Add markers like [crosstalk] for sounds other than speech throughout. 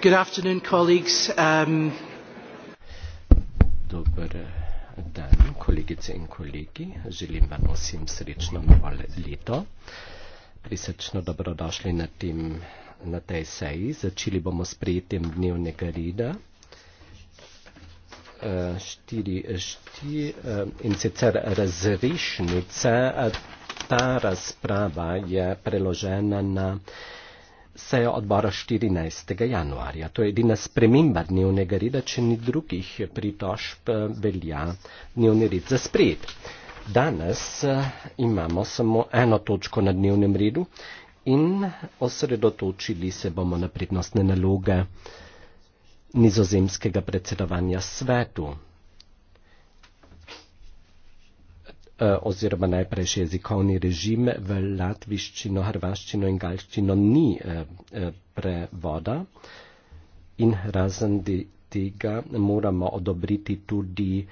Good afternoon, colleagues. Um, Dober dan, kolegice in kolegi. Želim vam vsem srečno novo leto. Prisrčno dobrodošli na, tem, na tej seji. Začeli bomo s prijetjem dnevnega reda. Eh, štiri, šti, eh, in sicer razrešnice. Ta razprava je preložena na sejo odbora 14. januarja. To je edina sprememba dnevnega reda, če ni drugih pritožb eh, velja dnevni red za sprejet. Danes eh, imamo samo eno točko na dnevnem redu in osredotočili se bomo na prednostne naloge nizozemskega predsedovanja svetu. Eh, oziroma najprejši jezikovni režim v latviščino, hrvaščino in galščino ni eh, eh, prevoda in razen tega moramo odobriti tudi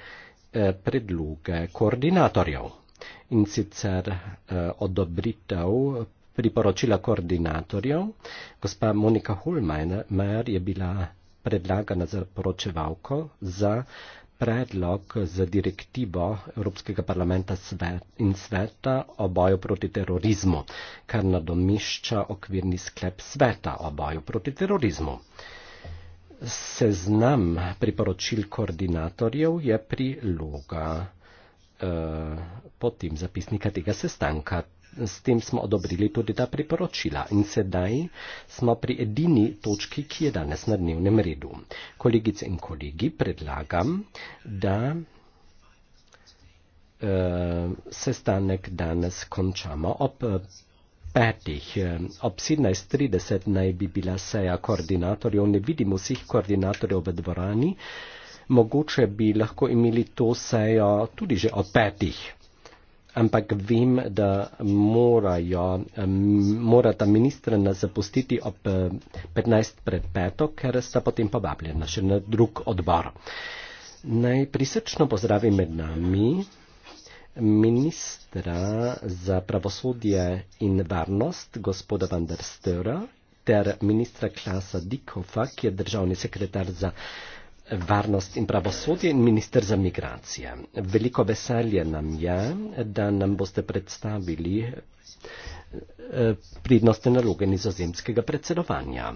predloge koordinatorjev in sicer odobritev priporočila koordinatorjev. Gospa Monika Hulmajer je bila predlagana za poročevalko za predlog za direktivo Evropskega parlamenta in sveta o boju proti terorizmu, kar nadomišča okvirni sklep sveta o boju proti terorizmu. Seznam priporočil koordinatorjev je priloga eh, pod tem zapisnika tega sestanka s tem smo odobrili tudi ta priporočila in sedaj smo pri edini točki, ki je danes na dnevnem redu. Kolegice in kolegi, predlagam, da uh, sestanek danes končamo ob. Uh, Petih. Eh, ob 17.30 naj bi bila seja koordinatorjev, ne vidimo vseh koordinatorjev v dvorani, mogoče bi lahko imeli to sejo tudi že od petih ampak vem, da morajo, morata ministra nas zapustiti ob 15 eh, pred peto, ker sta potem povabljena še na drug odbor. Naj prisrčno pozdravim med nami ministra za pravosodje in varnost, gospoda Van der Störa, ter ministra Klasa Dikofa, ki je državni sekretar za pravosodje varnost in pravosodje in minister za migracije. Veliko veselje nam je, da nam boste predstavili eh, pridnostne naloge nizozemskega predsedovanja.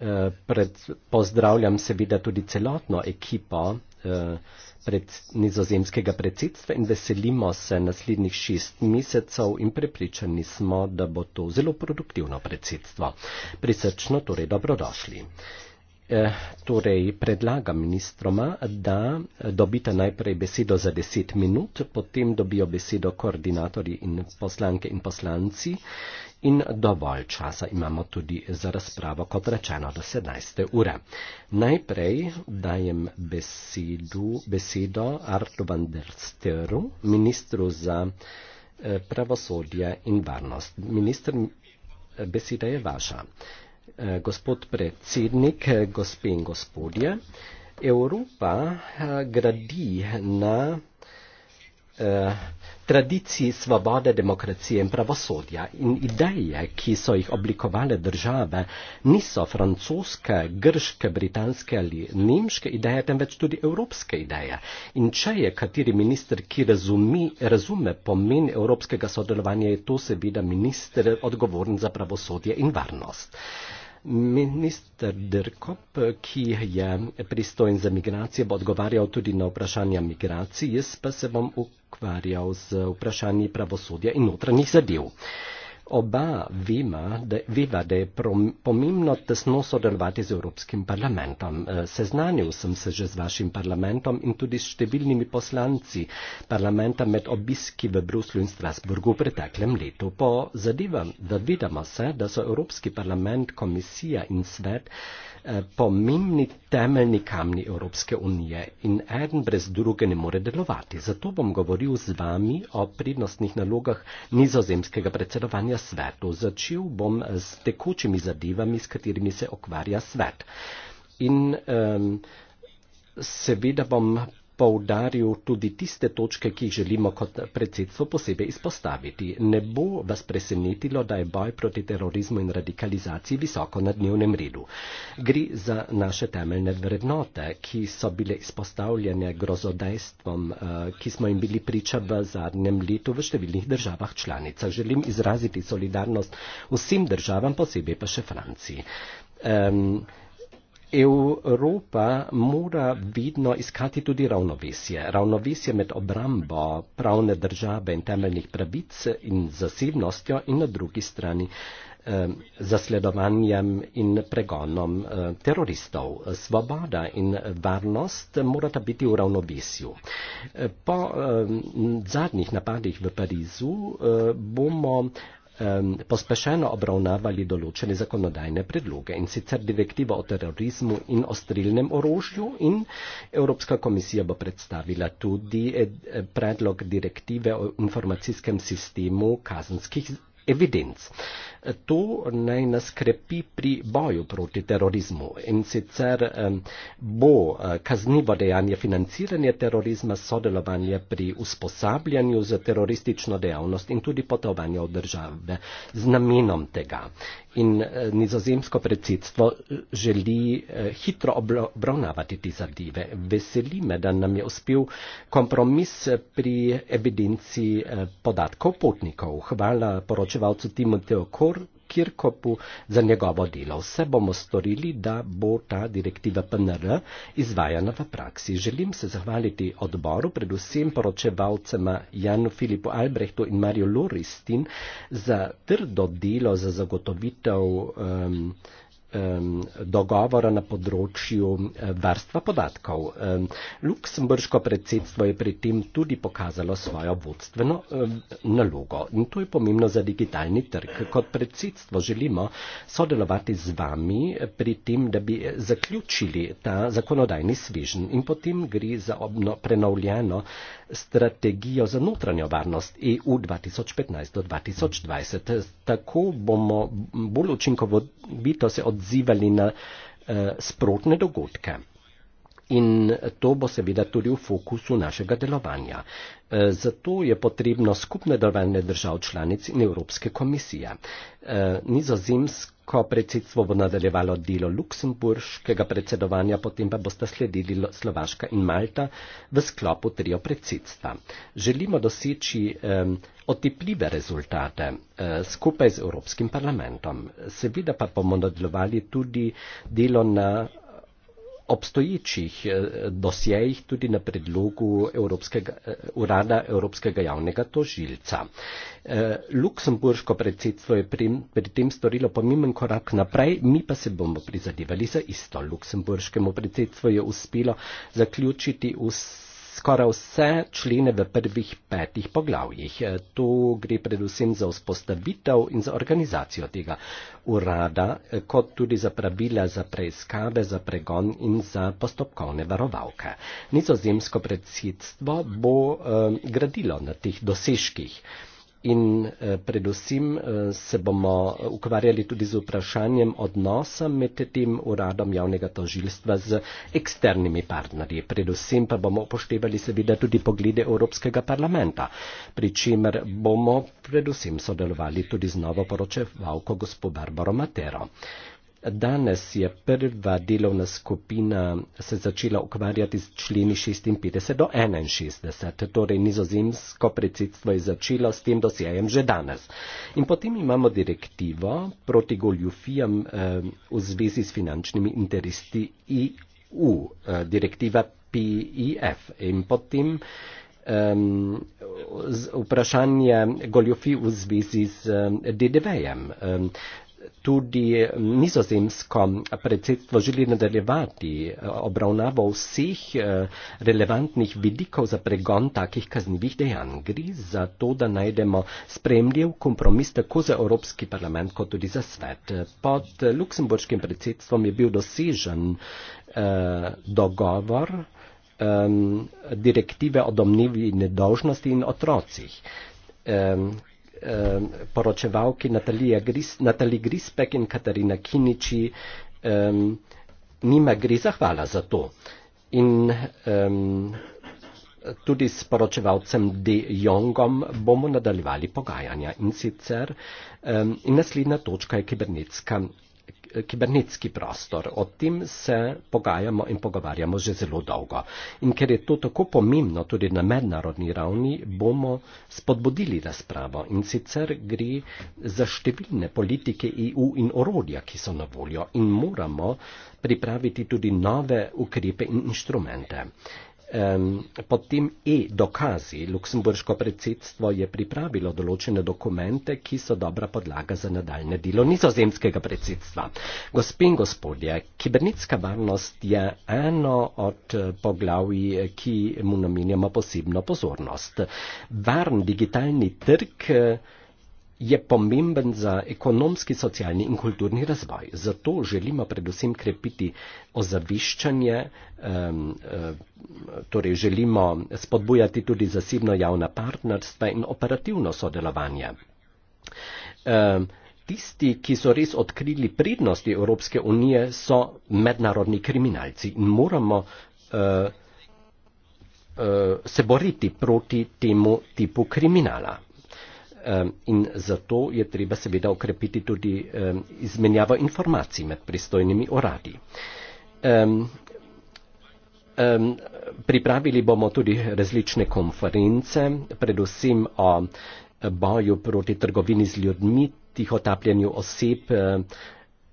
Eh, pred, pozdravljam seveda tudi celotno ekipo eh, pred nizozemskega predsedstva in veselimo se naslednjih šest mesecev in prepričani smo, da bo to zelo produktivno predsedstvo. Prisrčno torej dobrodošli. Eh, torej, predlagam ministroma, da dobite najprej besedo za deset minut, potem dobijo besedo koordinatorji in poslanke in poslanci in dovolj časa imamo tudi za razpravo, kot rečeno, do 17. ure. Najprej dajem besedu, besedo Artu van der Steru, ministru za eh, pravosodje in varnost. Ministr, beseda je vaša. Eh, gospod predsednik, eh, gospe in gospodje. Evropa eh, gradi na tradiciji svobode, demokracije in pravosodja. In ideje, ki so jih oblikovale države, niso francoske, grške, britanske ali nemške ideje, temveč tudi evropske ideje. In če je kateri minister, ki razumi, razume pomen evropskega sodelovanja, je to seveda minister odgovoren za pravosodje in varnost. Uh, Minister Dirkop, ki je pristojen za migracije, bo odgovarjal tudi na vprašanja migracij, jaz pa se bom ukvarjal z vprašanji pravosodja in notranjih zadev oba vima, da, viva, da je pomembno tesno sodelovati z Evropskim parlamentom. Eh, seznanil sem se že z vašim parlamentom in tudi s številnimi poslanci parlamenta med obiski v Bruslu in Strasburgu v preteklem letu. Po zadevam, da vidimo se, da so Evropski parlament, komisija in svet Eh, pomembni temeljni kamni Evropske unije in eden brez druge ne more delovati. Zato bom govoril z vami o prednostnih nalogah nizozemskega predsedovanja svetu. Začel bom s tekočimi zadevami, s katerimi se okvarja svet. In um, seveda bom poudaril tudi tiste točke, ki jih želimo kot predsedstvo posebej izpostaviti. Ne bo vas presenetilo, da je boj proti terorizmu in radikalizaciji visoko na dnevnem redu. Gre za naše temeljne vrednote, ki so bile izpostavljene grozodejstvom, eh, ki smo jim bili priča v zadnjem letu v številnih državah članicah. Želim izraziti solidarnost vsem državam, posebej pa še Franciji. Um, Evropa mora vidno iskati tudi ravnovesje. Ravnovesje med obrambo pravne države in temeljnih pravic in zasebnostjo in na drugi strani zasledovanjem in pregonom teroristov. Svoboda in varnost morata biti v ravnovesju. Po zadnjih napadih v Parizu bomo pospešeno obravnavali določene zakonodajne predloge in sicer direktiva o terorizmu in o strilnem orožju in Evropska komisija bo predstavila tudi eh, predlog direktive o informacijskem sistemu kazenskih evidenc. To naj nas krepi pri boju proti terorizmu in sicer bo eh, kaznivo dejanje financiranje terorizma, sodelovanje pri usposabljanju za teroristično dejavnost in tudi potovanje v države z namenom tega. In eh, nizozemsko predsedstvo eh, želi hitro obravnavati te zadeve. Veseli me, da nam je uspel kompromis pri evidenci podatkov potnikov. Hvala poročevalcu Timoteo Kohl Kirkopu za njegovo delo. Vse bomo storili, da bo ta direktiva PNR izvajana v praksi. Želim se zahvaliti odboru, predvsem poročevalcema Janu Filipu Albrehtu in Mariju Loristin za trdo delo za zagotovitev um, dogovora na področju eh, varstva podatkov. Luksemburško predsedstvo je pri tem tudi pokazalo svojo vodstveno nalogo in to je pomembno za digitalni trg. Kot predsedstvo želimo sodelovati z vami pri tem, da bi zaključili ta zakonodajni svežen in potem gre za obno, prenovljeno strategijo za notranjo varnost EU 2015-2020. Tako bomo bolj učinkovito se odzvali odzivali na eh, sprotne dogodke. In to bo seveda tudi v fokusu našega delovanja. E, zato je potrebno skupne delovanje držav članic in Evropske komisije. E, nizozemsko predsedstvo bo nadaljevalo delo luksemburškega predsedovanja, potem pa boste sledili Slovaška in Malta v sklopu trio predsedstva. Želimo doseči otepljive rezultate e, skupaj z Evropskim parlamentom. Seveda pa bomo nadaljevali tudi delo na obstoječih eh, dosjejih tudi na predlogu Evropskega, eh, urada Evropskega javnega tožilca. Eh, Luksemburško predsedstvo je pri, pri tem storilo pomemben korak naprej, mi pa se bomo prizadevali za isto. Luksemburškemu predsedstvu je uspelo zaključiti vse skoraj vse člene v prvih petih poglavjih. E, tu gre predvsem za vzpostavitev in za organizacijo tega urada, e, kot tudi za pravila za preiskave, za pregon in za postopkovne varovalke. Nizozemsko predsedstvo bo eh, gradilo na teh dosežkih in eh, predvsem eh, se bomo ukvarjali tudi z vprašanjem odnosa med tem uradom javnega tožilstva z eksternimi partnerji. Predvsem pa bomo upoštevali seveda tudi poglede Evropskega parlamenta, pri čemer bomo predvsem sodelovali tudi z novo poročevalko gospod Barbaro Matero. Danes je prva delovna skupina se začela ukvarjati s členi 56 do 61, torej nizozemsko predsedstvo je začelo s tem dosjejem že danes. In potem imamo direktivo proti goljufijam eh, v zvezi s finančnimi interesi EU, eh, direktiva PIF. E In potem Um, vprašanje goljofi v zvezi z um, eh, DDV-jem. Um, tudi nizozemsko predsedstvo želi nadaljevati eh, obravnavo vseh eh, relevantnih vidikov za pregon takih kaznivih dejanj. Gre za to, da najdemo spremljiv kompromis tako za Evropski parlament kot tudi za svet. Pod luksemburškim predsedstvom je bil dosežen eh, dogovor eh, direktive o domnevi nedolžnosti in otrocih. Eh, eh, poročevalki Natalija Gris, Natali Grispek in Katarina Kiniči eh, nima gri zahvala za to. In eh, tudi s poročevalcem De Jongom bomo nadaljevali pogajanja. In sicer eh, in naslednja točka je kibernetska kibernetski prostor. O tem se pogajamo in pogovarjamo že zelo dolgo. In ker je to tako pomembno tudi na mednarodni ravni, bomo spodbudili razpravo. In sicer gre za številne politike EU in orodja, ki so na voljo in moramo pripraviti tudi nove ukrepe in inštrumente. Um, potem E, dokazi. Luksemburško predsedstvo je pripravilo določene dokumente, ki so dobra podlaga za nadaljne delo nizozemskega predsedstva. Gospe in gospodje, kibernetska varnost je eno od eh, poglavij, eh, ki mu namenjamo posebno pozornost. Varn digitalni trg. Uh, je pomemben za ekonomski, socialni in kulturni razvoj. Zato želimo predvsem krepiti ozaviščanje, eh, torej želimo spodbujati tudi zasebno javna partnerstva in operativno sodelovanje. Tisti, ki so res odkrili prednosti Evropske unije, so mednarodni kriminalci in moramo eh, eh, se boriti proti temu tipu kriminala. In zato je treba seveda okrepiti tudi izmenjavo informacij med pristojnimi uradi. Pripravili bomo tudi različne konference, predvsem o boju proti trgovini z ljudmi, tihotapljanju oseb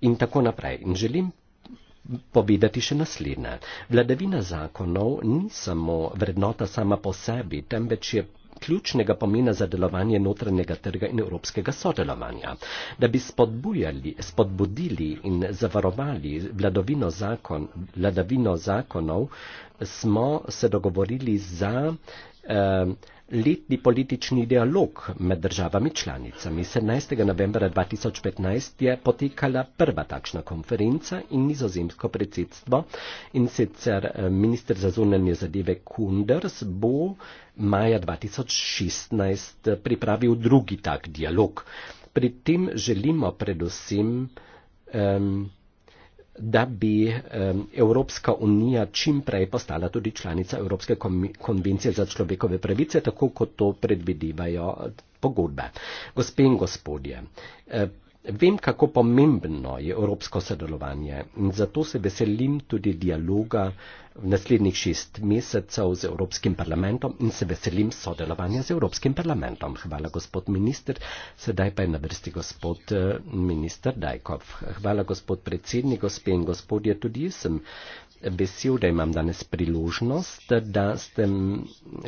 in tako naprej. In želim povedati še naslednje. Vladavina zakonov ni samo vrednota sama po sebi, temveč je ključnega pomena za delovanje notranjega trga in evropskega sodelovanja. Da bi spodbudili in zavarovali vladovino, zakon, vladovino zakonov, smo se dogovorili za letni politični dialog med državami članicami. 17. novembra 2015 je potekala prva takšna konferenca in nizozemsko predsedstvo in sicer minister za zunanje zadeve Kunders bo maja 2016 pripravil drugi tak dialog. Pri tem želimo predvsem um, da bi Evropska unija čim prej postala tudi članica Evropske konvencije za človekove pravice, tako kot to predvidevajo pogodbe. Gospe in gospodje, vem, kako pomembno je evropsko sodelovanje in zato se veselim tudi dialoga v naslednjih šest mesecev z Evropskim parlamentom in se veselim sodelovanja z Evropskim parlamentom. Hvala, gospod minister. Sedaj pa je na vrsti gospod eh, minister Dajkov. Hvala, gospod predsednik, gospe in gospodje, tudi jaz sem vesel, da imam danes priložnost, da ste,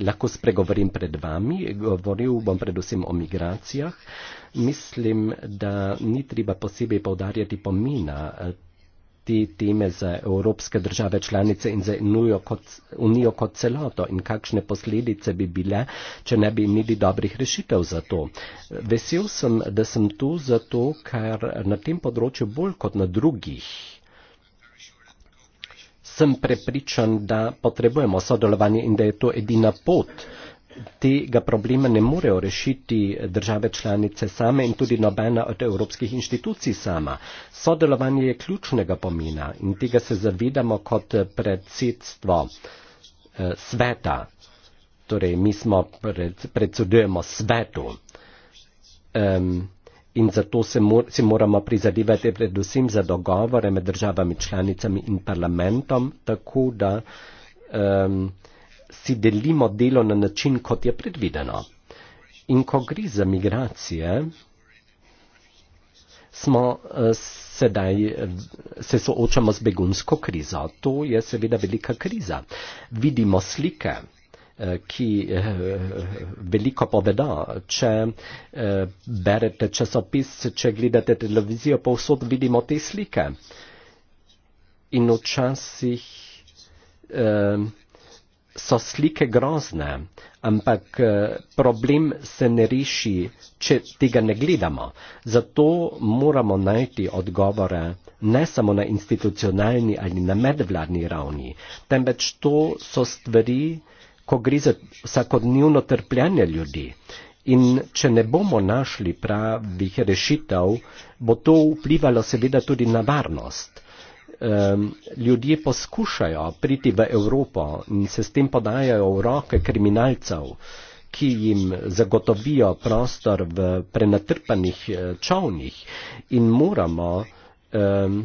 lahko spregovorim pred vami. Govoril bom predvsem o migracijah. Mislim, da ni treba posebej povdarjati pomina eh, te teme za evropske države članice in za unijo kot, unijo kot celoto in kakšne posledice bi bile, če ne bi imeli dobrih rešitev za to. Vesel sem, da sem tu zato, ker na tem področju bolj kot na drugih sem prepričan, da potrebujemo sodelovanje in da je to edina pot tega problema ne morejo rešiti države članice same in tudi nobena od evropskih inštitucij sama. Sodelovanje je ključnega pomena in tega se zavedamo kot predsedstvo eh, sveta. Torej, mi smo pred, predsedujemo svetu. Um, In zato se mor, si moramo prizadevati predvsem za dogovore med državami članicami in parlamentom, tako da um, si delimo delo na način, kot je predvideno. In ko gre za migracije, smo eh, sedaj eh, se soočamo z begunsko krizo. To je seveda velika kriza. Vidimo slike, eh, ki veliko povedo, če berete časopis, če gledate televizijo, povsod vidimo te slike. In včasih eh, so slike grozne, ampak eh, problem se ne reši, če tega ne gledamo. Zato moramo najti odgovore ne samo na institucionalni ali na medvladni ravni, temveč to so stvari, ko gre za vsakodnevno trpljanje ljudi. In če ne bomo našli pravih rešitev, bo to vplivalo seveda tudi na varnost um, ljudje poskušajo priti v Evropo in se s tem podajajo v roke kriminalcev, ki jim zagotovijo prostor v prenatrpanih eh, čovnih in moramo um,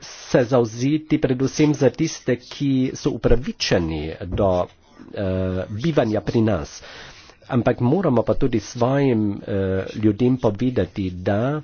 se zauzeti predvsem za tiste, ki so upravičeni do uh, bivanja pri nas. Ampak moramo pa tudi svojim uh, ljudem povedati, da uh,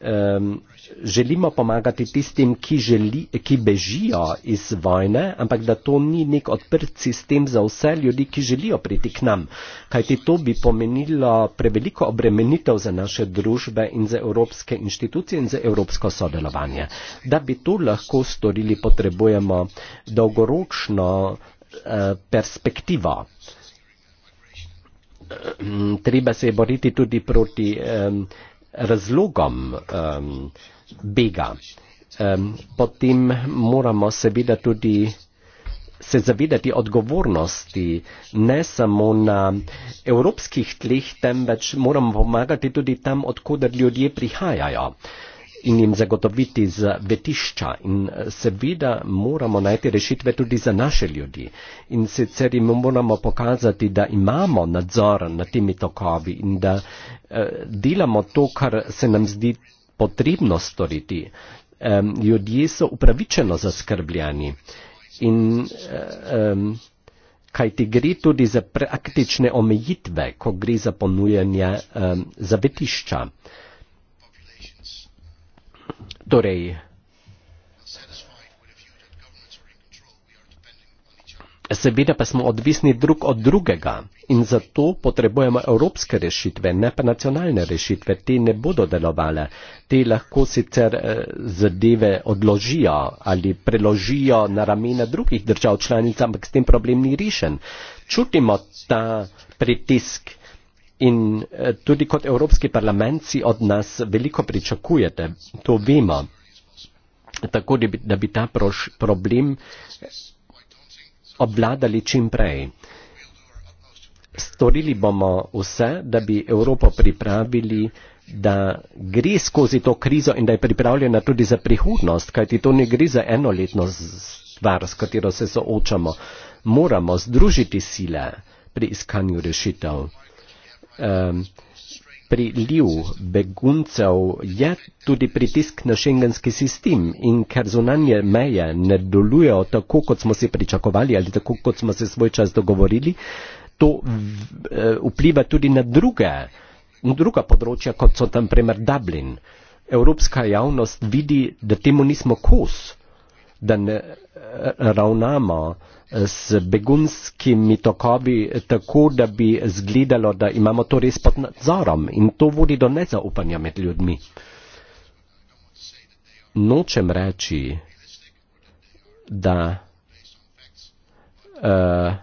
um, želimo pomagati tistim, ki, želi, ki bežijo iz vojne, ampak da to ni nek odprt sistem za vse ljudi, ki želijo priti k nam. Kajti to bi pomenilo preveliko obremenitev za naše družbe in za evropske inštitucije in za evropsko sodelovanje. Da bi to lahko storili, potrebujemo dolgoročno uh, perspektivo. Ehm, treba se je boriti tudi proti um, razlogom um, bega. Um, potem moramo seveda tudi se zavedati odgovornosti ne samo na evropskih tleh, temveč moramo pomagati tudi tam, odkuder ljudje prihajajo in jim zagotoviti zvetišča in eh, seveda moramo najti rešitve tudi za naše ljudi. In sicer jim moramo pokazati, da imamo nadzor nad temi tokovi in da eh, delamo to, kar se nam zdi potrebno storiti. Eh, ljudje so upravičeno zaskrbljeni in eh, kaj ti gre tudi za praktične omejitve, ko gre za ponujanje eh, zvetišča. Eh, torej. Seveda pa smo odvisni drug od drugega in zato potrebujemo evropske rešitve, ne pa nacionalne rešitve. Te ne bodo delovale. Te lahko sicer eh, zadeve odložijo ali preložijo na ramena drugih držav članic, ampak s tem problem ni rešen. Čutimo ta pritisk. In eh, tudi kot Evropski parlament si od nas veliko pričakujete, to vemo, tako da bi, da bi ta proš, problem eh, obvladali čim prej. Storili bomo vse, da bi Evropo pripravili, da gre skozi to krizo in da je pripravljena tudi za prihodnost, kajti to ne gre za enoletno stvar, s katero se soočamo. Moramo združiti sile pri iskanju rešitev priliv beguncev je tudi pritisk na šengenski sistem in ker zunanje meje ne delujejo tako, kot smo si pričakovali ali tako, kot smo se svoj čas dogovorili, to eh, vpliva tudi na druge, druga področja, kot so tam primer Dublin. Evropska javnost vidi, da temu nismo kos, da ne eh, ravnamo uh, z begunskimi tokovi tako, da bi zgledalo, da imamo to res pod nadzorom in to vodi do nezaupanja med ljudmi. Nočem reči, da uh,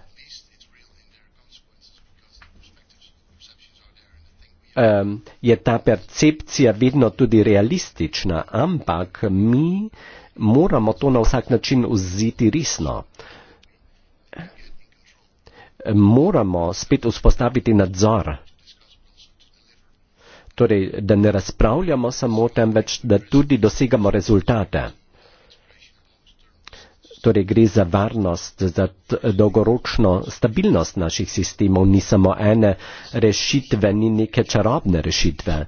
um, je ta percepcija vedno tudi realistična, ampak mi moramo to na vsak način vzeti resno. Uh, moramo spet vzpostaviti nadzor. Torej, da ne razpravljamo samo o tem, več da tudi dosegamo rezultate. Torej, gre za varnost, za dolgoročno stabilnost naših sistemov, ni samo ene rešitve, ni neke čarobne rešitve.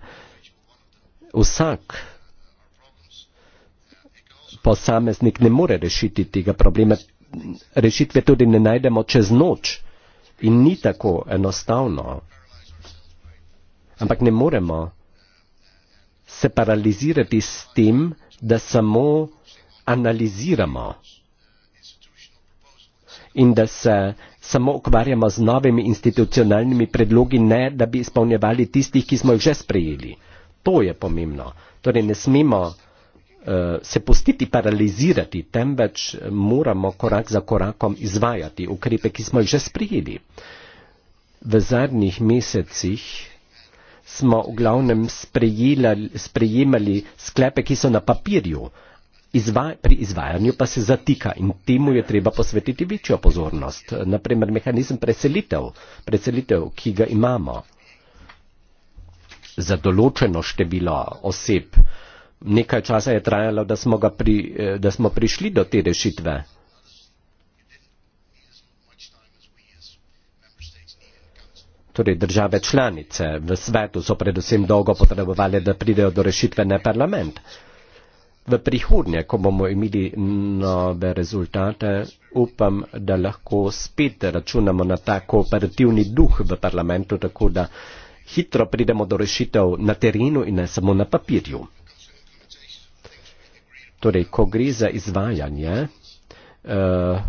Vsak posameznik ne more rešiti tega problema. Rešitve tudi ne najdemo čez noč in ni tako enostavno. Ampak ne moremo se paralizirati s tem, da samo analiziramo in da se samo ukvarjamo z novimi institucionalnimi predlogi, ne da bi izpolnjevali tistih, ki smo jih že sprejeli. To je pomembno. Torej ne smemo Eh, se pustiti paralizirati, temveč moramo korak za korakom izvajati ukrepe, ki smo jih že sprijeli. V zadnjih mesecih smo v glavnem sprejemali sklepe, ki so na papirju, Izvaj, pri izvajanju pa se zatika in temu je treba posvetiti večjo pozornost. Naprimer, mehanizem preselitev, preselitev, ki ga imamo za določeno število oseb, nekaj časa je trajalo, da smo, pri, eh, da smo prišli do te rešitve. Torej države članice v svetu so predvsem dolgo potrebovali, da pridejo do rešitve na parlament. V prihodnje, ko bomo imeli nove rezultate, upam, da lahko spet računamo na ta kooperativni duh v parlamentu, tako da hitro pridemo do rešitev na terenu in ne samo na papirju. Torej, ko gre za izvajanje, eh,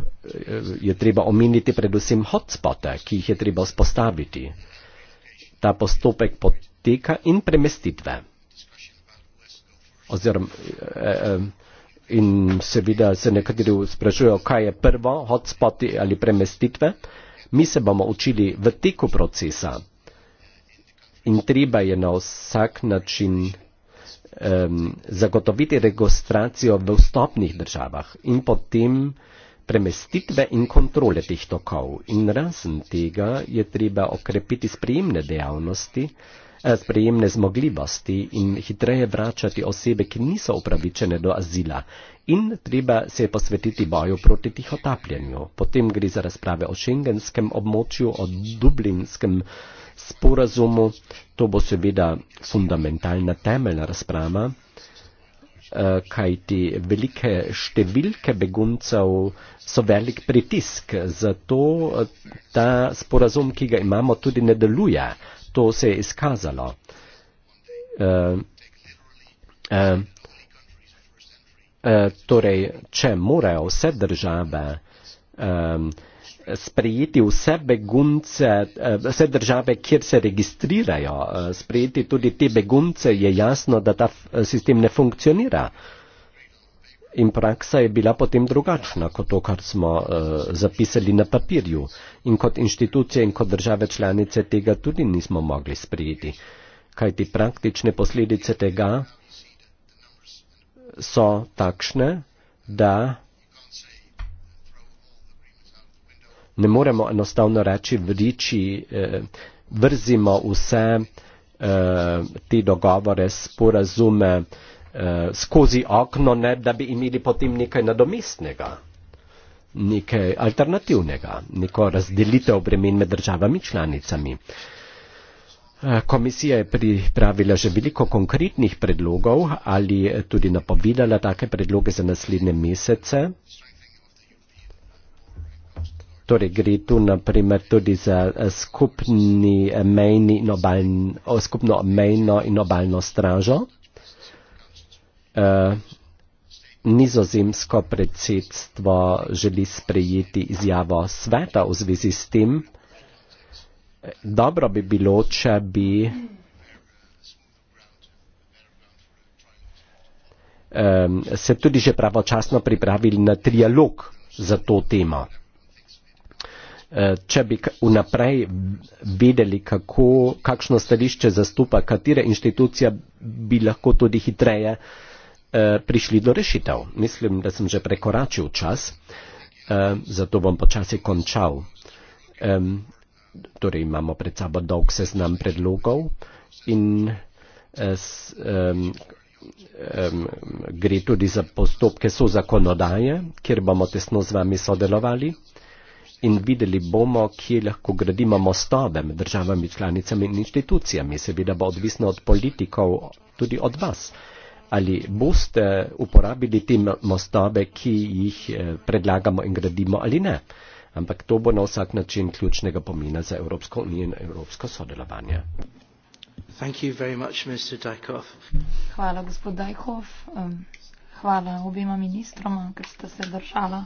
je treba omeniti predvsem hotspote, ki jih je treba vzpostaviti. Ta postopek poteka in premestitve. Oziroma, eh, eh, in seveda se nekateri sprašujejo, kaj je prvo, hotspoti ali premestitve. Mi se bomo učili v teku procesa in treba je na vsak način zagotoviti registracijo v vstopnih državah in potem premestitve in kontrole teh tokov. In razen tega je treba okrepiti sprejemne dejavnosti, eh, sprejemne zmogljivosti in hitreje vračati osebe, ki niso upravičene do azila. In treba se posvetiti boju proti tihotapljenju. Potem gre za razprave o šengenskem območju, o dublinskem območju, sporazumu. To bo seveda fundamentalna temeljna razprava, eh, kajti velike številke beguncev so velik pritisk, zato ta sporazum, ki ga imamo, tudi ne deluje. To se je izkazalo. Eh, eh, torej, če morajo vse države sprejeti vse begunce, eh, vse države, kjer se registrirajo, eh, sprejeti tudi te begunce, je jasno, da ta eh, sistem ne funkcionira. In praksa je bila potem drugačna kot to, kar smo uh, zapisali na papirju. In kot inštitucije in kot države članice tega tudi nismo mogli sprejeti. Kaj ti praktične posledice tega so takšne, da ne moremo enostavno reči v riči, eh, vrzimo vse eh, te dogovore, sporazume eh, skozi okno, ne, da bi imeli potem nekaj nadomestnega, nekaj alternativnega, neko razdelitev bremen med državami članicami. Eh, komisija je pripravila že veliko konkretnih predlogov ali tudi napovedala take predloge za naslednje mesece torej gre tu naprimer tudi za eh, skupni eh, mejni in obaljno, skupno mejno in obaljno stražo. Uh, nizozemsko predsedstvo želi sprejeti izjavo sveta v zvezi s tem. Dobro bi bilo, če bi um, se tudi že pravočasno pripravili na trialog za to temo. Eh, če bi vnaprej vedeli, kako, kakšno stališče zastupa, katera inštitucija bi lahko tudi hitreje eh, prišli do rešitev. Mislim, da sem že prekoračil čas, eh, zato bom počasi končal. Torej imamo pred sabo dolg seznam predlogov in s, um, um, gre tudi za postopke sozakonodaje, kjer bomo tesno z vami sodelovali in videli bomo, kje lahko gradimo mostove med državami, članicami in institucijami. Seveda bo odvisno od politikov, tudi od vas. Ali boste uporabili te mostove, ki jih eh, predlagamo in gradimo ali ne? Ampak to bo na vsak način ključnega pomena za Evropsko unijo in evropsko sodelovanje. Thank you very much, Mr. Dykov. Hvala, gospod Dajkov. Hvala obima ministroma, ker ste se držala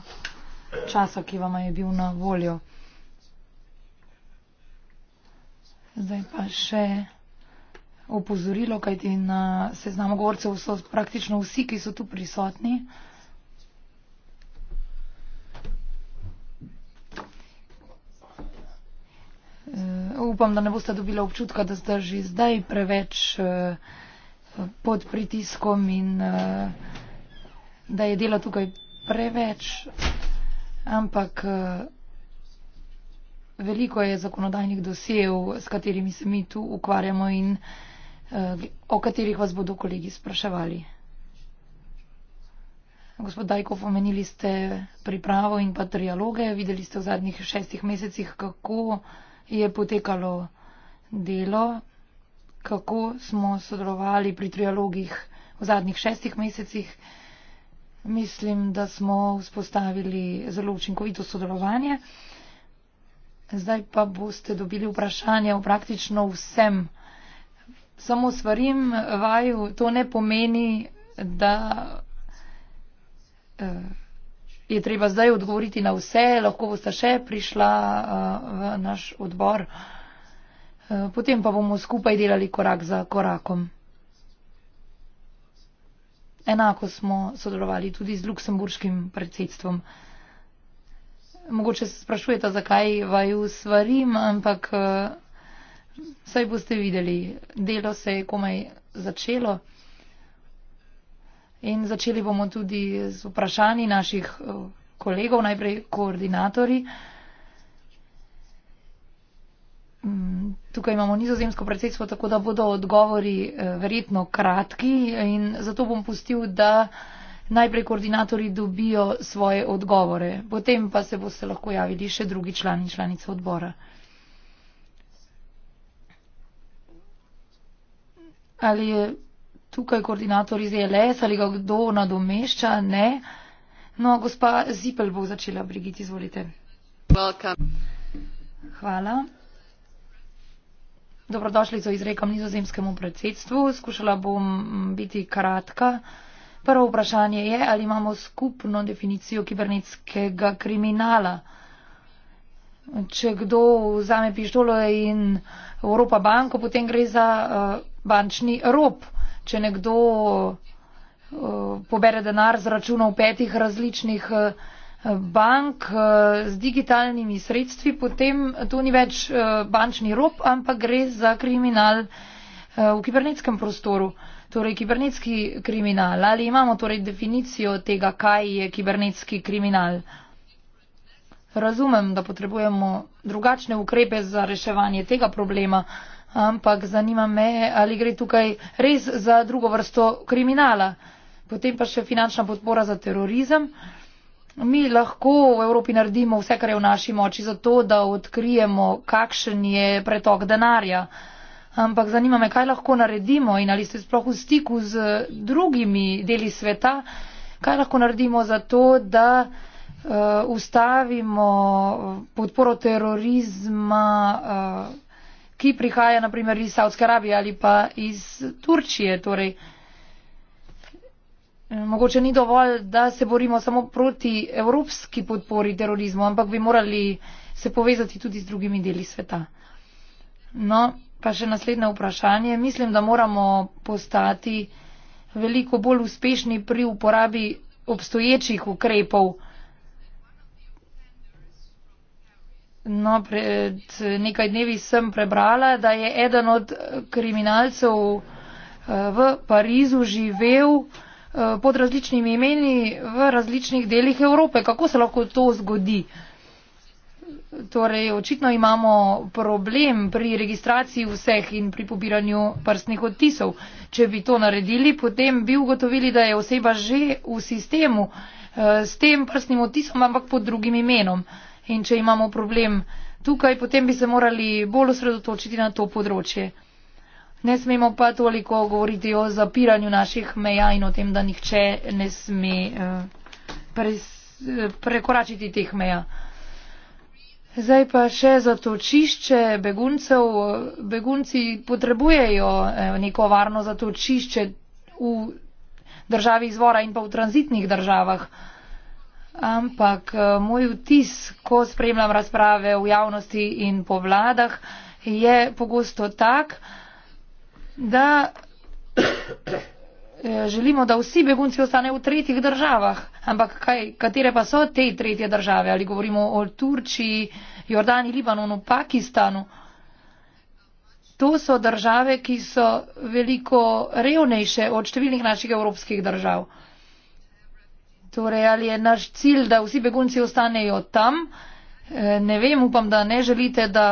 časa, ki vam je bil na voljo. Zdaj pa še opozorilo, kajti na seznamu govorcev so praktično vsi, ki so tu prisotni. Eh, upam, da ne boste dobili občutka, da ste že zdaj preveč eh, pod pritiskom in eh, da je dela tukaj preveč Ampak eh, veliko je zakonodajnih dosev, s katerimi se mi tu ukvarjamo in eh, o katerih vas bodo kolegi spraševali. Gospod Dajkov, omenili ste pripravo in pa trialoge. Videli ste v zadnjih šestih mesecih, kako je potekalo delo, kako smo sodelovali pri trialogih v zadnjih šestih mesecih. Mislim, da smo vzpostavili zelo učinkovito sodelovanje. Zdaj pa boste dobili vprašanje o praktično vsem. Samo svarim vaju, to ne pomeni, da eh, je treba zdaj odgovoriti na vse, lahko boste še prišla eh, v naš odbor. Eh, potem pa bomo skupaj delali korak za korakom. Enako smo sodelovali tudi z luksemburškim predsedstvom. Mogoče se sprašujete, zakaj vaju svarim, ampak eh, saj boste videli, delo se je komaj začelo in začeli bomo tudi z vprašanji naših eh, kolegov, najprej koordinatori. Mm, Tukaj imamo nizozemsko predsedstvo, tako da bodo odgovori eh, verjetno kratki in zato bom pustil, da najprej koordinatori dobijo svoje odgovore, potem pa se boste lahko javili še drugi člani in članice odbora. Ali je tukaj koordinator iz ELS ali ga kdo nadomešča? Ne. No, gospa Zipel bo začela, Brigit, izvolite. Welcome. Hvala. Dobrodošlico izrekam nizozemskemu predsedstvu. Skušala bom mm, biti kratka. Prvo vprašanje je, ali imamo skupno definicijo kibernetskega kriminala. Če kdo vzame pištolo in Evropa banko, potem gre za uh, bančni rob. Če nekdo uh, pobere denar z računov petih različnih. Uh, bank eh, z digitalnimi sredstvi, potem to ni več eh, bančni rob, ampak gre za kriminal eh, v kibernetskem prostoru. Torej, kibernetski kriminal. Ali imamo torej definicijo tega, kaj je kibernetski kriminal? Razumem, da potrebujemo drugačne ukrepe za reševanje tega problema, ampak zanima me, ali gre tukaj res za drugo vrsto kriminala. Potem pa še finančna podpora za terorizem. Uh, Mi lahko v Evropi naredimo vse, kar je v naši moči, zato da odkrijemo, kakšen je pretok denarja. Ampak zanima me, kaj lahko naredimo in ali ste sploh v stiku z drugimi deli sveta, kaj lahko naredimo za to, da uh, ustavimo podporo terorizma, uh, ki prihaja naprimer iz Saudske Arabije ali pa iz Turčije. Torej, uh, Eh, mogoče ni dovolj, da se borimo samo proti evropski podpori terorizmu, ampak bi morali se povezati tudi z drugimi deli sveta. No, pa še naslednje vprašanje. Mislim, da moramo postati veliko bolj uspešni pri uporabi obstoječih ukrepov. No, pred nekaj dnevi sem prebrala, da je eden od kriminalcev eh, v Parizu živel. Eh, pod različnimi imeni v različnih delih Evrope. Kako se lahko to zgodi? Torej, očitno imamo problem pri registraciji vseh in pri pobiranju prstnih odtisov. Če bi to naredili, potem bi ugotovili, da je oseba že v sistemu eh, s tem prstnim odtisom, ampak pod drugim imenom. In če imamo problem tukaj, potem bi se morali bolj osredotočiti na to področje. Ne smemo pa toliko govoriti o zapiranju naših meja in o tem, da nihče ne sme eh, eh, prekoračiti teh meja. Zdaj pa še za točišče beguncev. Begunci potrebujejo eh, neko varno za točišče v državi izvora in pa v tranzitnih državah. Ampak moj vtis, ko spremljam razprave v javnosti in po vladah, je pogosto tak, da da eh, želimo, da vsi begunci ostanejo v tretjih državah. Ampak kaj, katere pa so te tretje države? Ali govorimo o Turčiji, Jordani, Libanonu, Pakistanu? To so države, ki so veliko revnejše od številnih naših evropskih držav. Torej, ali je naš cilj, da vsi begunci ostanejo tam? Eh, ne vem, upam, da ne želite, da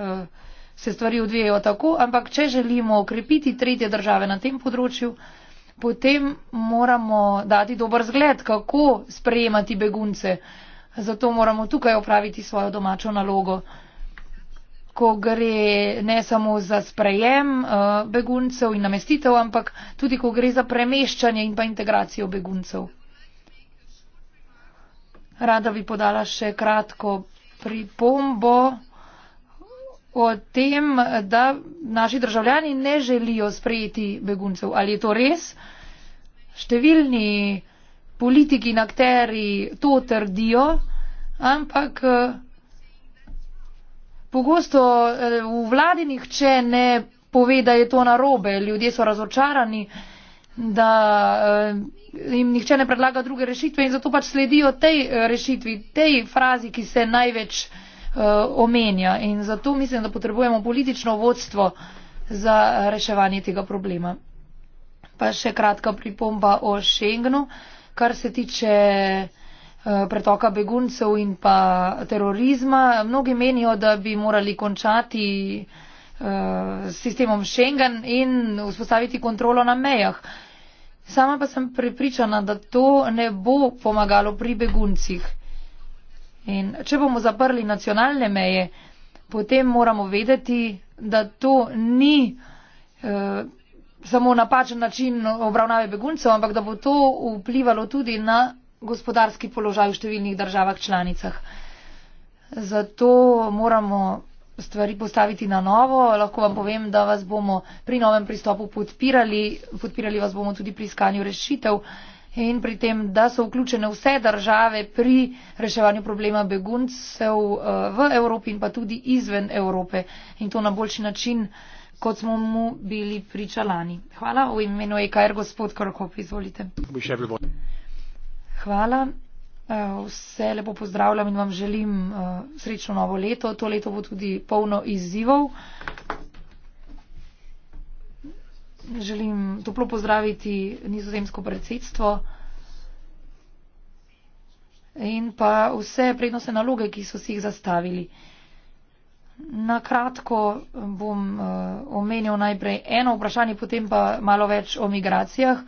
eh, se stvari odvijajo tako, ampak če želimo okrepiti tretje države na tem področju, potem moramo dati dober zgled, kako sprejemati begunce. Zato moramo tukaj opraviti svojo domačo nalogo, ko gre ne samo za sprejem eh, beguncev in namestitev, ampak tudi ko gre za premeščanje in pa integracijo beguncev. Rada bi podala še kratko pripombo o tem, da naši državljani ne želijo sprejeti beguncev. Ali je to res? Številni politiki in akteri to trdijo, ampak eh, pogosto eh, v vladi nihče ne pove, da je to narobe. Ljudje so razočarani, da eh, jim nihče ne predlaga druge rešitve in zato pač sledijo tej rešitvi, tej frazi, ki se največ Eh, omenja. In zato mislim, da potrebujemo politično vodstvo za reševanje tega problema. Pa še kratka pripomba o Schengenu, kar se tiče eh, pretoka beguncev in pa terorizma. Mnogi menijo, da bi morali končati eh, s sistemom Schengen in vzpostaviti kontrolo na mejah. Sama pa sem prepričana, da to ne bo pomagalo pri beguncih. In če bomo zaprli nacionalne meje, potem moramo vedeti, da to ni eh, samo napačen način obravnave beguncev, ampak da bo to vplivalo tudi na gospodarski položaj v številnih državah članicah. Zato moramo stvari postaviti na novo. Lahko vam povem, da vas bomo pri novem pristopu podpirali, podpirali vas bomo tudi pri iskanju rešitev. Eh, in pri tem, da so vključene vse države pri reševanju problema beguncev eh, v Evropi in pa tudi izven Evrope in to na boljši način, kot smo mu bili pričalani. Hvala v imenu EKR, gospod Krkop, izvolite. Hvala. Eh, vse lepo pozdravljam in vam želim eh, srečno novo leto. To leto bo tudi polno izzivov želim toplo pozdraviti nizozemsko predsedstvo in pa vse prednostne naloge, ki so si jih zastavili. Na kratko bom uh, omenil najprej eno vprašanje, potem pa malo več o migracijah.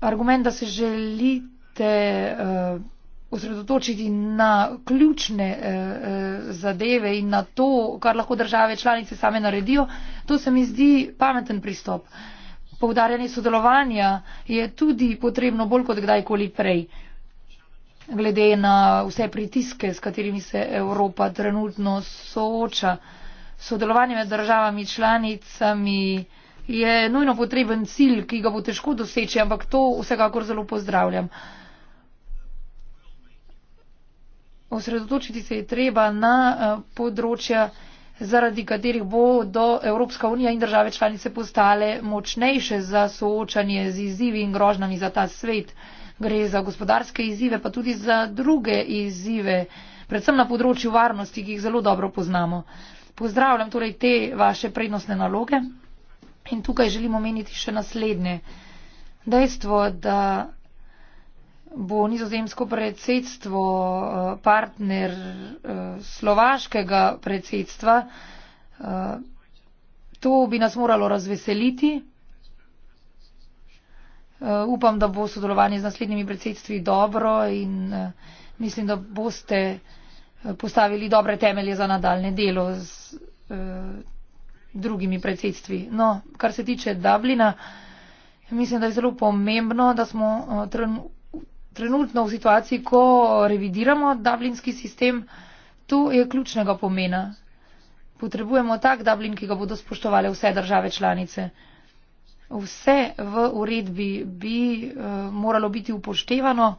Argument, da se želite. Uh, osredotočiti na ključne e, e, zadeve in na to, kar lahko države članice same naredijo, to se mi zdi pameten pristop. Poudarjanje sodelovanja je tudi potrebno bolj kot kdajkoli prej, glede na vse pritiske, s katerimi se Evropa trenutno sooča. Sodelovanje med državami članicami je nujno potreben cilj, ki ga bo težko doseči, ampak to vsekakor zelo pozdravljam. osredotočiti se je treba na eh, področja, zaradi katerih bo do Evropska unija in države članice postale močnejše za soočanje z izzivi in grožnami za ta svet. Gre za gospodarske izzive, pa tudi za druge izzive, predvsem na področju varnosti, ki jih zelo dobro poznamo. Pozdravljam torej te vaše prednostne naloge in tukaj želim omeniti še naslednje. Dejstvo, da bo nizozemsko predsedstvo eh, partner eh, slovaškega predsedstva. Eh, to bi nas moralo razveseliti. Upam, da bo sodelovanje z naslednjimi predsedstvi dobro in mislim, da boste postavili dobre temelje za nadaljne delo z drugimi predsedstvi. No, kar se tiče Dublina, mislim, da je zelo pomembno, da smo trenutno trenutno v situaciji, ko revidiramo dublinski sistem, to je ključnega pomena. Potrebujemo tak Dublin, ki ga bodo spoštovali vse države članice. Vse v uredbi bi uh, moralo biti upoštevano,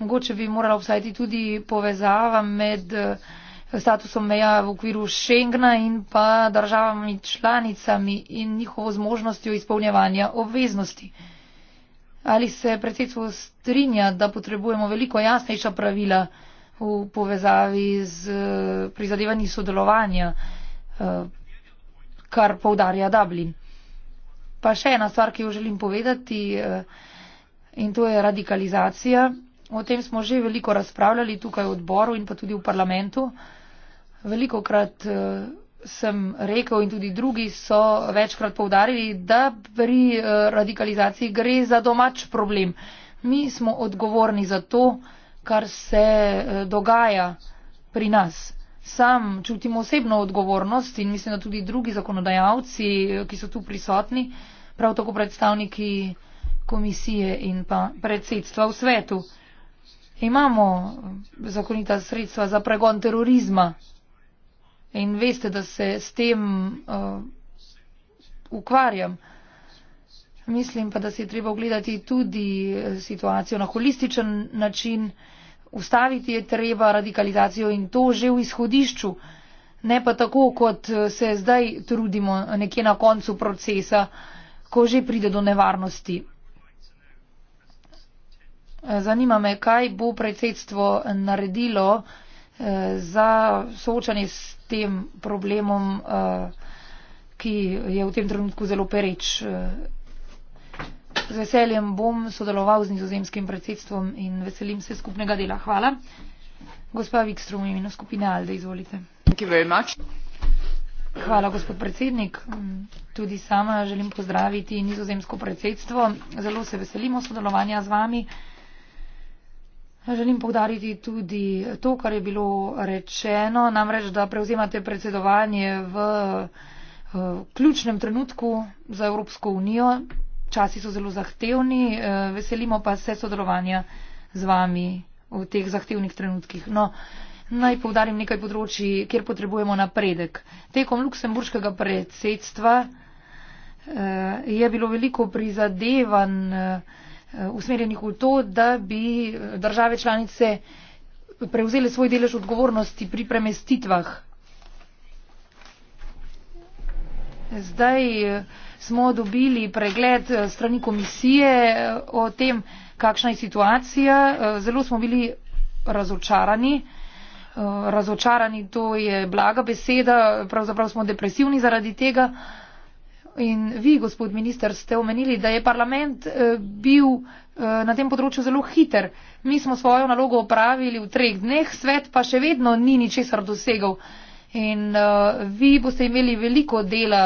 mogoče bi morala obstajati tudi povezava med uh, statusom meja v okviru Schengna in pa državami članicami in njihovo zmožnostjo izpolnjevanja obveznosti. Uh, Ali se predsedstvo strinja, da potrebujemo veliko jasnejša pravila v povezavi z eh, prizadevanji sodelovanja, eh, kar povdarja Dublin? Pa še ena stvar, ki jo želim povedati, eh, in to je radikalizacija. O tem smo že veliko razpravljali tukaj v odboru in pa tudi v parlamentu. Veliko krat sem rekel in tudi drugi so večkrat povdarili, da pri eh, radikalizaciji gre za domač problem. Mi smo odgovorni za to, kar se eh, dogaja pri nas. Sam čutim osebno odgovornost in mislim, da tudi drugi zakonodajalci, eh, ki so tu prisotni, prav tako predstavniki komisije in pa predsedstva v svetu. Imamo zakonita sredstva za pregon terorizma. In veste, da se s tem uh, ukvarjam. Mislim pa, da se je treba ogledati tudi eh, situacijo na holističen način. Ustaviti je treba radikalizacijo in to že v izhodišču, ne pa tako, kot eh, se zdaj trudimo nekje na koncu procesa, ko že pride do nevarnosti. Eh, zanima me, kaj bo predsedstvo naredilo za soočanje s tem problemom, eh, ki je v tem trenutku zelo pereč. Eh, z veseljem bom sodeloval z nizozemskim predsedstvom in veselim se skupnega dela. Hvala. Gospa Vikstrom, imeno skupine Alde, izvolite. Hvala, gospod predsednik. Tudi sama želim pozdraviti nizozemsko predsedstvo. Zelo se veselimo sodelovanja z vami. Želim povdariti tudi to, kar je bilo rečeno, namreč, da prevzemate predsedovanje v, v ključnem trenutku za Evropsko unijo. Časi so zelo zahtevni, eh, veselimo pa se sodelovanja z vami v teh zahtevnih trenutkih. No, naj povdarim nekaj področji, kjer potrebujemo napredek. Tekom luksemburškega predsedstva eh, je bilo veliko prizadevanj eh, Eh, usmerjenih v to, da bi eh, države članice prevzeli svoj delež odgovornosti pri premestitvah. Zdaj eh, smo dobili pregled strani komisije o tem, kakšna je situacija. Zelo smo bili razočarani. Razočarani to je blaga beseda, pravzaprav smo depresivni zaradi tega. In vi, gospod minister, ste omenili, da je parlament eh, bil eh, na tem področju zelo hiter. Mi smo svojo nalogo opravili v treh dneh, svet pa še vedno ni ničesar dosegel. In eh, vi boste imeli veliko dela,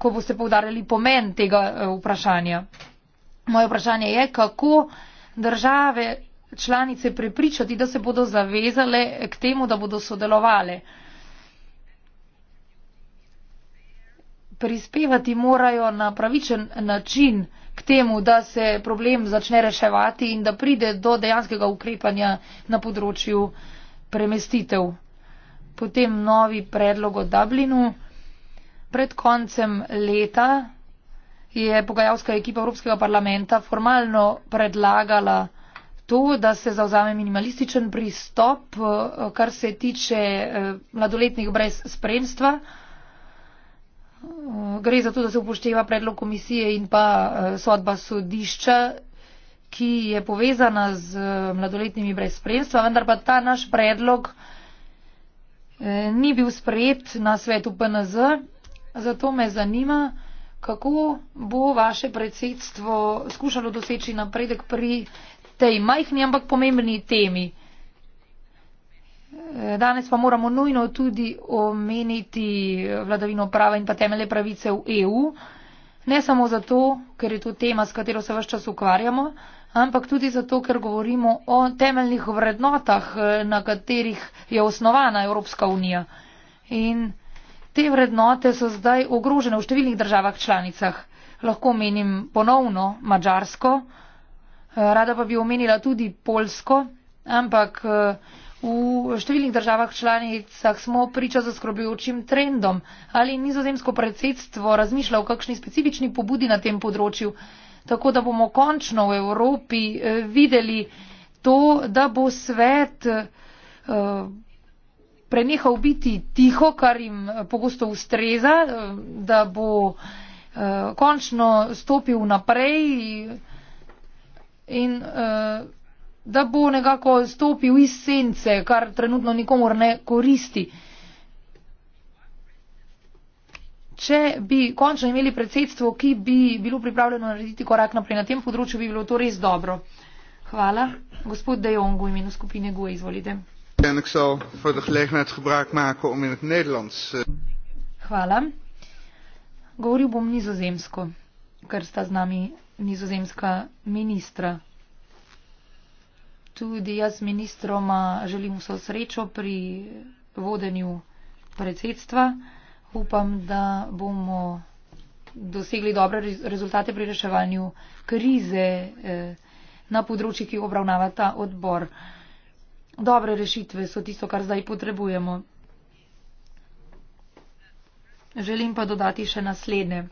ko boste povdarjali pomen tega vprašanja. Moje vprašanje je, kako države članice prepričati, da se bodo zavezale k temu, da bodo sodelovale. prispevati morajo na pravičen način k temu, da se problem začne reševati in da pride do dejanskega ukrepanja na področju premestitev. Potem novi predlog o Dublinu. Pred koncem leta je pogajalska ekipa Evropskega parlamenta formalno predlagala to, da se zauzame minimalističen pristop, eh, kar se tiče eh, mladoletnih brez spremstva gre za to, da se upošteva predlog komisije in pa eh, sodba sodišča, ki je povezana z eh, mladoletnimi brez spremstva, vendar pa ta naš predlog eh, ni bil sprejet na svetu PNZ. Zato me zanima, kako bo vaše predsedstvo skušalo doseči napredek pri tej majhni, ampak pomembni temi. Danes pa moramo nujno tudi omeniti vladavino prava in pa temelje pravice v EU. Ne samo zato, ker je to tema, s katero se vse čas ukvarjamo, ampak tudi zato, ker govorimo o temeljnih vrednotah, na katerih je osnovana Evropska unija. In te vrednote so zdaj ogrožene v številnih državah članicah. Lahko menim ponovno Mačarsko, rada pa bi omenila tudi Polsko, ampak V številnih državah članicah smo priča zaskrbljujočim trendom. Ali nizozemsko predsedstvo razmišlja o kakšni specifični pobudi na tem področju, tako da bomo končno v Evropi eh, videli to, da bo svet eh, prenehal biti tiho, kar jim eh, pogosto ustreza, da bo končno stopil naprej in. in da bo nekako stopil iz sence, kar trenutno nikomor ne koristi. Če bi končno imeli predsedstvo, ki bi bilo pripravljeno narediti korak naprej na tem področju, bi bilo to res dobro. Hvala. Gospod De Jong v imenu skupine GUE, izvolite. Eh, Hvala. Govoril bom nizozemsko, ker sta z nami nizozemska ministra tudi jaz ministroma želim vso srečo pri vodenju predsedstva. Upam, da bomo dosegli dobre rezultate pri reševanju krize eh, na področju, ki obravnava ta odbor. Dobre rešitve so tisto, kar zdaj potrebujemo. Želim pa dodati še naslednje.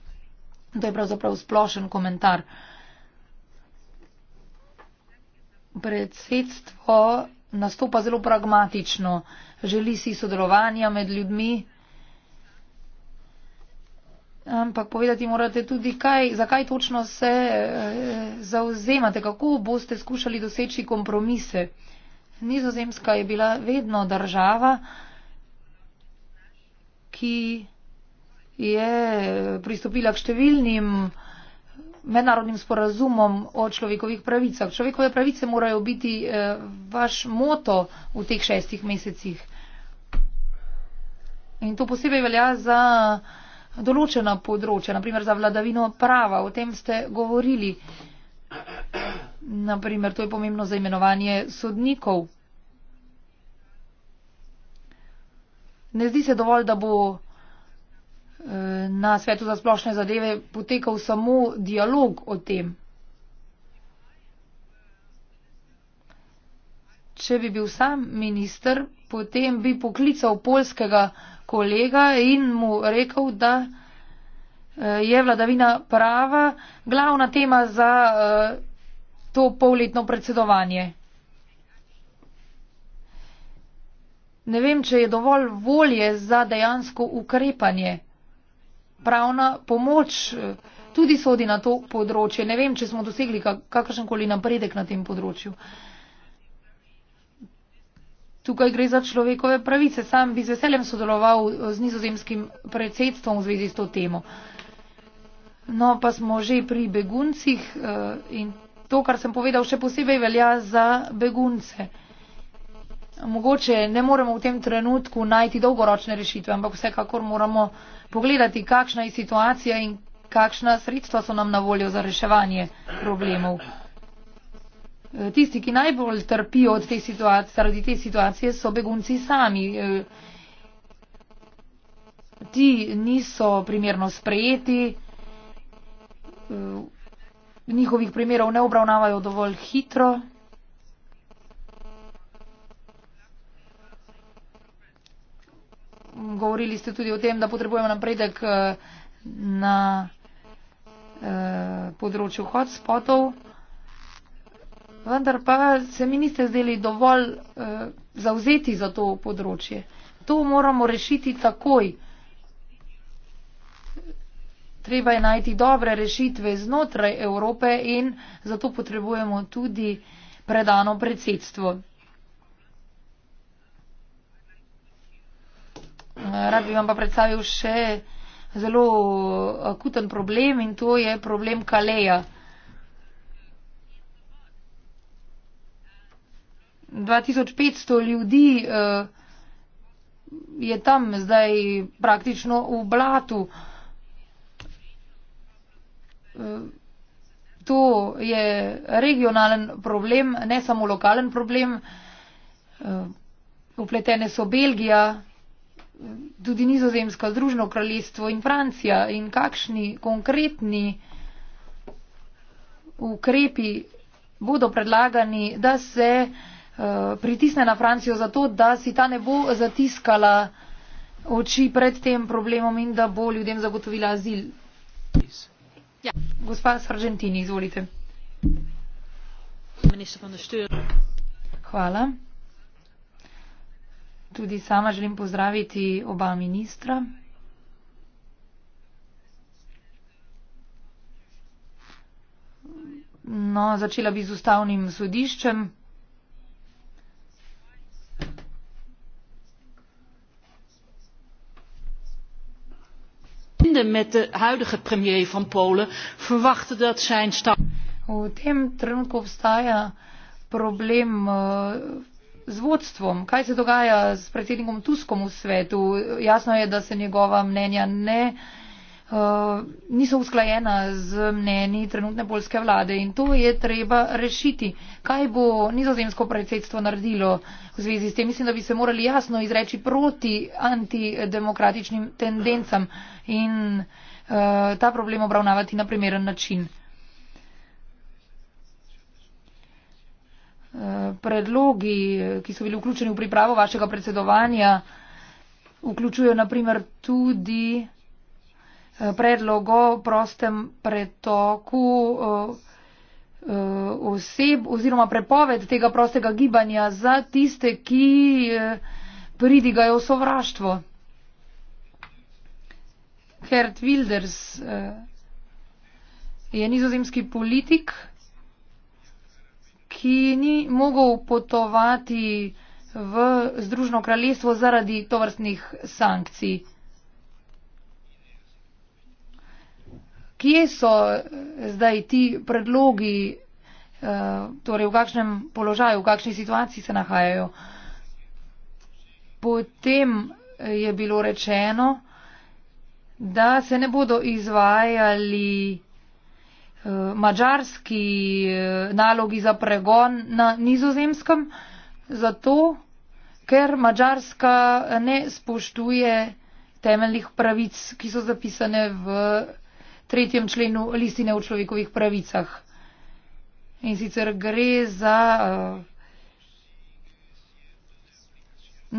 To je pravzaprav splošen komentar predsedstvo nastopa zelo pragmatično. Želi si sodelovanja med ljudmi. Ampak povedati morate tudi, kaj, zakaj točno se e, eh, zauzemate, kako boste skušali doseči kompromise. Nizozemska je bila vedno država, ki je pristopila k številnim mednarodnim sporazumom o človekovih pravicah. Človekove pravice morajo biti eh, vaš moto v teh šestih mesecih. In to posebej velja za določena področja, naprimer za vladavino prava. O tem ste govorili. Naprimer, to je pomembno za imenovanje sodnikov. Ne zdi se dovolj, da bo na svetu za splošne zadeve potekal samo dialog o tem. Če bi bil sam minister, potem bi poklical polskega kolega in mu rekel, da eh, je vladavina prava glavna tema za eh, to polletno predsedovanje. Ne vem, če je dovolj volje za dejansko ukrepanje pravna pomoč eh, tudi sodi na to področje. Ne vem, če smo dosegli kakršen koli napredek na tem področju. Tukaj gre za človekove pravice. Sam bi z veseljem sodeloval eh, z nizozemskim predsedstvom v zvezi s to temo. No, pa smo že pri beguncih eh, in to, kar sem povedal, še posebej velja za begunce. Mogoče ne moremo v tem trenutku najti dolgoročne rešitve, ampak vsekakor moramo pogledati, kakšna je situacija in kakšna sredstva so nam na voljo za reševanje problemov. E, tisti, ki najbolj trpijo te situacije, zaradi te situacije, so begunci sami. E, ti niso primerno sprejeti, e, njihovih primerov ne obravnavajo dovolj hitro. govorili ste tudi o tem, da potrebujemo napredek eh, na eh, področju hotspotov, vendar pa se mi niste zdeli dovolj eh, zauzeti za to področje. To moramo rešiti takoj. Treba je najti dobre rešitve znotraj Evrope in zato potrebujemo tudi predano predsedstvo. Rad bi vam pa predstavil še zelo akuten problem in to je problem Kaleja. 2500 ljudi eh, je tam zdaj praktično v blatu. Eh, to je regionalen problem, ne samo lokalen problem. Upletene eh, so Belgija, tudi nizozemsko družno kraljestvo in Francija in kakšni konkretni ukrepi bodo predlagani, da se uh, pritisne na Francijo zato, da si ta ne bo zatiskala oči pred tem problemom in da bo ljudem zagotovila azil. Ja. Gospa Sargentini, izvolite. Hvala. Tudi sama želim pozdraviti oba ministra. No, začela bi z ustavnim sodiščem. Met de huidige premier van Polen verwachtte dat zijn stap. Op dit moment bestaat een probleem. Uh, eh, z vodstvom, kaj se dogaja s predsednikom Tuskom v svetu. Jasno je, da se njegova mnenja ne, uh, niso usklajena z mnenji trenutne polske vlade in to je treba rešiti. Kaj bo nizozemsko predsedstvo naredilo v zvezi s tem? Mislim, da bi se morali jasno izreči proti antidemokratičnim tendencam in uh, ta problem obravnavati na primeren način. predlogi, ki so bili vključeni v pripravo vašega predsedovanja, vključujo naprimer tudi eh, predlog o prostem pretoku eh, eh, oseb oziroma prepoved tega prostega gibanja za tiste, ki pridigajo sovraštvo. Kert Wilders je nizozemski politik, ki ni mogel potovati v Združno kraljestvo zaradi tovrstnih sankcij. Kje so zdaj ti predlogi, eh, torej v kakšnem položaju, v kakšni situaciji se nahajajo? Potem je bilo rečeno, da se ne bodo izvajali Eh, mađarski eh, nalogi za pregon na nizozemskem, zato ker Mačarska ne spoštuje temeljnih pravic, ki so zapisane v tretjem členu listine o človekovih pravicah. In sicer gre za eh,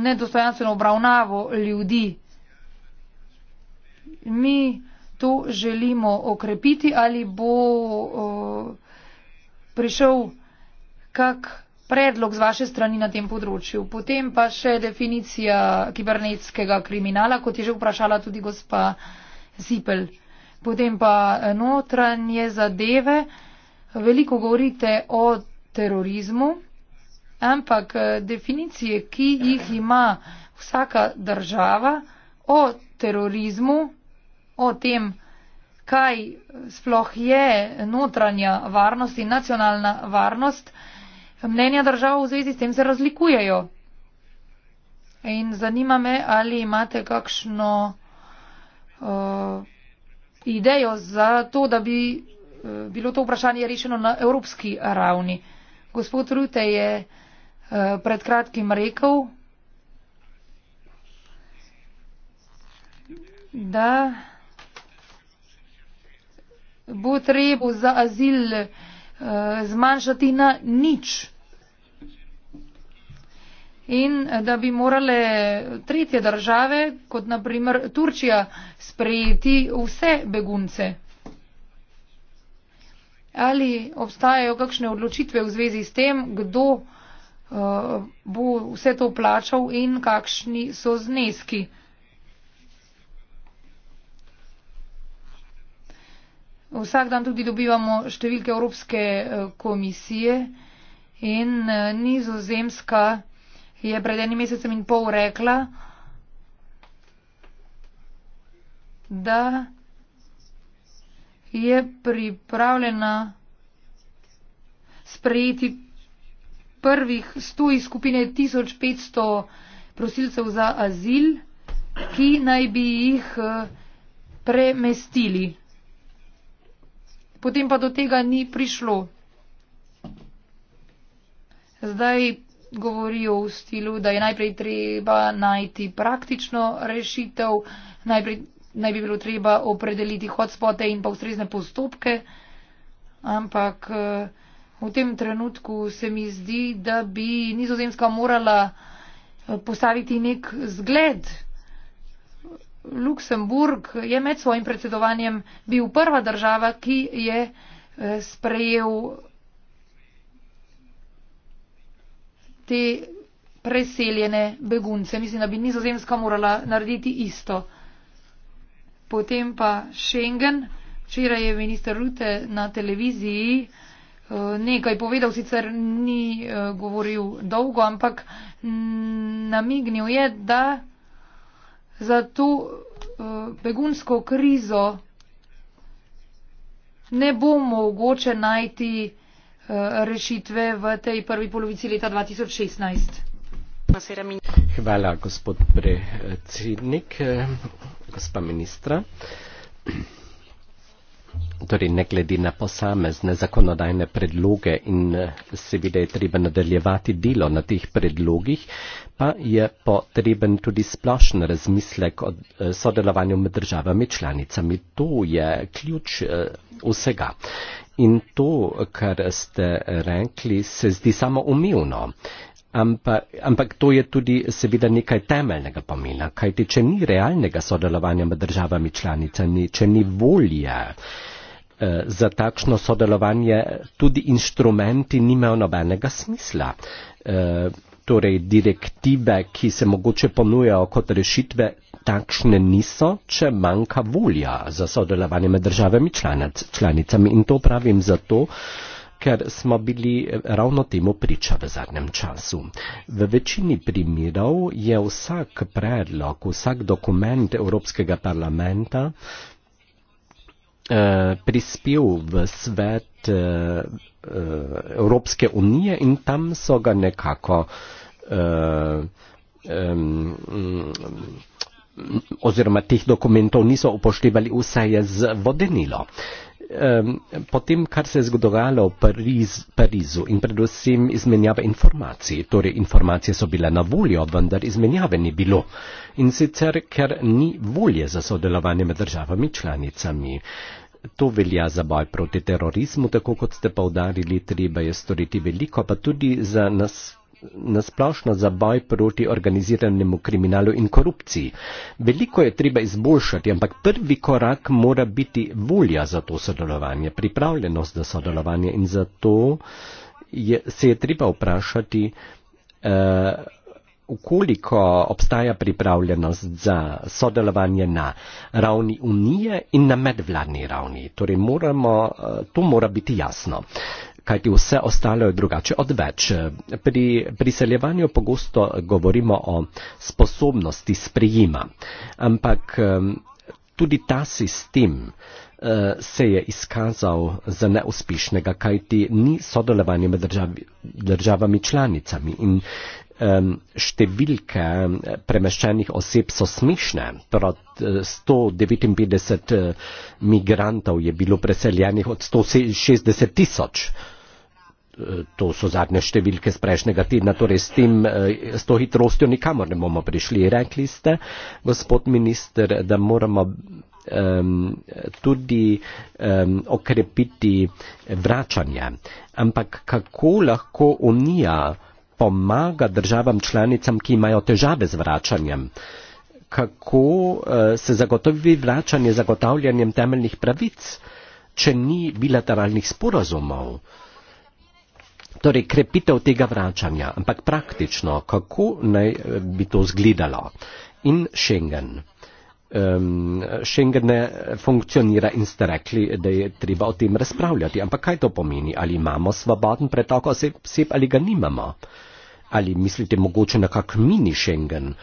nedostojanstveno obravnavo ljudi. Mi to želimo okrepiti, ali bo prišel kak predlog z vaše strani na tem področju. Potem pa še definicija kibernetskega kriminala, kot je že vprašala tudi gospa Zipel. Potem pa notranje zadeve. Veliko govorite o terorizmu, ampak definicije, ki jih ima vsaka država o terorizmu, o tem, kaj sploh je notranja varnost in nacionalna varnost, mnenja držav v zvezi s tem se razlikujejo. In zanima me, ali imate kakšno uh, idejo za to, da bi uh, bilo to vprašanje rešeno na evropski ravni. Gospod Rute je uh, pred kratkim rekel, da bo treba za azil eh, zmanjšati na nič. In eh, da bi morale tretje države, kot naprimer Turčija, sprejeti vse begunce. Ali obstajajo kakšne odločitve v zvezi s tem, kdo uh, bo vse to plačal in kakšni so zneski? Vsak dan tudi dobivamo številke Evropske eh, komisije in eh, nizozemska je pred enim mesecem in pol rekla, da je pripravljena sprejeti prvih sto iz skupine 1500 prosilcev za azil, ki naj bi jih eh, premestili. Potem pa do tega ni prišlo. Zdaj govorijo v stilu, da je najprej treba najti praktično rešitev, najprej naj bi bilo treba opredeliti hotspote in pa ustrezne postopke, ampak eh, v tem trenutku se mi zdi, da bi nizozemska morala eh, postaviti nek zgled Luksemburg je med svojim predsedovanjem bil prva država, ki je eh, sprejel te preseljene begunce. Mislim, da bi nizozemska morala narediti isto. Potem pa Schengen. Včeraj je minister Rute na televiziji eh, nekaj povedal, sicer ni eh, govoril dolgo, ampak mm, namignil je, da za to eh, begunsko krizo ne bo mogoče najti eh, rešitve v tej prvi polovici leta 2016. Hvala, gospod predsednik, eh, gospa ministra torej ne glede na posamezne zakonodajne predloge in eh, seveda je treba nadaljevati delo na teh predlogih, pa je potreben tudi splošen razmislek o eh, sodelovanju med državami članicami. To je ključ eh, vsega. In to, kar ste rekli, se zdi samo umevno. Ampak, ampak to je tudi seveda nekaj temeljnega pomena, kajti če ni realnega sodelovanja med državami članicami, če ni volje, Eh, za takšno sodelovanje tudi instrumenti nimajo nobenega smisla. Eh, torej direktive, ki se mogoče ponujajo kot rešitve, takšne niso, če manjka volja za sodelovanje med državami članicami. In to pravim zato, ker smo bili eh, ravno temu priča v zadnjem času. V večini primerov je vsak predlog, vsak dokument Evropskega parlamenta Eh, prispel v svet uh, Evropske unije in tam so ga nekako uh, um, oziroma teh dokumentov niso upoštevali, vse je zvodenilo. Potem, kar se je zgodovalo v Pariz, Parizu in predvsem izmenjava informacij, torej informacije so bile na voljo, vendar izmenjave ni bilo. In sicer, ker ni volje za sodelovanje med državami članicami. Uh, To velja za boj proti terorizmu, tako kot ste povdarili, treba je storiti veliko, pa tudi za nas nasplošno za boj proti organiziranemu kriminalu in korupciji. Veliko je treba izboljšati, ampak prvi korak mora biti volja za to sodelovanje, pripravljenost za sodelovanje in zato je, se je treba vprašati, eh, koliko obstaja pripravljenost za sodelovanje na ravni unije in na medvladni ravni. Torej moramo, eh, to mora biti jasno kajti vse ostalo je drugače odveč. Pri priseljevanju pogosto govorimo o sposobnosti sprejima, ampak tudi ta sistem eh, se je izkazal za neuspešnega, kajti ni sodelovanje med državi, državami članicami in številke premeščenih oseb so smišne. Prav eh, 159 eh, migrantov je bilo preseljenih od 160 tisoč. Eh, to so zadnje številke z prejšnjega tedna, torej s, tem, s to hitrostjo nikamor ne bomo prišli. Rekli ste, gospod minister, da moramo um, tudi um, okrepiti vračanje. Ampak kako lahko Unija pomaga državam članicam, ki imajo težave z vračanjem? Kako eh, se zagotovi vračanje zagotavljanjem temeljnih pravic, če ni bilateralnih sporazumov? Torej, krepitev tega vračanja, ampak praktično, kako naj eh, bi to zgledalo? In Schengen. Ehm, Schengen ne funkcionira in ste rekli, da je treba o tem razpravljati. Ampak kaj to pomeni? Ali imamo svoboden pretok oseb ali ga nimamo? Ali mislite mogoče na kak mini Schengen?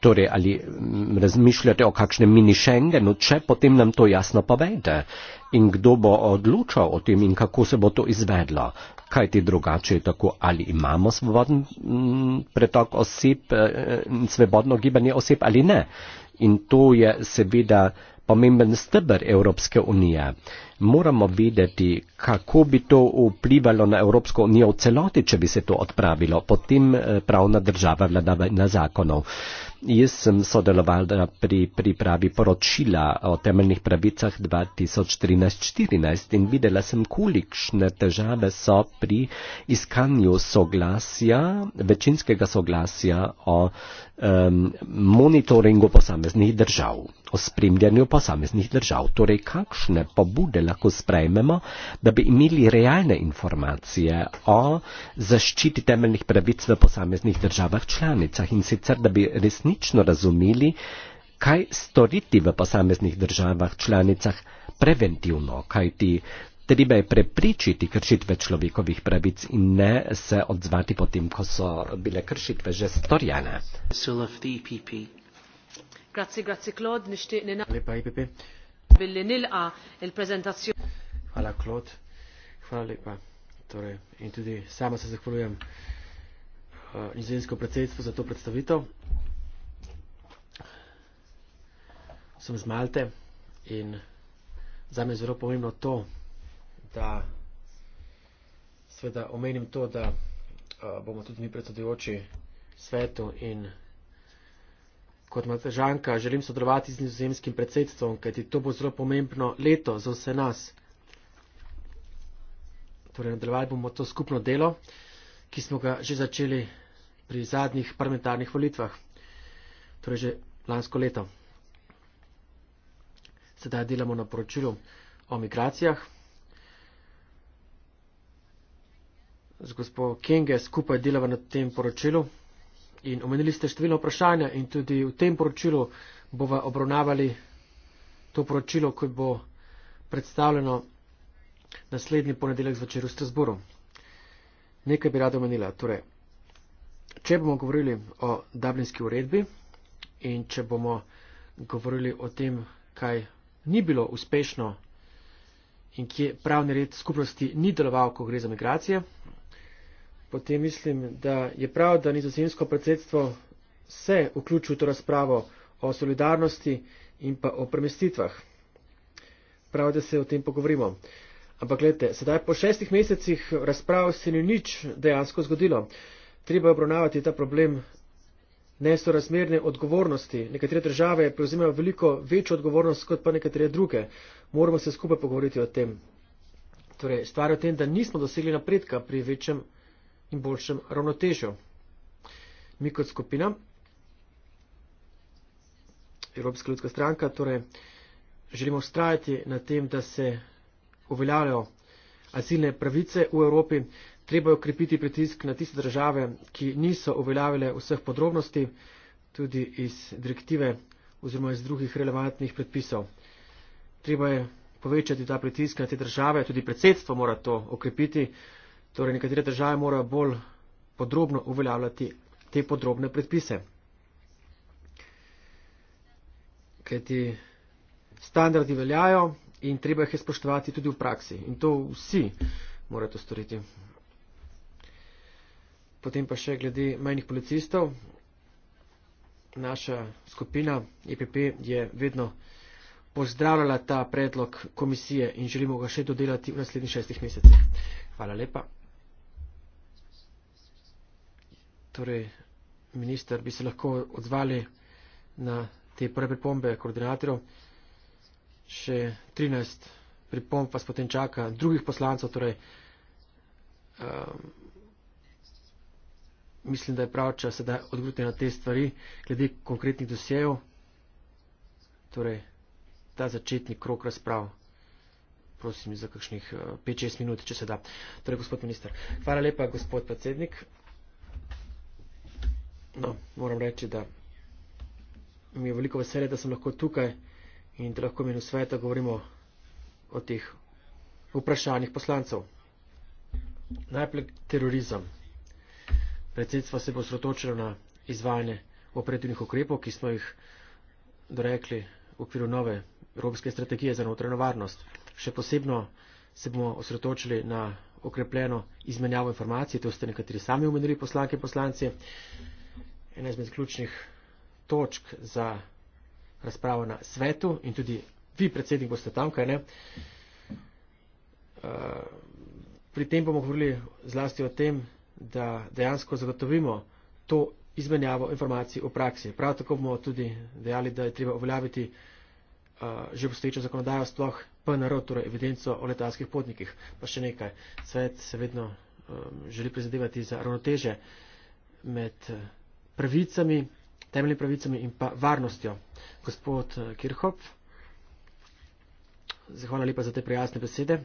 Torej, ali mm, razmišljate o kakšnem mini Schengenu, če potem nam to jasno povede? In kdo bo odločal o tem in kako se bo to izvedlo? Kaj ti drugače je tako? Ali imamo svoboden mm, pretok oseb, eh, svobodno gibanje oseb ali ne? in to je seveda pomemben stebr Evropske unije moramo vedeti, kako bi to vplivalo na Evropsko unijo v celoti, če bi se to odpravilo. Potem eh, pravna država vlada na zakonov. Jaz sem sodelovala pri pripravi poročila o temeljnih pravicah 2013-2014 in videla sem, kolikšne težave so pri iskanju soglasja, večinskega soglasja o um, monitoringu posameznih držav, o spremljanju posameznih držav. Torej, kakšne pobude lahko sprejmemo, da bi imeli realne informacije o zaščiti temeljnih pravic v posameznih državah članicah in sicer, da bi resnično razumeli, kaj storiti v posameznih državah članicah preventivno, kaj ti treba je prepričiti kršitve človekovih pravic in ne se odzvati potem, ko so bile kršitve že storjene. E grazie, grazie, Claude. Ne, ne, ne. Lepa, IPP. E hvala claude hvala lepa torej in tudi sama se zahvaljujem eh, nizozemsko predsedstvo za to predstavitev sem z malte in zame je zelo pomembno to da seveda omenim to da eh, bomo tudi mi predsedujoči svetu in kot matežanka želim sodelovati z nizozemskim predsedstvom, kajti to bo zelo pomembno leto za vse nas. Torej, nadaljevali bomo to skupno delo, ki smo ga že začeli pri zadnjih parlamentarnih volitvah, torej že lansko leto. Sedaj delamo na poročilu o migracijah. Z gospod Kenge skupaj delava na tem poročilu in omenili ste številno vprašanje in tudi v tem poročilu bova obravnavali to poročilo, ko bo predstavljeno naslednji ponedeljek zvečer v Strasburu. Nekaj bi rada omenila. Torej, če bomo govorili o dablinski uredbi in če bomo govorili o tem, kaj ni bilo uspešno in kje pravni red skupnosti ni deloval, ko gre za migracije, potem mislim, da je prav, da nizozemsko predsedstvo se vključi v to razpravo o solidarnosti in pa o premestitvah. Prav, da se o tem pogovorimo. Ampak gledajte, sedaj po šestih mesecih razprav se ni nič dejansko zgodilo. Treba je obravnavati ta problem nesorazmerne odgovornosti. Nekatere države prevzemajo veliko večjo odgovornost kot pa nekatere druge. Moramo se skupaj pogovoriti o tem. Torej, stvar je v tem, da nismo dosegli napredka pri večjem in boljšem ravnotežju. Mi kot skupina, Evropska ljudska stranka, torej želimo ustrajati na tem, da se uveljavljajo azilne pravice v Evropi. Treba je ukrepiti pritisk na tiste države, ki niso uveljavile vseh podrobnosti, tudi iz direktive oziroma iz drugih relevantnih predpisov. Treba je povečati ta pritisk na te države, tudi predsedstvo mora to ukrepiti. Torej, nekatere države morajo bolj podrobno uveljavljati te podrobne predpise. Ker ti standardi veljajo in treba jih je spoštovati tudi v praksi. In to vsi morajo to storiti. Potem pa še glede majhnih policistov. Naša skupina EPP je vedno pozdravljala ta predlog komisije in želimo ga še dodelati v naslednjih šestih mesecih. Hvala lepa. torej minister, bi se lahko odzvali na te prve pripombe koordinatorjev. Še 13 pripomb vas potem čaka drugih poslancev, torej um, mislim, da je prav čas sedaj odgovoriti na te stvari, glede konkretnih dosjejev, torej ta začetni krok razprav. Prosim za kakšnih 5-6 eh, minut, če se da. Torej, gospod minister. Hvala lepa, gospod predsednik. No, moram reči, da mi je veliko veselje, da sem lahko tukaj in da lahko min v sveta govorimo o teh vprašanjih poslancev. Najprej terorizem. Predsedstvo se bo sredotočilo na izvajanje opredunih ukrepov, ki smo jih dorekli v okviru nove evropske strategije za notranjo varnost. Še posebno se bomo osredotočili na okrepljeno izmenjavo informacij, to ste nekateri sami umenili poslanke in poslanci ena izmed ključnih točk za razpravo na svetu in tudi vi, predsednik, boste tam, kaj ne. Eh, pri tem bomo govorili zlasti o tem, da dejansko zagotovimo to izmenjavo informacij v praksi. Prav tako bomo tudi dejali, da je treba uveljaviti eh, že obstoječo zakonodajo, sploh PNR, torej evidenco o letalskih potnikih. Pa še nekaj. Svet se vedno eh, želi prizadevati za ravnoteže med pravicami, temeljnimi pravicami in pa varnostjo. Gospod eh, Kirchhoff, zahvala lepa za te prijazne besede.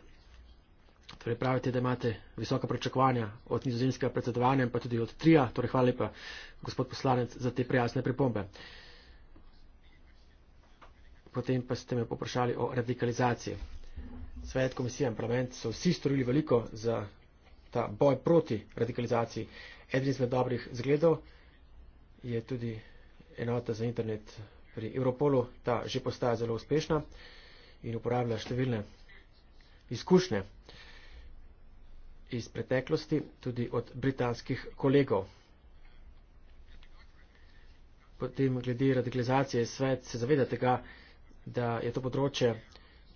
Torej pravite, da imate visoka pričakovanja od nizozemskega predsedovanja in pa tudi od trija. Torej hvala lepa, gospod poslanec, za te prijazne pripombe. Potem pa ste me poprašali o radikalizaciji. Svet, komisija in parlament so vsi storili veliko za ta boj proti radikalizaciji. Eden izmed dobrih zgledov je tudi enota za internet pri Europolu, ta že postaja zelo uspešna in uporablja številne izkušnje iz preteklosti, tudi od britanskih kolegov. Potem glede radikalizacije svet se zaveda tega, da je to področje,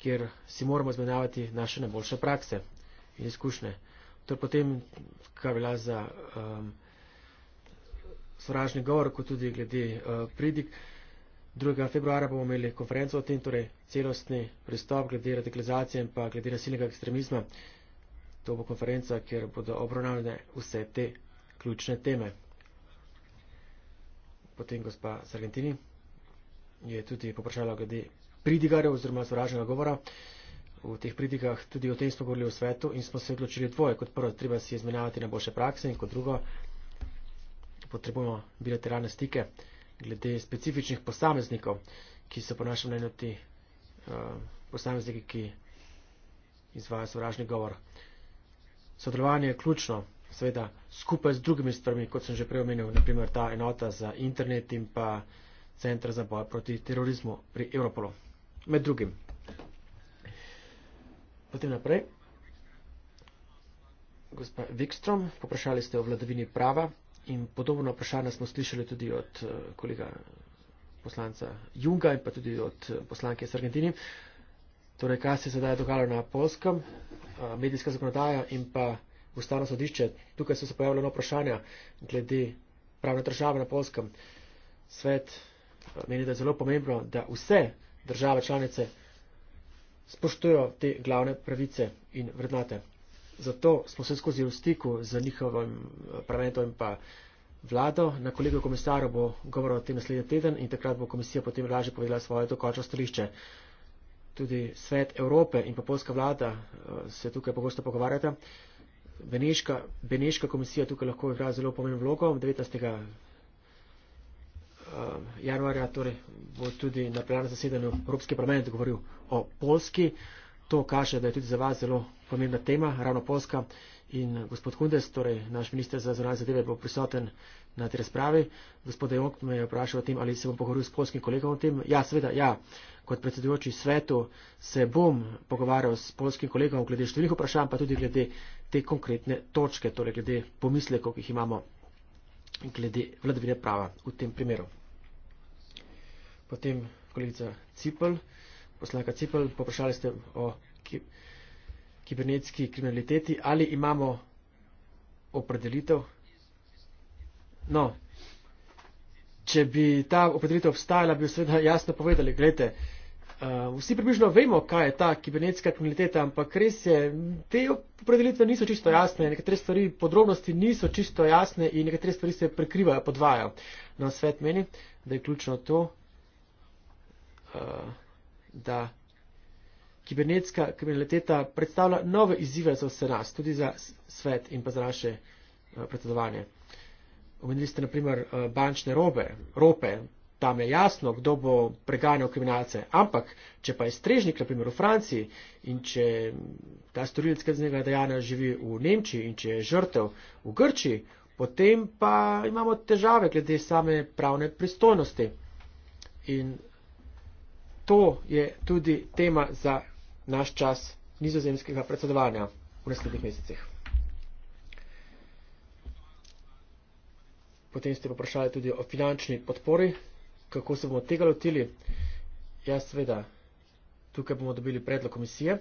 kjer si moramo zmenjavati naše najboljše prakse in izkušnje. To je potem, kar velja za um, sovražni govor, kot tudi glede uh, pridik. 2. februara bomo imeli konferenco o tem, torej celostni pristop glede radikalizacije in pa glede nasilnega ekstremizma. To bo konferenca, kjer bodo obravnavljene vse te ključne teme. Potem gospa Sargentini je tudi poprašala glede pridigarjev oziroma sovražnega govora. V teh pridigah tudi o tem smo govorili v svetu in smo se odločili dvoje. Kot prvo, treba si izmenjavati na boljše prakse in kot drugo, potrebujemo bilateralne stike glede specifičnih posameznikov, ki so po našem mnenju ti uh, posamezniki, ki izvajajo sovražni govor. Sodelovanje je ključno, seveda, skupaj z drugimi stvarmi, kot sem že prej omenil, naprimer ta enota za internet in pa centra za boj proti terorizmu pri Evropolu. Med drugim. Potem naprej. Gospa Vikstrom, poprašali ste o vladavini prava In podobno vprašanje smo slišali tudi od eh, kolega poslanca Junga in pa tudi od eh, poslanke iz Argentini. Torej, kaj se sedaj dogajalo na polskem, eh, medijska zakonodaja in pa ustavno sodišče. Tukaj so se pojavljala no vprašanja glede pravne države na polskem. Svet meni, da je zelo pomembno, da vse države članice spoštujo te glavne pravice in vrednate. Zato smo se skozi v stiku z njihovim eh, parlamentom in pa vlado. Na kolegu komisarju bo govoril o tem naslednji teden in takrat bo komisija potem lažje povedala svoje dokončno stališče. Tudi svet Evrope in pa polska vlada eh, se tukaj pogosto pogovarjata. Beneška, Beneška komisija tukaj lahko igra zelo pomembno vlogo. 19. Eh, januarja torej, bo tudi na plenarnem zasedanju Evropski parlament govoril o Polski. To kaže, da je tudi za vas zelo pomembna tema, ravno Polska. In gospod Hundes, torej naš minister za zunanje zadeve, bo prisoten na tej razpravi. Gospod Jonk me je vprašal o tem, ali se bom pogovoril s polskim kolegom o tem. Ja, seveda, ja. Kot predsedujoči svetu se bom pogovarjal s polskim kolegom glede številnih vprašanj, pa tudi glede te konkretne točke, torej glede pomislekov, ki jih imamo glede vladavine prava v tem primeru. Potem kolegica Cipel poslanka Cipel, poprašali ste o ki, kibernetski kriminaliteti, ali imamo opredelitev. No, če bi ta opredelitev obstajala, bi seveda jasno povedali, gledajte, uh, eh, vsi približno vemo, kaj je ta kibernetska kriminaliteta, ampak res je, te opredelitve niso čisto jasne, nekatere stvari, podrobnosti niso čisto jasne in nekatere stvari se prekrivajo, podvajajo. No, svet meni, da je ključno to. Uh, da kibernetska kriminaliteta predstavlja nove izzive za vse nas, tudi za svet in pa za naše eh, predsedovanje. Omenili ste naprimer eh, bančne robe, rope, tam je jasno, kdo bo preganjal kriminalce, ampak če pa je strežnik, naprimer v Franciji, in če ta storilec kaznega dejanja živi v Nemčiji in če je žrtev v Grčiji, potem pa imamo težave glede same pravne pristojnosti. In to je tudi tema za naš čas nizozemskega predsedovanja v naslednjih mesecih. Potem ste poprašali tudi o finančni podpori, kako se bomo tega lotili. Jaz seveda, tukaj bomo dobili predlog komisije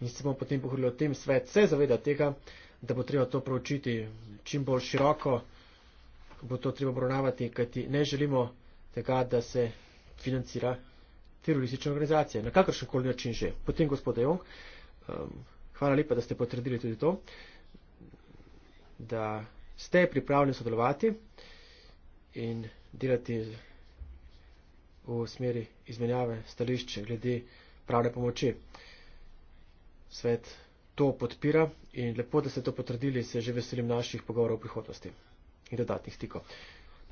in se bomo potem pohodili o tem, svet se zaveda tega, da bo treba to proučiti čim bolj široko, bo to treba obravnavati, kajti ne želimo tega, da se financira teroristične organizacije, na kakršenkoli način že. Potem, gospod Jong, um, hvala lepa, da ste potrdili tudi to, da ste pripravljeni sodelovati in delati v smeri izmenjave stališče glede pravne pomoči. Svet to podpira in lepo, da ste to potrdili, se že veselim naših pogovorov v prihodnosti in dodatnih stikov.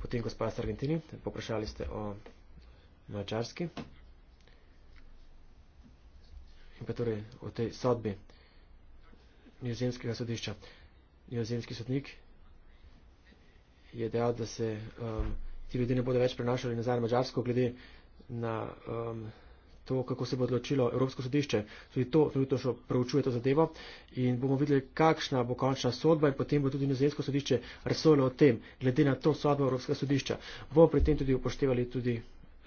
Potem gospod iz Argentini, poprašali ste o mačarski in pa torej o tej sodbi njozemskega sodišča. Njozemski sodnik je dejal, da se um, ti ljudje ne bodo več prenašali nazaj na Mačarsko, glede na um, to, kako se bo odločilo Evropsko sodišče. Tudi to, tudi to še preučuje to zadevo in bomo videli, kakšna bo končna sodba in potem bo tudi njozemsko sodišče razsojilo o tem, glede na to sodbo Evropskega sodišča. Bomo pri tem tudi upoštevali tudi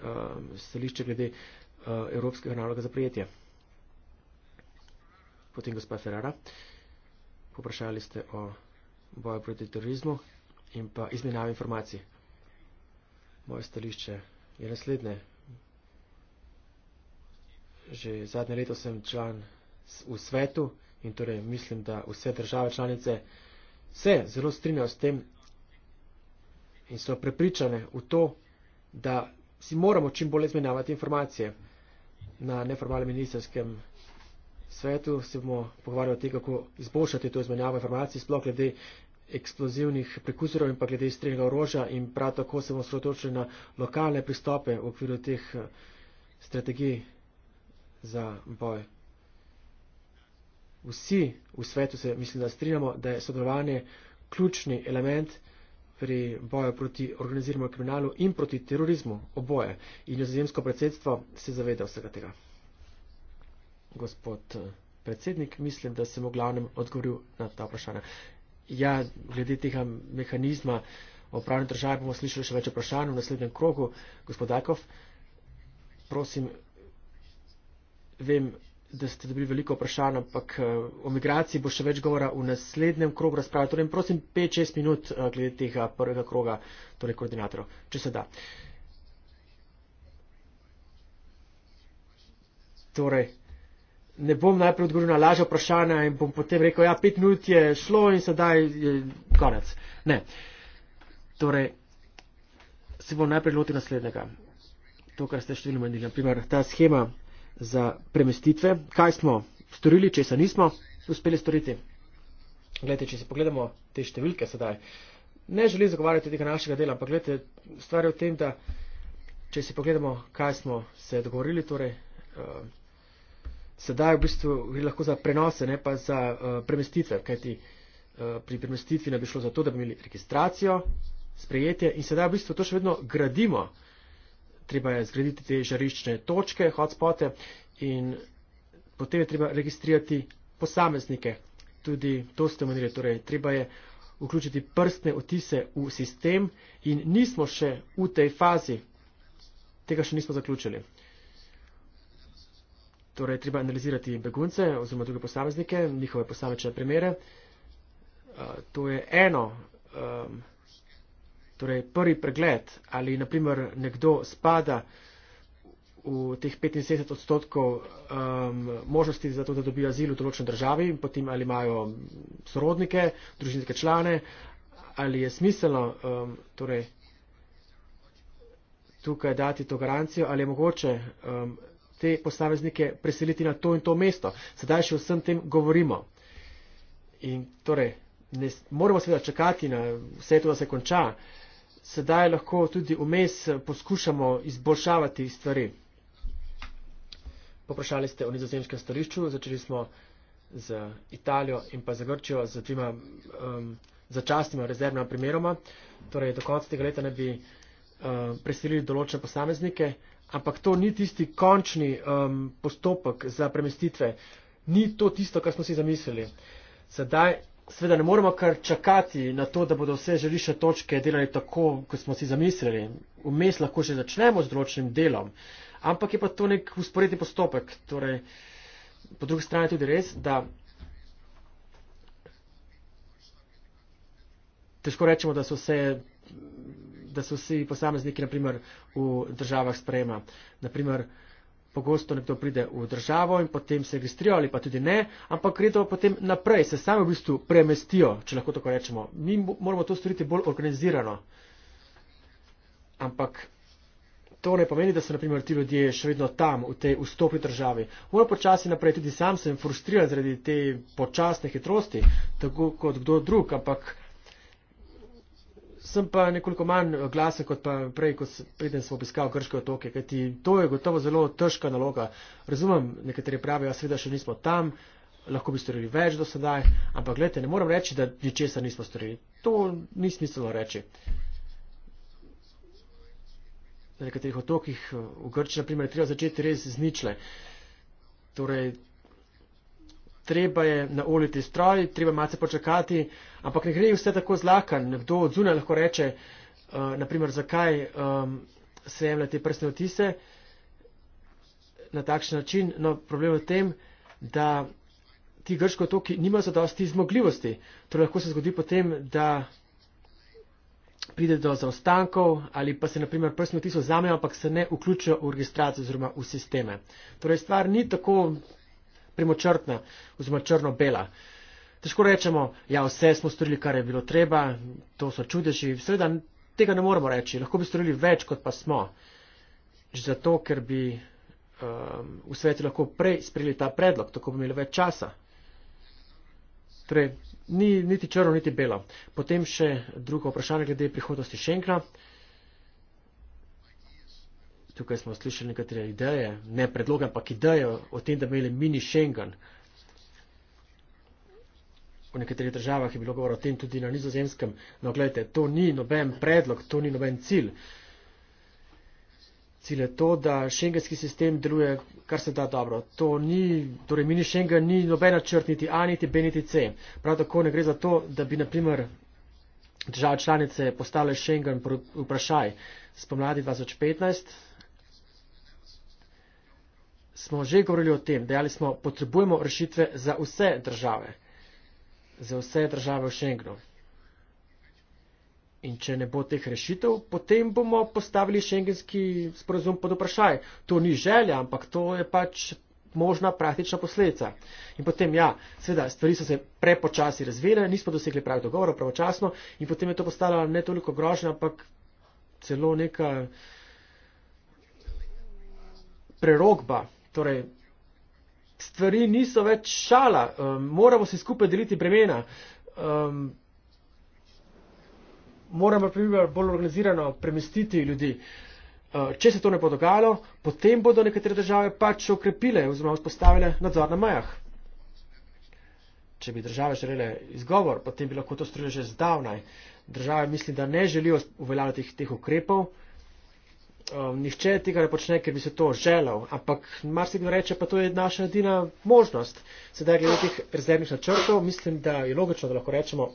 um, stališče glede uh, Evropskega naloga za prijetje potem gospa Ferrara. Poprašali ste o boju proti terorizmu in pa izmenjavi informacij. Moje stališče je naslednje. Že zadnje leto sem član v svetu in torej mislim, da vse države članice se zelo strinjajo s tem in so prepričane v to, da si moramo čim bolje izmenjavati informacije na neformalnem ministerskem svetu, se bomo pogovarjali o tem, kako izboljšati to izmenjavo informacij, sploh glede eksplozivnih prekuzorov in pa glede strelnega orožja in prav tako se bomo sredotočili na lokalne pristope v okviru teh eh, strategij za boj. Vsi v svetu se mislim, da strinjamo, da je sodelovanje ključni element pri boju proti organiziranemu kriminalu in proti terorizmu oboje. In nizozemsko predsedstvo se zaveda vsega tega gospod eh, predsednik, mislim, da sem v glavnem odgovoril na ta vprašanja. Ja, glede tega mehanizma o pravni državi bomo slišali še več vprašanj v naslednjem krogu. Gospod Akov, prosim, vem, da ste dobili veliko vprašanj, ampak eh, o migraciji bo še več govora v naslednjem krogu razprave. Torej, prosim, 5-6 minut eh, glede tega prvega kroga, torej koordinatorov, če se da. Torej, ne bom najprej odgovoril na lažje vprašanje in bom potem rekel, ja, pet minut je šlo in sedaj je konec. Ne. Torej, se bom najprej lotil naslednjega. To, kar ste številno menili, naprimer ta schema za premestitve, kaj smo storili, če se nismo uspeli storiti. Glede, če si pogledamo te številke sedaj, ne želim zagovarjati tega našega dela, ampak gledajte, stvar je v tem, da če si pogledamo, kaj smo se dogovorili, torej, uh, sedaj v bistvu gre lahko za prenose, ne pa za uh, premestitve, kajti uh, pri premestitvi ne bi šlo za to, da bi imeli registracijo, sprejetje in sedaj v bistvu to še vedno gradimo. Treba je zgraditi te žariščne točke, hotspote in potem je treba registrirati posameznike. Tudi to ste omenili, torej treba je vključiti prstne otise v sistem in nismo še v tej fazi, tega še nismo zaključili torej treba analizirati begunce oziroma druge posameznike, njihove posamečne primere. Uh, to je eno, um, torej prvi pregled, ali naprimer nekdo spada v teh 75 odstotkov um, možnosti za to, da dobijo azil v določeni državi, potem ali imajo sorodnike, družinske člane, ali je smiselno um, torej, tukaj dati to garancijo, ali je mogoče um, te posameznike preseliti na to in to mesto. Sedaj še vsem tem govorimo. In torej, ne, moramo seveda čakati na vse to, da se konča. Sedaj lahko tudi vmes poskušamo izboljšavati stvari. Poprašali ste o nizozemskem stališču, začeli smo z Italijo in pa z Grčijo, z dvima um, začasnima rezervna primeroma. Torej, do konca tega leta ne bi uh, preselili določene posameznike, ampak to ni tisti končni um, postopek za premestitve. Ni to tisto, kar smo si zamislili. Sedaj, sveda, ne moremo kar čakati na to, da bodo vse želišče točke delali tako, kot smo si zamislili. Vmes lahko že začnemo z določenim delom, ampak je pa to nek usporedni postopek. Torej, po drugi strani je tudi res, da. Težko rečemo, da so vse da so vsi posamezniki, naprimer, v državah sprejema. Naprimer, pogosto nekdo pride v državo in potem se registrijo ali pa tudi ne, ampak gredo potem naprej, se sami v bistvu premestijo, če lahko tako rečemo. Mi moramo to storiti bolj organizirano. Ampak to ne pomeni, da so, naprimer, ti ljudje še vedno tam, v tej vstopi državi. Moram počasi naprej, tudi sam sem frustriran zaradi te počasne hitrosti, tako kot kdo drug, ampak sem pa nekoliko manj eh, glasen kot pa prej, ko sem obiskal Grške otoke, kajti to je gotovo zelo težka naloga. Razumem, nekateri pravijo, ja, da še nismo tam, lahko bi storili več do sedaj, ampak gledajte, ne morem reči, da ničesar nismo storili. To ni smiselno reči. Na nekaterih otokih eh, v Grči, naprimer, treba začeti res z ničle. Torej, treba je naoliti stroj, treba malce počakati, ampak ne gre vse tako zlahka. Nekdo od zunaj lahko reče, uh, eh, naprimer, zakaj um, se jemlja te prstne otise na takšen način. No, problem je v tem, da ti grško otoki nimajo zadosti zmogljivosti. To torej, lahko se zgodi potem, da pride do zaostankov ali pa se naprimer prstni otis vzamejo, ampak se ne vključijo v registracijo oziroma v sisteme. Torej stvar ni tako premočrtna oziroma črno-bela. Težko rečemo, ja, vse smo storili, kar je bilo treba, to so čudeži, seveda tega ne moramo reči, lahko bi storili več, kot pa smo. Že zato, ker bi um, v svetu lahko prej sprejeli ta predlog, tako bi imeli več časa. Torej, ni niti črno, niti belo. Potem še drugo vprašanje glede prihodnosti Šenkra tukaj smo slišali nekatere ideje, ne predloge, ampak idejo o tem, da bi imeli mini Schengen. V nekaterih državah je bilo govora o tem tudi na nizozemskem. No, gledajte, to ni noben predlog, to ni noben cilj. Cilj je to, da šengenski sistem deluje kar se da dobro. To ni, torej mini Schengen ni nobena črt niti A, niti B, niti C. Prav tako ne gre za to, da bi, na primer, države članice postale Schengen vprašaj. Spomladi 2015 smo že govorili o tem, dejali smo, potrebujemo rešitve za vse države, za vse države v Schengenu. In če ne bo teh rešitev, potem bomo postavili šengenski sporozum pod vprašaj. To ni želja, ampak to je pač možna praktična posledica. In potem, ja, seveda, stvari so se prepočasi razvile, nismo dosegli pravi dogovor pravočasno in potem je to postalo ne toliko grožnja, ampak celo neka prerogba, Torej, stvari niso več šala, um, moramo si skupaj deliti bremena. Um, moramo primer, bolj organizirano premestiti ljudi. Uh, če se to ne bo dogajalo, potem bodo nekatere države pač okrepile oziroma vzpostavile nadzor na mejah. Če bi države želele izgovor, potem bi lahko to storili že zdavnaj. Države mislim, da ne želijo uveljavljati teh ukrepov, Um, nihče tega ne počne, ker bi se to želel, ampak marsikdo reče, pa to je naša edina možnost. Sedaj glede teh rezervnih načrtov, mislim, da je logično, da lahko rečemo,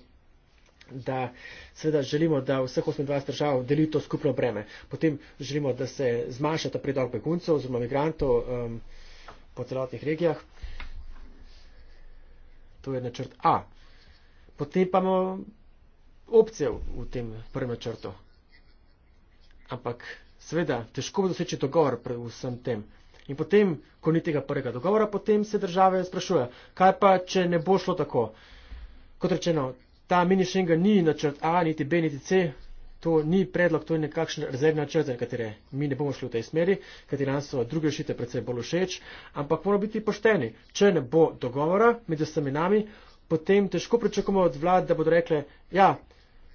da seveda želimo, da vseh 28 držav deli to skupno breme. Potem želimo, da se zmanjša ta predolg beguncev oziroma migrantov um, po celotnih regijah. To je načrt A. Potem pa imamo opcije v tem prvem načrtu. Ampak Seveda, težko bo doseči dogovor pri vsem tem. In potem, ko ni tega prvega dogovora, potem se države sprašuje, kaj pa, če ne bo šlo tako. Kot rečeno, ta mini šenga ni načrt A, niti B, niti C, to ni predlog, to je nekakšen rezervni načrt, na katere mi ne bomo šli v tej smeri, katere nam so druge rešite predvsej bolj všeč, ampak moramo biti pošteni. Če ne bo dogovora med vsemi nami, potem težko pričakujemo od vlad, da bodo rekle, ja,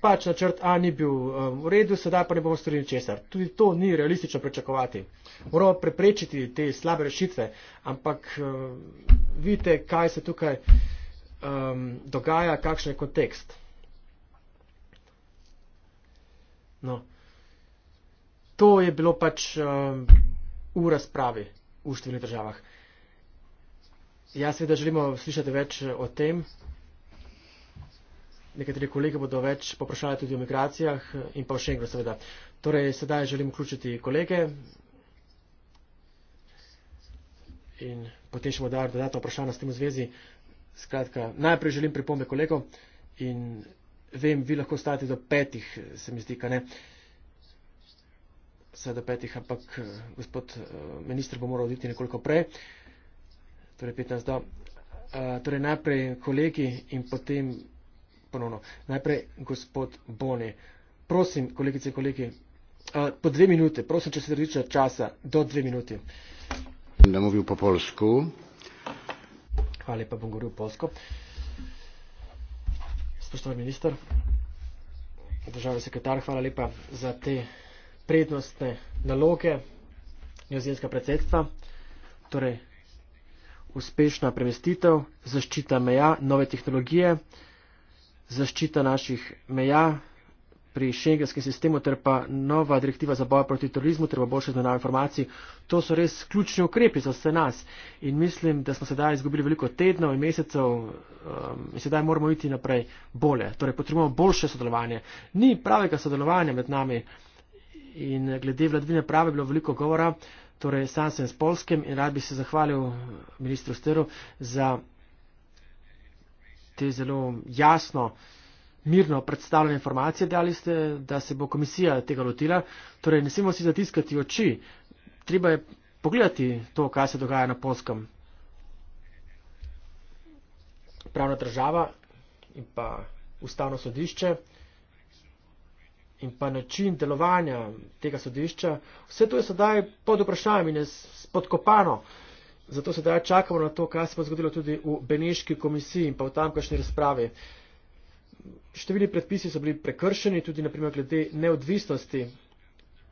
pač načrt A ni bil um, v redu, sedaj pa ne bomo storili česar. Tudi to ni realistično prečakovati. Moramo preprečiti te slabe rešitve, ampak uh, vidite, kaj se tukaj um, dogaja, kakšen je kontekst. No. To je bilo pač um, v razpravi v številnih državah. Jaz seveda želimo slišati več o tem nekateri kolegi bodo več poprašali tudi o migracijah in pa o Schengenu seveda. Torej, sedaj želim vključiti kolege in potem še bomo dali dodatno vprašanje s tem v zvezi. Skratka, najprej želim pripombe kolego in vem, vi lahko stati do petih, se mi zdi, kaj ne. Sedaj do petih, ampak eh, gospod eh, ministr bo moral oditi nekoliko prej. Torej, 15 do. Uh, torej, najprej kolegi in potem ponovno. Najprej gospod Bone. Prosim, kolegice in kolegi, eh, po dve minute, prosim, če se držite časa, do dve minute. Da bom govoril po polsku. Hvala lepa, bom govoril polsko. Spoštovani minister, državni sekretar, hvala lepa za te prednostne naloge njozemska predsedstva. Torej, uspešna premestitev, zaščita meja, nove tehnologije zaščita naših meja pri šengenskem sistemu ter pa nova direktiva za boj proti terorizmu, treba boljše znanje informacij. To so res ključni ukrepi za vse nas in mislim, da smo sedaj izgubili veliko tednov in mesecev um, in sedaj moramo iti naprej bolje. Torej, potrebujemo boljše sodelovanje. Ni pravega sodelovanja med nami in glede vladvine prave bilo veliko govora. Torej, sam sem s Polskem in rad bi se zahvalil ministru Steru za te zelo jasno, mirno predstavljene informacije, dejali ste, da se bo komisija tega lotila. Torej, ne smemo si zatiskati oči, treba je pogledati to, kaj se dogaja na polskem. Pravna država in pa ustavno sodišče in pa način delovanja tega sodišča, vse to je sedaj pod vprašanjem in je spodkopano. Zato sedaj čakamo na to, kaj se bo zgodilo tudi v Beneški komisiji in pa v tamkajšnji razpravi. Številni predpisi so bili prekršeni, tudi naprimer glede neodvisnosti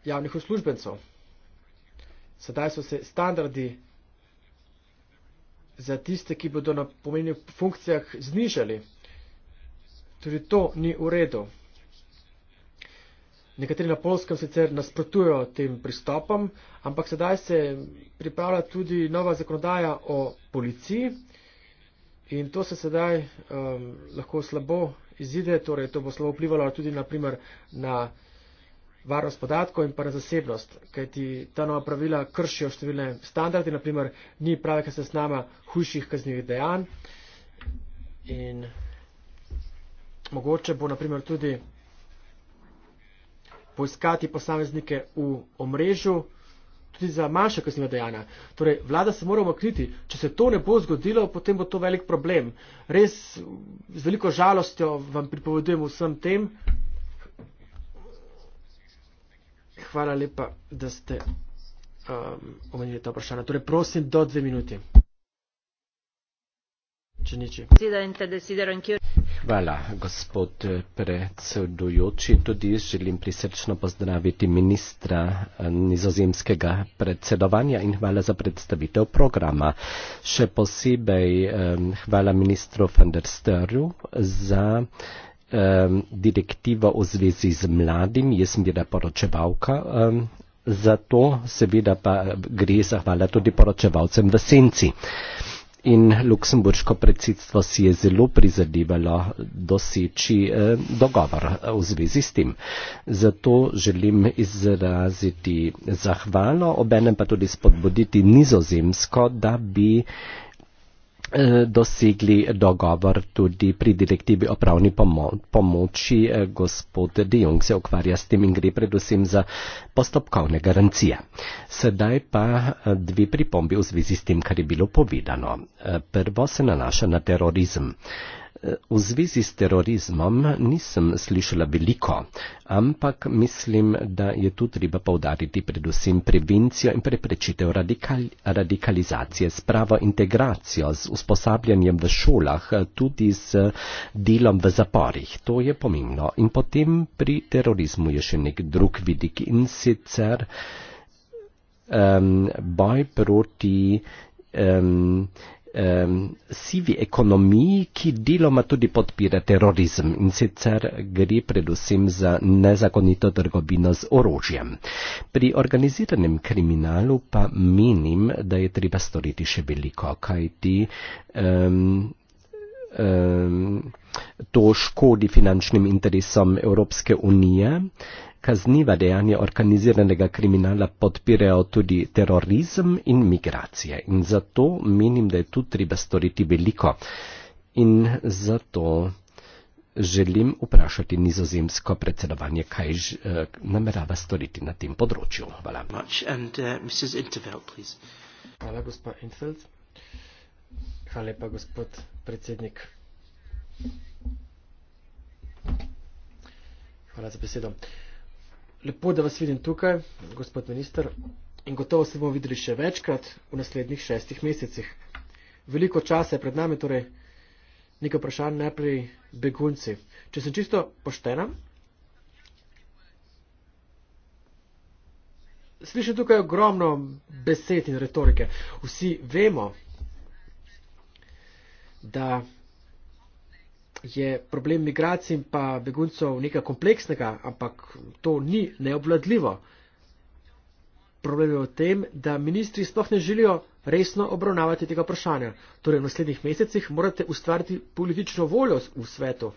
javnih uslužbencev. Sedaj so se standardi za tiste, ki bodo na pomenjenih funkcijah znižali. Tudi to ni v redu. Nekateri na polskem sicer nasprotujo tem pristopom, ampak sedaj se pripravlja tudi nova zakonodaja o policiji in to se sedaj um, lahko slabo izide, torej to bo slabo vplivalo tudi naprimer na varnost podatkov in pa na zasebnost, kajti ta nova pravila kršijo številne standarde, naprimer ni pravega seznama hujših kaznjivih dejanj in mogoče bo naprimer tudi poiskati posameznike v omrežju, tudi za manjša kaznjiva dejanja. Torej, vlada se mora umakniti. Če se to ne bo zgodilo, potem bo to velik problem. Res z veliko žalostjo vam pripovedujem vsem tem. Hvala lepa, da ste um, omenili ta vprašanja. Torej, prosim, do dve minuti. Če niče. Hvala, gospod predsedujoči. Tudi želim prisrčno pozdraviti ministra eh, nizozemskega predsedovanja in hvala za predstavitev programa. Še posebej eh, hvala ministru van der Störju za eh, direktivo v zvezi z mladim. Jaz sem bila poročevalka za to, seveda pa gre zahvala tudi poročevalcem v senci in luksemburško predsedstvo si je zelo prizadevalo doseči eh, dogovor eh, v zvezi s tem. Zato želim izraziti zahvalo, obenem pa tudi spodbuditi nizozemsko, da bi Eh, dosegli dogovor tudi pri direktivi o pravni pomo pomoči. Eh, gospod De Jong se ukvarja s tem in gre predvsem za postopkovne garancije. Sedaj pa eh, dve pripombi v zvezi s tem, kar je bilo povedano. Prvo se nanaša na terorizem. V zvezi s terorizmom nisem slišala veliko, ampak mislim, da je tu treba povdariti predvsem prevencijo in preprečitev radikal radikalizacije s pravo integracijo, z usposabljanjem v šolah, tudi z delom v zaporih. To je pomembno. In potem pri terorizmu je še nek drug vidik in sicer um, boj proti. Um, um, sivi ekonomiji, ki deloma tudi podpira terorizem in sicer gre predvsem za nezakonito trgovino z orožjem. Pri organiziranem kriminalu pa menim, da je treba storiti še veliko, kajti. Um, um, To škodi finančnim interesom Evropske unije kazniva dejanja organiziranega kriminala podpirajo tudi terorizem in migracije. In zato menim, da je tu treba storiti veliko. In zato želim vprašati nizozemsko predsedovanje, kaj ž, eh, namerava storiti na tem področju. Hvala. And, uh, Intervel, Hvala, gospod Infeld. Hvala lepa, gospod predsednik. Hvala za besedo. Uh, Lepo, da vas vidim tukaj, gospod minister, in gotovo se bomo videli še večkrat v naslednjih šestih mesecih. Veliko časa je pred nami, torej nekaj vprašanj najprej begunci. Če sem čisto poštena, slišim tukaj ogromno besed in retorike. Vsi vemo, da je problem migracij in pa beguncev nekaj kompleksnega, ampak to ni neobvladljivo. Problem je v tem, da ministri sploh ne želijo resno obravnavati tega vprašanja. Torej, v naslednjih mesecih morate ustvariti politično voljo v svetu.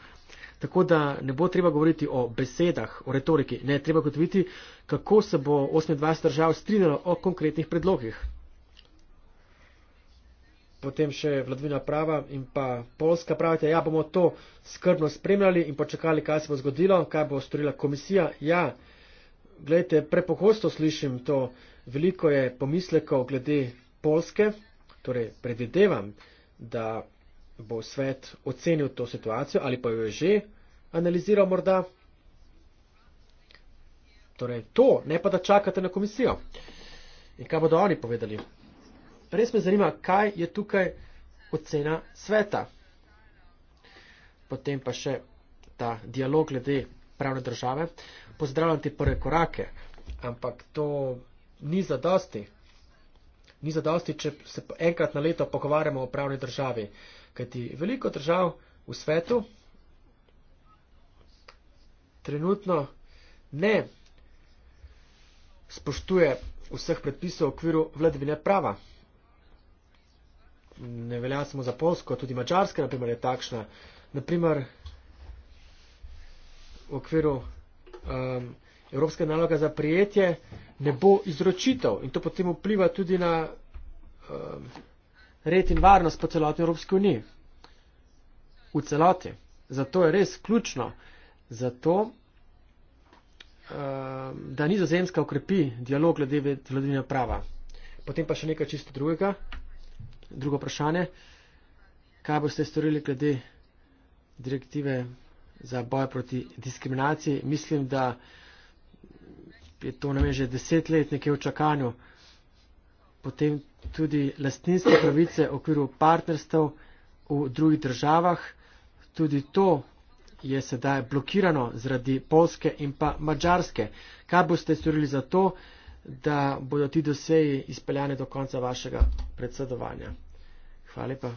Tako da ne bo treba govoriti o besedah, o retoriki, ne treba kot videti, kako se bo 28 držav strinjalo o konkretnih predlogih potem še vladvina prava in pa Polska. Pravite, ja, bomo to skrbno spremljali in počakali, kaj se bo zgodilo, kaj bo storila komisija. Ja, gledajte, prepohosto slišim to, veliko je pomislekov glede Polske, torej predvidevam, da bo svet ocenil to situacijo ali pa jo je že analiziral morda. Torej to, ne pa da čakate na komisijo. In kaj bodo oni povedali? Res me zanima, kaj je tukaj ocena sveta. Potem pa še ta dialog glede pravne države. Pozdravljam ti prve korake, ampak to ni za dosti. Ni za dosti, če se enkrat na leto pogovarjamo o pravni državi. Kajti veliko držav v svetu trenutno ne spoštuje vseh predpisov v okviru vladavine prava ne velja samo za Polsko, tudi Mačarska naprimer, je takšna. Naprimer, v okviru um, Evropske naloga za prijetje ne bo izročitev in to potem vpliva tudi na um, red in varnost po celotni Evropski uniji. V celoti. Zato je res ključno, zato, um, da nizozemska ukrepi dialog glede vladavine prava. Potem pa še nekaj čisto drugega. Drugo vprašanje. Kaj boste storili glede direktive za boj proti diskriminaciji? Mislim, da je to nam je že deset let nekje v čakanju. Potem tudi lastninske pravice v okviru partnerstv v drugih državah. Tudi to je sedaj blokirano zaradi Polske in pa Mačarske. Kaj boste storili za to? da bodo ti doseji izpeljani do konca vašega predsedovanja. Hvala lepa.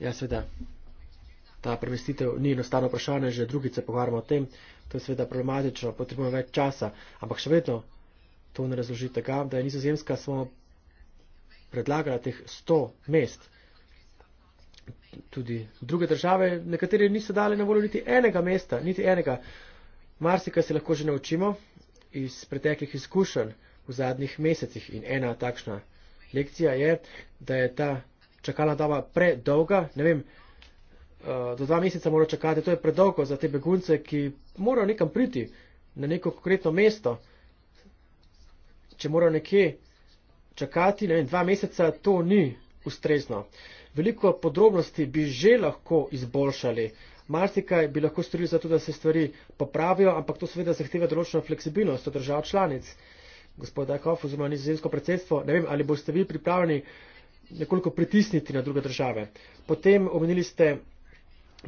Ja, seveda. Ta premestitev ni enostavno vprašanje, že drugič se pogovarjamo o tem. To je seveda problematično, potrebujemo več časa. Ampak še vedno to ne razloži tega, da je nizozemska samo predlagala teh 100 mest tudi druge države, nekatere niso dale na voljo niti enega mesta, niti enega. Marsika se lahko že naučimo iz preteklih izkušenj v zadnjih mesecih in ena takšna lekcija je, da je ta čakalna doba predolga, ne vem, eh, do dva meseca mora čakati, to je predolgo za te begunce, ki morajo nekam priti na neko konkretno mesto. Če morajo nekje čakati, ne vem, dva meseca, to ni ustrezno. Uh, Veliko podrobnosti bi že lahko izboljšali. Marsikaj bi lahko storili za to, da se stvari popravijo, ampak to seveda zahteva določeno fleksibilnost od držav članic. Gospod Dajkov oziroma nizozemsko predsedstvo, ne vem, ali boste vi pripravljeni nekoliko pritisniti na druge države. Potem omenili ste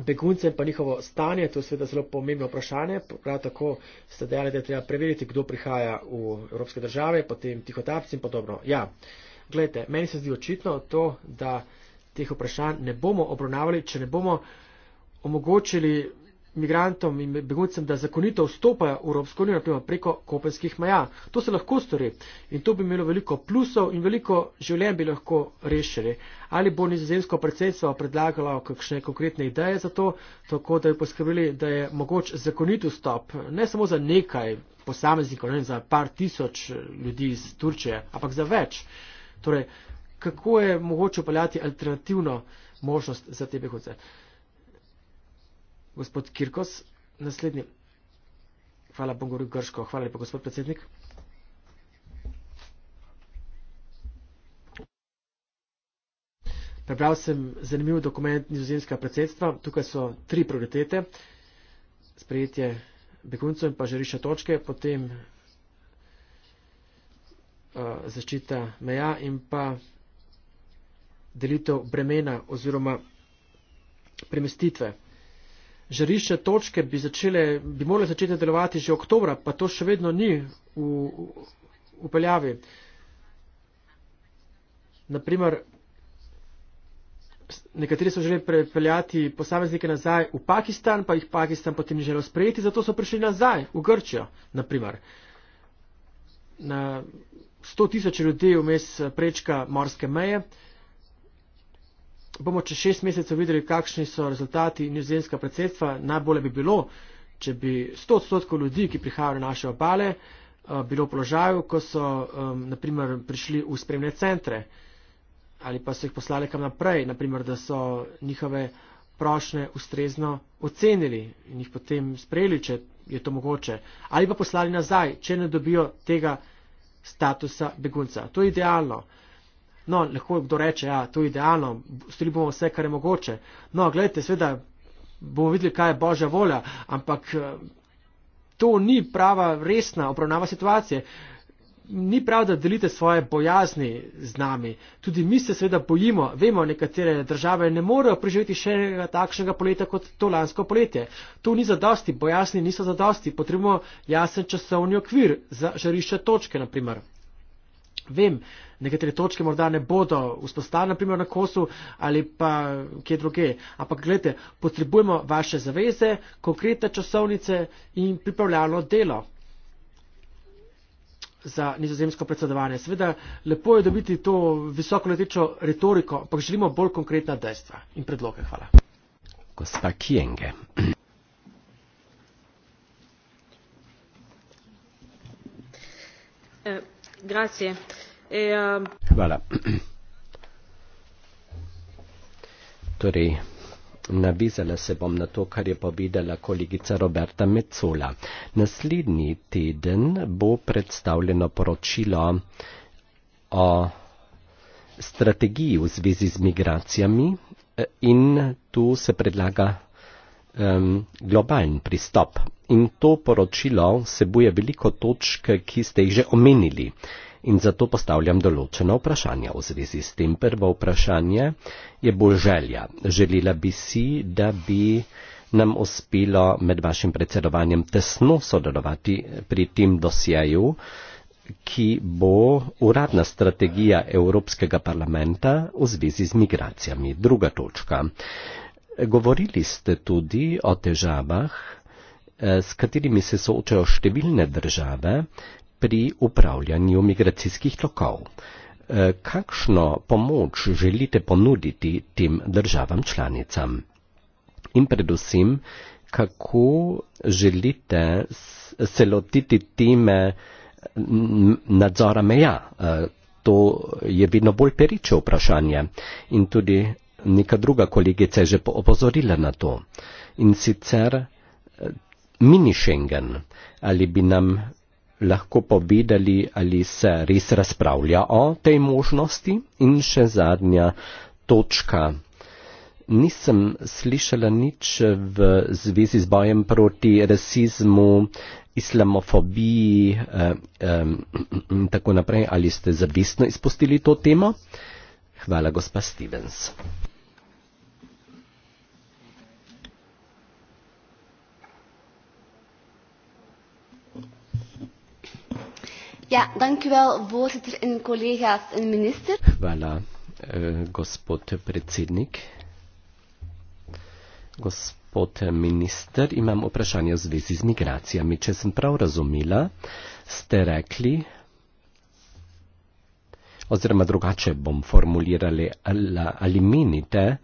begunce in pa njihovo stanje, to je seveda zelo pomembno vprašanje, prav tako ste dejali, da je treba preveriti, kdo prihaja v evropske države, potem tihotapci in podobno. Ja, gledajte, meni se zdi očitno to, da teh vprašanj ne bomo obravnavali, če ne bomo omogočili migrantom in beguncem, da zakonito vstopajo v Evropsko unijo, naprimer preko kopenskih maja. To se lahko stori in to bi imelo veliko plusov in veliko življenj bi lahko rešili. Ali bo nizozemsko predsedstvo predlagalo kakšne konkretne ideje za to, tako da bi poskrbeli, da je mogoč zakonit vstop, ne samo za nekaj posameznikov, ne za par tisoč ljudi iz Turčije, ampak za več. Torej, kako je mogoče upeljati alternativno možnost za te begunce. Gospod Kirkos, naslednji. Hvala, bom govoril grško. Hvala lepa, gospod predsednik. Prebral sem zanimiv dokument nizozemskega predsedstva. Tukaj so tri prioritete. Sprejetje beguncev in pa žarišče točke, potem uh, zaščita meja in pa delitev bremena oziroma premestitve. Žarišče točke bi, začele, bi morale začeti delovati že oktobra, pa to še vedno ni v, v, v peljavi. Naprimer, nekateri so želeli prepeljati posameznike nazaj v Pakistan, pa jih Pakistan potem ni želel sprejeti, zato so prišli nazaj v Grčijo. Naprimer, na 100 tisoč ljudi vmes prečka morske meje bomo čez šest mesecev videli, kakšni so rezultati nizozemska predsedstva. Najbolje bi bilo, če bi 100 odstotkov ljudi, ki prihajajo na naše obale, eh, bilo v položaju, ko so um, naprimer prišli v spremne centre ali pa so jih poslali kam naprej, naprimer, da so njihove prošne ustrezno ocenili in jih potem sprejeli, če je to mogoče, ali pa poslali nazaj, če ne dobijo tega statusa begunca. To je idealno. No, lahko kdo reče, da ja, je to idealno, storili bomo vse, kar je mogoče. No, gledajte, seveda bomo videli, kaj je Božja volja, ampak eh, to ni prava, resna obravnava situacije. Ni prav, da delite svoje bojazni z nami. Tudi mi se seveda bojimo. Vemo, nekatere države ne morejo preživeti še enega takšnega poletja kot to lansko poletje. To ni zadosti, bojazni niso zadosti. Potrebujemo jasen časovni okvir za žarišče točke, naprimer. Vem, nekatere točke morda ne bodo vzpostavljene, naprimer na kosu ali pa kje druge, ampak gledajte, potrebujemo vaše zaveze, konkretne časovnice in pripravljalno delo za nizozemsko predsedovanje. Seveda, lepo je dobiti to visokoletečo retoriko, ampak želimo bolj konkretna dejstva in predloge. Hvala. Gospa Kienge. Uh. Grazie. E, uh... Eh, voilà. Torej, navizala se bom na to, kar je povedala kolegica Roberta Mecola. Naslednji teden bo predstavljeno poročilo o strategiji v zvezi z migracijami eh, in tu se predlaga um, globalen pristop. In to poročilo sebuje veliko točk, ki ste jih že omenili. In zato postavljam določena vprašanja v zvezi s tem. Prvo vprašanje je bolj želja. Želela bi si, da bi nam uspelo med vašim predsedovanjem tesno sodelovati pri tem dosjeju, ki bo uradna strategija Evropskega parlamenta v zvezi z migracijami. Druga točka. Govorili ste tudi o težavah, eh, s katerimi se soočajo številne države pri upravljanju migracijskih tokov. Eh, kakšno pomoč želite ponuditi tem državam članicam? In predvsem, kako želite se lotiti time nadzora meja? Eh, to je vedno bolj periče vprašanje in tudi neka druga kolegica je že opozorila na to. In sicer eh, mini Schengen, ali bi nam lahko povedali, ali se res razpravlja o tej možnosti. In še zadnja točka. Nisem slišala nič v zvezi z bojem proti rasizmu, islamofobiji in eh, eh, tako naprej. Ali ste zavestno izpustili to temo? Hvala, gospa Stevens. Ja, dankjewel, voorzitter en collega's en minister. Hvala, eh, gospod predsednik. Gospod minister, imam vprašanje v zvezi z migracijami. Če sem prav razumela, ste rekli, oziroma drugače bom formulirali, ali, ali menite,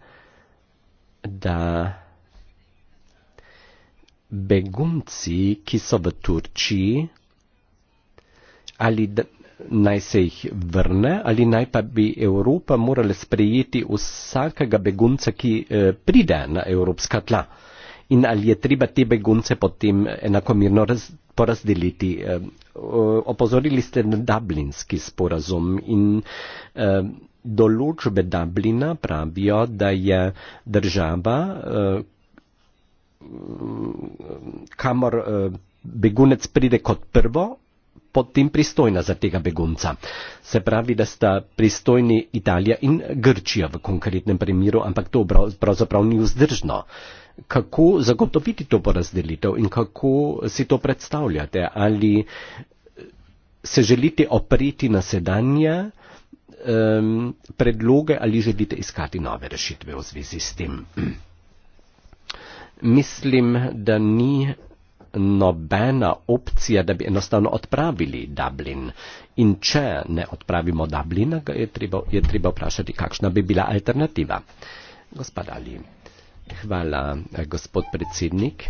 da begunci, ki so v Turčiji, ali da, naj se jih vrne, ali naj pa bi Evropa morala sprejeti vsakega begunca, ki eh, pride na evropska tla. In ali je treba te begunce potem enakomirno raz, porazdeliti. Opozorili ste na Dublinski sporazum in določbe Dublina pravijo, da je država, kamor begunec pride kot prvo, potem pristojna za tega begunca. Se pravi, da sta pristojni Italija in Grčija v konkretnem primeru, ampak to pravzaprav ni vzdržno kako zagotoviti to porazdelitev in kako si to predstavljate? Ali se želite opriti na sedanje um, predloge ali želite iskati nove rešitve v zvezi s tem? [clears throat] Mislim, da ni nobena opcija, da bi enostavno odpravili Dublin. In če ne odpravimo Dublina, je treba, je treba vprašati, kakšna bi bila alternativa. Gospod Alin. Hvala, gospod predsednik.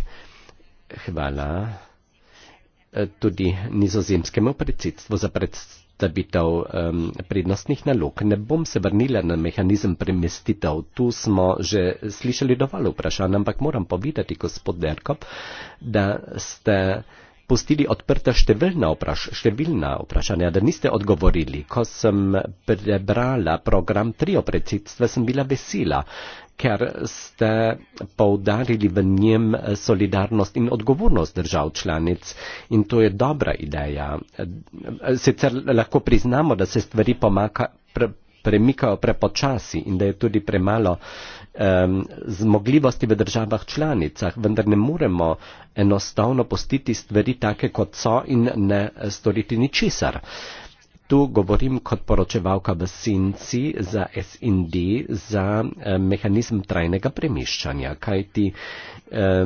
Hvala eh, tudi nizozemskemu predsedstvu za predstavitev um, prednostnih nalog. Ne bom se vrnila na mehanizem premestitev. Tu smo že slišali dovolj vprašanj, ampak moram povedati, gospod Derkop, da ste pustili odprta številna, vpraš številna vprašanja, da niste odgovorili. Ko sem prebrala program trio predsedstva, sem bila vesela, ker ste poudarili v njem solidarnost in odgovornost držav članic. In to je dobra ideja. Sicer lahko priznamo, da se stvari pomaka, pre, premikajo prepočasi in da je tudi premalo um, zmogljivosti v državah članicah, vendar ne moremo enostavno postiti stvari take, kot so in ne storiti ničesar. Uh, Tu govorim kot poročevalka v Sinci za SND za eh, mehanizem trajnega premiščanja, kajti eh,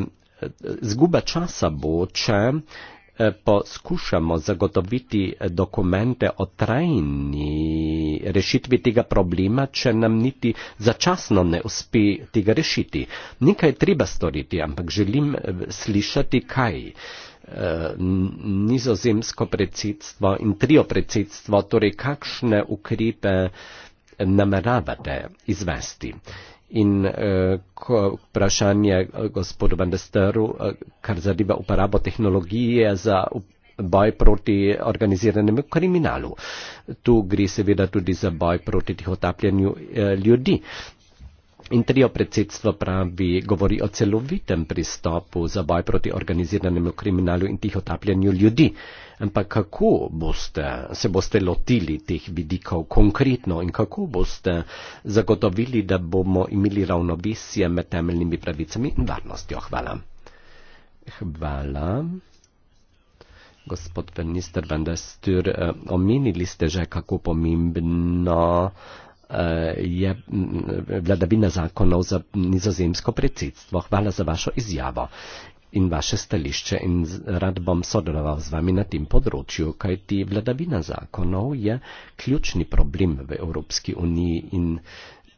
zguba časa bo, če eh, poskušamo zagotoviti eh, dokumente o trajni rešitvi tega problema, če nam niti začasno ne uspe tega rešiti. Nekaj treba storiti, ampak želim eh, slišati, kaj. Eh, Eh, nizozemsko predsedstvo in trio predsedstvo, torej kakšne ukrepe nameravate izvesti. In eh, ko vprašanje eh, gospodu Vendesteru, kar zadeva uporabo tehnologije za boj proti organiziranemu kriminalu. Tu gre seveda tudi za boj proti tihotapljanju ljudi. In trio predsedstvo pravi, govori o celovitem pristopu za boj proti organiziranemu kriminalu in tih otapljanju ljudi. Ampak kako boste, se boste lotili teh vidikov konkretno in kako boste zagotovili, da bomo imeli ravnovesje med temeljnimi pravicami in varnostjo? Hvala. Hvala. Gospod minister Vendastur, eh, omenili ste že, kako pomembno Eh, je mm, vladavina zakonov za nizozemsko predsedstvo. Hvala za vašo izjavo in vaše stališče in rad bom sodeloval z vami na tem področju, kajti vladavina zakonov je ključni problem v Evropski uniji in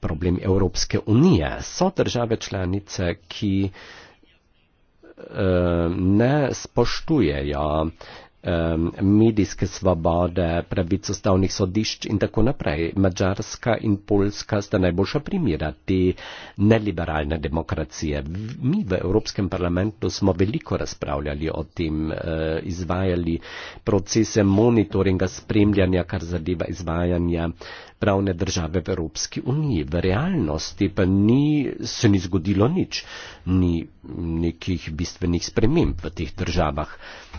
problem Evropske unije. So države članice, ki uh, ne spoštujejo uh, Um, medijske svobode, pravic ustavnih sodišč in tako naprej. Mačarska in Poljska sta najboljša primjera te neliberalne demokracije. Mi v Evropskem parlamentu smo veliko razpravljali o tem, uh, izvajali procese monitoringa, spremljanja, kar zadeva izvajanja pravne države v Evropski uniji. V realnosti pa ni, se ni zgodilo nič, ni nekih bistvenih sprememb v teh državah.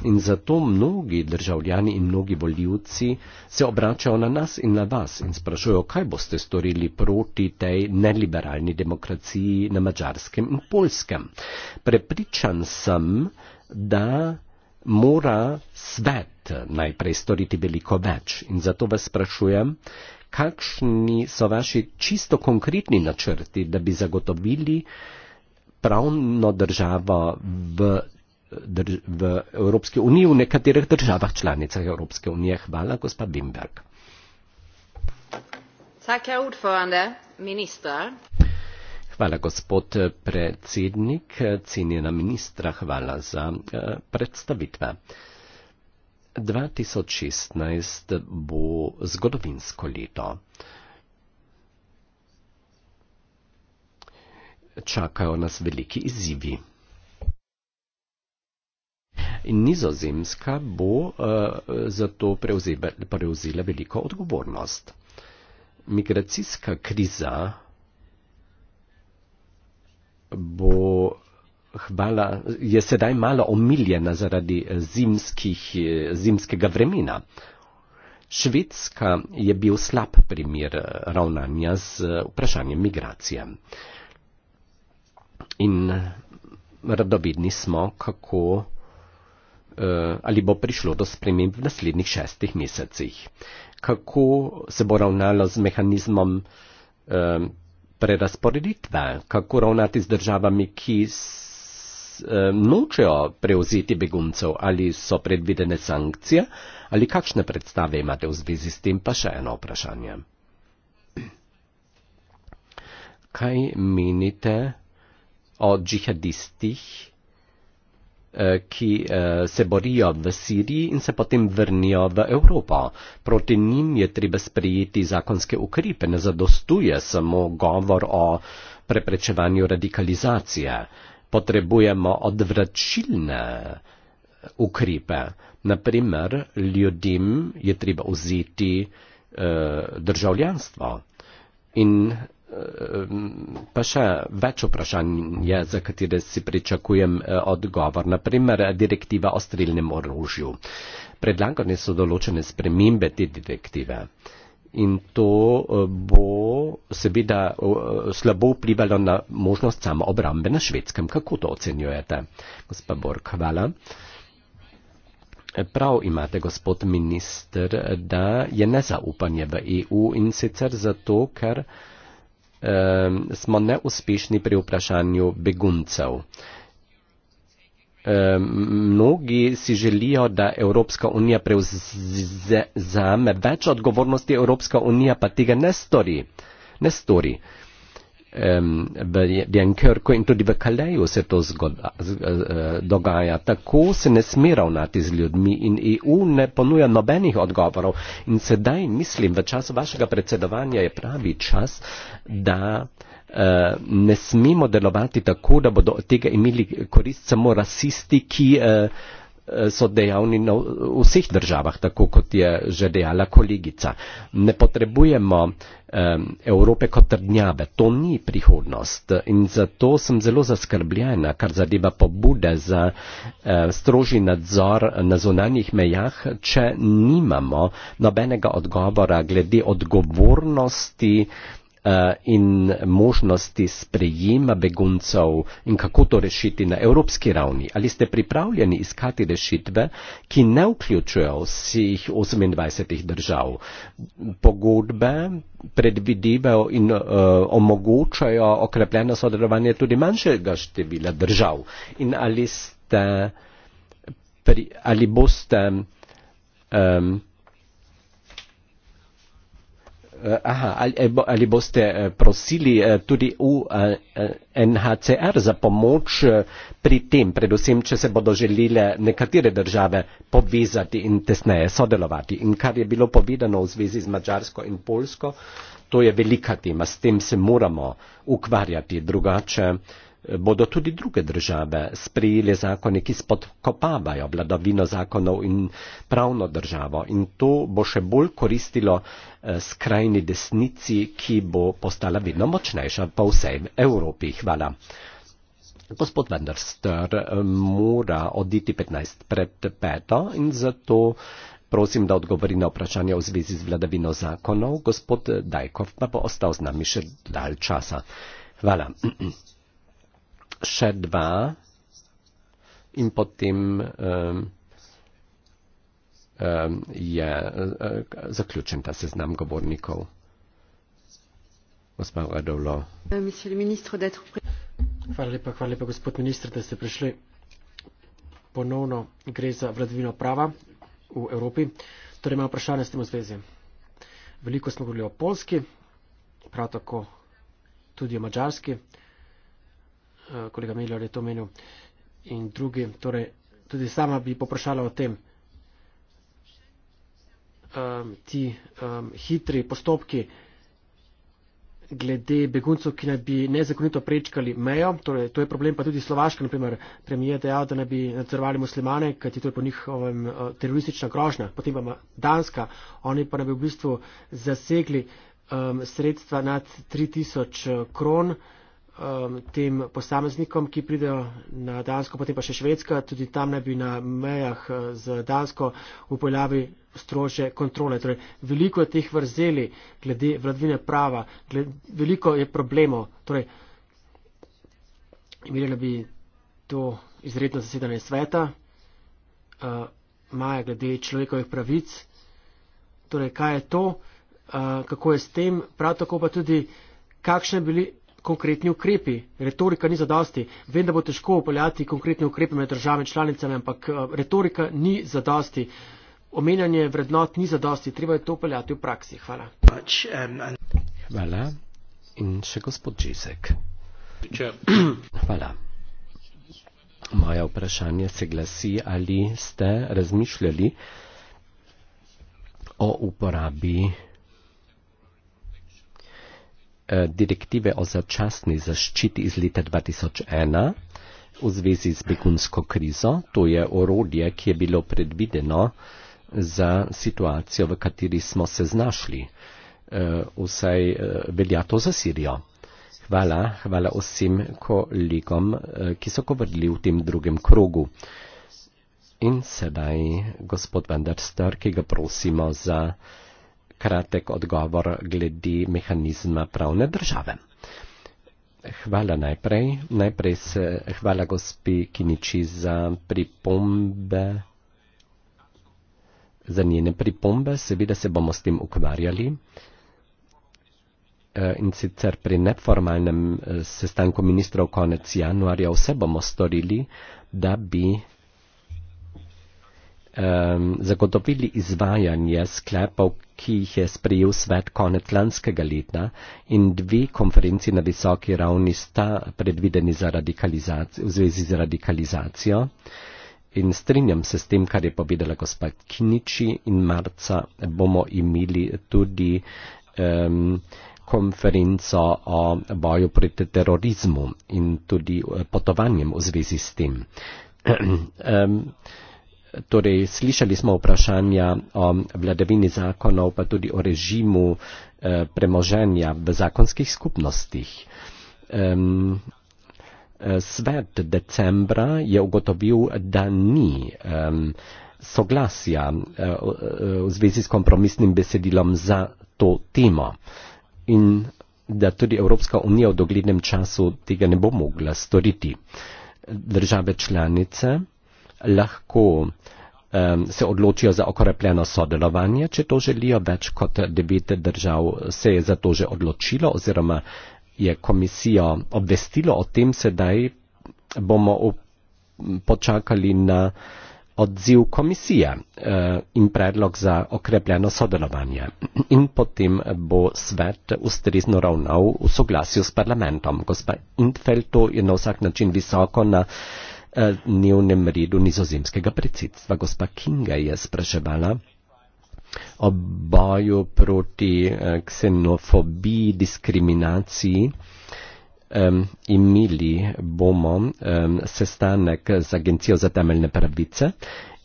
In zato mnogi državljani in mnogi voljivci se obračajo na nas in na vas in sprašujejo, kaj boste storili proti tej neliberalni demokraciji na mačarskem in polskem. Prepričan sem, da mora svet najprej storiti veliko več. In zato vas sprašujem, kakšni so vaši čisto konkretni načrti, da bi zagotovili pravno državo v, drž v Evropski uniji, v nekaterih državah članicah Evropske unije. Hvala, gospa Bimberg. Hvala, gospod predsednik. Cenjena ministra, hvala za eh, predstavitve. 2016 bo zgodovinsko leto. Čakajo nas veliki izzivi. Nizozemska bo uh, eh, zato prevzela, prevzela veliko odgovornost. Migracijska kriza bo uh, hvala, je sedaj malo omiljena zaradi eh, zimskih, eh, zimskega vremena. Švedska je bil slab primer eh, ravnanja z vprašanjem migracije. In radovedni smo, kako ali bo prišlo do sprememb v naslednjih šestih mesecih. Kako se bo ravnalo z mehanizmom eh, prerasporeditve, kako ravnati z državami, ki Eh, nočejo prevzeti beguncev, ali so predvidene sankcije, ali kakšne predstave imate v zvezi s tem, pa še eno vprašanje. Kaj menite o džihadistih, eh, ki eh, se borijo v Siriji in se potem vrnijo v Evropo? Proti njim je treba sprejeti zakonske ukrepe, ne zadostuje samo govor o preprečevanju radikalizacije potrebujemo odvračilne ukrepe. Naprimer, ljudem je treba vzeti eh, državljanstvo. In eh, pa še več vprašanj je, za katere si pričakujem eh, odgovor. Naprimer, direktiva o strelnem orožju. Predlagane so določene spremembe te direktive. Eh, in to eh, bo seveda eh, slabo vplivalo na možnost samo obrambe na švedskem. Kako to ocenjujete, gospod Borg? Hvala. Prav imate, gospod minister, da je nezaupanje v EU in sicer zato, ker eh, smo neuspešni pri vprašanju beguncev. Eh, Mnogi si želijo, da Evropska unija prevzame več odgovornosti, Evropska unija pa tega ne stori. Ne stori. V Dienkirku in tudi v Kaleju se to zgoda, e, dogaja. Tako se ne sme ravnati z ljudmi in EU ne ponuja nobenih odgovorov. In sedaj mislim, v času vašega predsedovanja je pravi čas, da. Eh, ne smemo delovati tako, da bodo od tega imeli korist samo rasisti, ki eh, eh, so dejavni v vseh državah, tako kot je že dejala kolegica. Ne potrebujemo Evrope kot trdnjave, to ni prihodnost in zato sem zelo zaskrbljena, kar zadeva pobude za stroži nadzor na zunanjih mejah, če nimamo nobenega odgovora glede odgovornosti Eh, in možnosti sprejema beguncev in kako to rešiti na evropski ravni? Ali ste pripravljeni iskati rešitve, ki ne vključujejo vseh 28 držav? Pogodbe predvidivajo in uh, omogočajo okrepljeno sodelovanje tudi manjšega števila držav. In ali ste, pri, ali boste, um, Eh, aha, ali, eh, ali boste eh, prosili tudi UNHCR za pomoč pri tem, predvsem, če se bodo želile nekatere države povezati in tesneje sodelovati. In kar je bilo povedano v zvezi z Mačarsko in Polsko, to je velika tema, s tem se moramo ukvarjati drugače. Uh, bodo tudi druge države sprejeli zakone, ki spodkopavajo vladavino zakonov in pravno državo. In to bo še bolj koristilo eh, skrajni desnici, ki bo postala vedno močnejša po vsej Evropi. Hvala. Gospod Vendrster eh, mora oditi 15 pred peto in zato prosim, da odgovori na vprašanje v zvezi z vladavino zakonov. Gospod eh, Dajkov pa bo ostal z nami še dalj časa. Hvala. Voilà. [clears throat] še dva in potem um, um, je uh, eh, zaključen ta seznam govornikov. Hvala lepa, hvala lepa, gospod ministr, da ste prišli. Ponovno gre za vladavino prava v Evropi. Torej imam vprašanje s tem v zvezi. Veliko smo govorili o Polski, prav tako tudi o Mačarski. Eh, kolega Miller je to menil in drugi, torej tudi sama bi poprašala o tem. Um, ti um, hitri postopki glede beguncev, ki naj bi nezakonito prečkali mejo, torej to je problem pa tudi Slovaška, naprimer, premijer je dejal, da naj bi nadzorovali muslimane, kajti to je po njihovem uh, teroristična grožnja, potem pa ima Danska, oni pa naj bi v bistvu zasegli um, sredstva nad 3000 eh, kron. Uh, um, tem posameznikom, ki pridejo na Dansko, potem pa še Švedska, tudi tam ne bi na mejah uh, z Dansko upoljavi strože kontrole. Torej, veliko je teh vrzeli glede vladvine prava, glede, veliko je problemov. Torej, imeli bi to izredno zasedanje sveta, uh, maja glede človekovih pravic. Torej, kaj je to, uh, kako je s tem, prav tako pa tudi, kakšne bili konkretni ukrepi. Retorika ni zadosti. Vem, da bo težko upoljati konkretne ukrepe med državami članicami, ampak eh, retorika ni zadosti. Omenjanje vrednot ni zadosti. Treba je to upoljati v praksi. Hvala. Pač, Hvala. In še gospod Žizek. Hvala. Moje vprašanje se glasi, ali ste razmišljali o uporabi Eh, direktive o začasni zaščiti iz leta 2001 v zvezi z begunsko krizo. To je orodje, ki je bilo predvideno za situacijo, v kateri smo se znašli. Eh, vsaj eh, velja to za Sirijo. Hvala, hvala vsem kolegom, ki so govorili v tem drugem krogu. In sedaj gospod Vandarstar, ki ga prosimo za kratek odgovor glede mehanizma pravne države. Hvala najprej. Najprej se hvala gospi Kiniči za pripombe, za njene pripombe. Seveda se bomo s tem ukvarjali. E, in sicer pri neformalnem e, sestanku ministrov konec januarja vse bomo storili, da bi e, zagotovili izvajanje sklepov, ki jih je sprejel svet konec lanskega leta in dve konferenci na visoki ravni sta predvideni za radikalizacijo, v zvezi z radikalizacijo. In strinjam se s tem, kar je povedala gospa Kiniči in marca bomo imeli tudi um, konferenco o boju proti terorizmu in tudi eh, potovanjem v zvezi s tem. um, [clears throat] Torej, slišali smo vprašanja o vladavini zakonov, pa tudi o režimu eh, premoženja v zakonskih skupnostih. Eh, svet decembra je ugotovil, da ni soglasja eh, v zvezi s kompromisnim besedilom za to temo in da tudi Evropska unija v doglednem času tega ne bo mogla storiti. Države članice lahko um, se odločijo za okrepljeno sodelovanje, če to želijo več kot devet držav, se je za to že odločilo oziroma je komisijo obvestilo o tem, sedaj bomo počakali na odziv komisije eh, in predlog za okrepljeno sodelovanje. In potem bo svet ustrezno ravnal v soglasju s parlamentom. Gospa Intfeld to je na vsak način visoko na uh, Eh, dnevnem redu nizozemskega predsedstva. Gospa Kinga je spraševala o boju proti eh, ksenofobiji, diskriminaciji. Um, imeli bomo um, sestanek z Agencijo za temeljne pravice. Um,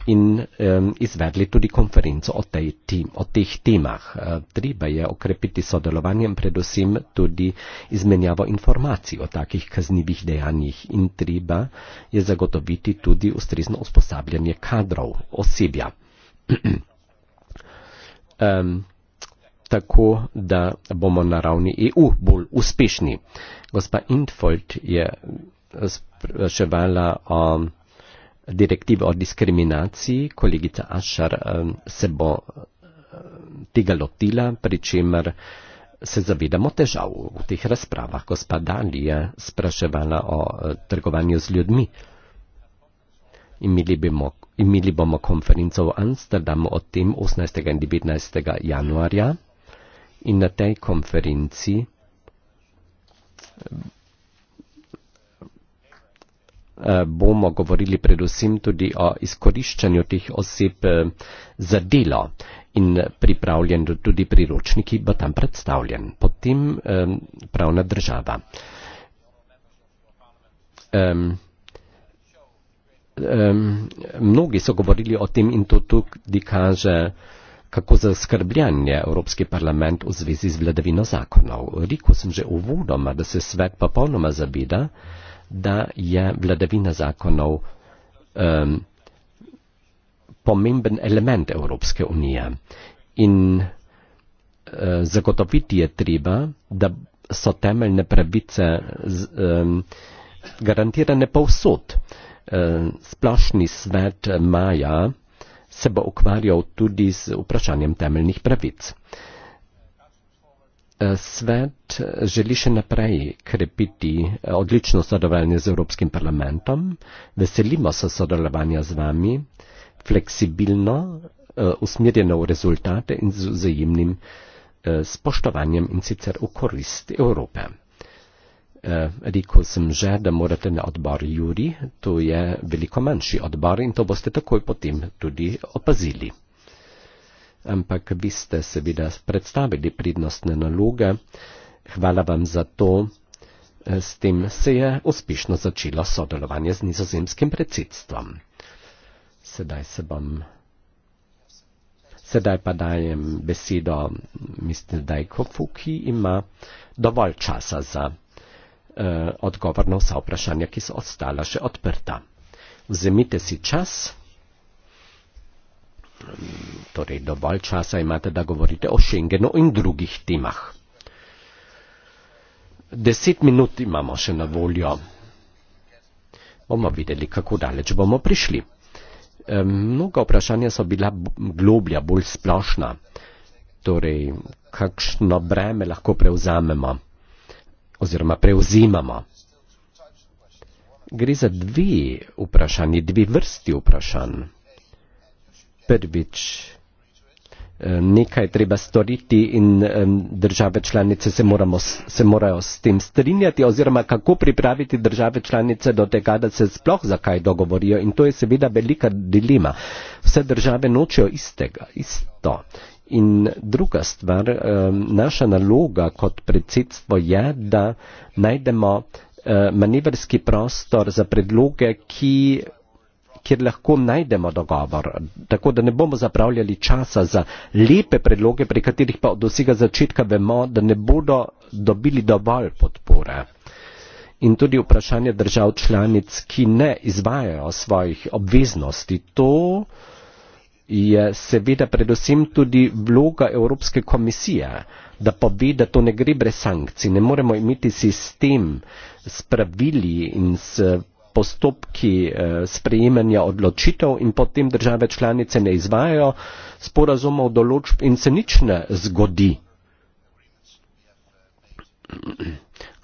in um, izvedli tudi konferenco o, tej, ti, o teh temah. Eh, treba je okrepiti sodelovanjem predvsem tudi izmenjavo informacij o takih kaznivih dejanjih in treba je zagotoviti tudi ustrezno usposabljanje kadrov osebja. um, [clears throat] tako da bomo na ravni EU bolj uspešni. Gospa Intfold je spraševala o. Um, direktive o diskriminaciji, kolegica Ašar se bo tega lotila, pri čemer se zavedamo težav v teh razpravah. Gospa Dali je spraševala o eh, trgovanju z ljudmi. Imeli bomo, imeli bomo konferenco v Amsterdamu o tem 18. in 19. januarja in na tej konferenci Eh, bomo govorili predvsem tudi o izkoriščanju teh oseb eh, za delo in pripravljen tudi priročniki bo tam predstavljen. Potem pravna država. Um, um, mnogi so govorili o tem in to tudi kaže, kako zaskrbljen je Evropski parlament v zvezi z vladavino zakonov. Rekl sem že uvodoma, da se svet popolnoma zaveda, da je vladavina zakonov um, pomemben element Evropske unije. In uh, zagotoviti je treba, da so temeljne pravice z, um, garantirane povsod. Uh, splošni svet e, maja se bo ukvarjal tudi z vprašanjem temeljnih pravic. Uh, Svet želi še naprej krepiti eh, odlično sodelovanje z Evropskim parlamentom. Veselimo se sodelovanja z vami, fleksibilno, eh, usmerjeno v rezultate in z vzajemnim eh, spoštovanjem in sicer v korist Evrope. Rekl sem že, da morate na odbor Juri, to je veliko manjši odbor in to boste takoj potem tudi opazili ampak vi ste seveda predstavili pridnostne naloge. Hvala vam za to. S tem se je uspešno začelo sodelovanje z nizozemskim predsedstvom. Sedaj se bom. Sedaj pa dajem besedo mister Dajkofu, ki ima dovolj časa za eh, odgovor na vsa vprašanja, ki so ostala še odprta. Vzemite si čas torej dovolj časa imate, da govorite o Schengenu in drugih temah. Deset minut imamo še na voljo. Bomo videli, kako daleč bomo prišli. Eh, mnoga vprašanja so bila globlja, bolj splošna. Torej, kakšno breme lahko prevzamemo oziroma prevzimamo. Gre za dve vprašanje, dve vrsti vprašanj prvič. Eh, nekaj treba storiti in države članice se, moramo, se morajo s tem strinjati oziroma kako pripraviti države članice do tega, da se sploh za kaj dogovorijo in to je seveda velika dilema. Vse države nočejo istega, isto. In druga stvar, naša naloga kot predsedstvo je, da najdemo eh, manevrski prostor za predloge, ki kjer lahko najdemo dogovor. Tako da ne bomo zapravljali časa za lepe predloge, pri katerih pa od vsega začetka vemo, da ne bodo dobili dovolj podpore. In tudi vprašanje držav članic, ki ne izvajajo svojih obveznosti, to je seveda predvsem tudi vloga Evropske komisije, da pove, da to ne gre brez sankcij. Ne moremo imeti sistem s pravili in s postopki eh, sprejemanja odločitev in potem države članice ne izvajajo sporazumov določb in se nič ne zgodi.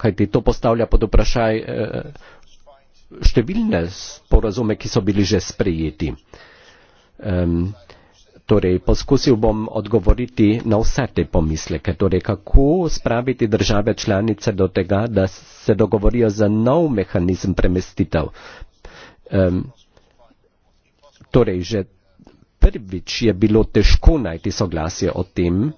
Kaj ti to postavlja pod vprašaj eh, številne sporazume, ki so bili že sprejeti torej poskusil bom odgovoriti na vse te pomisleke, torej kako spraviti države članice do tega, da se dogovorijo za nov mehanizem premestitev. Um, torej, že prvič je bilo težko najti soglasje o tem,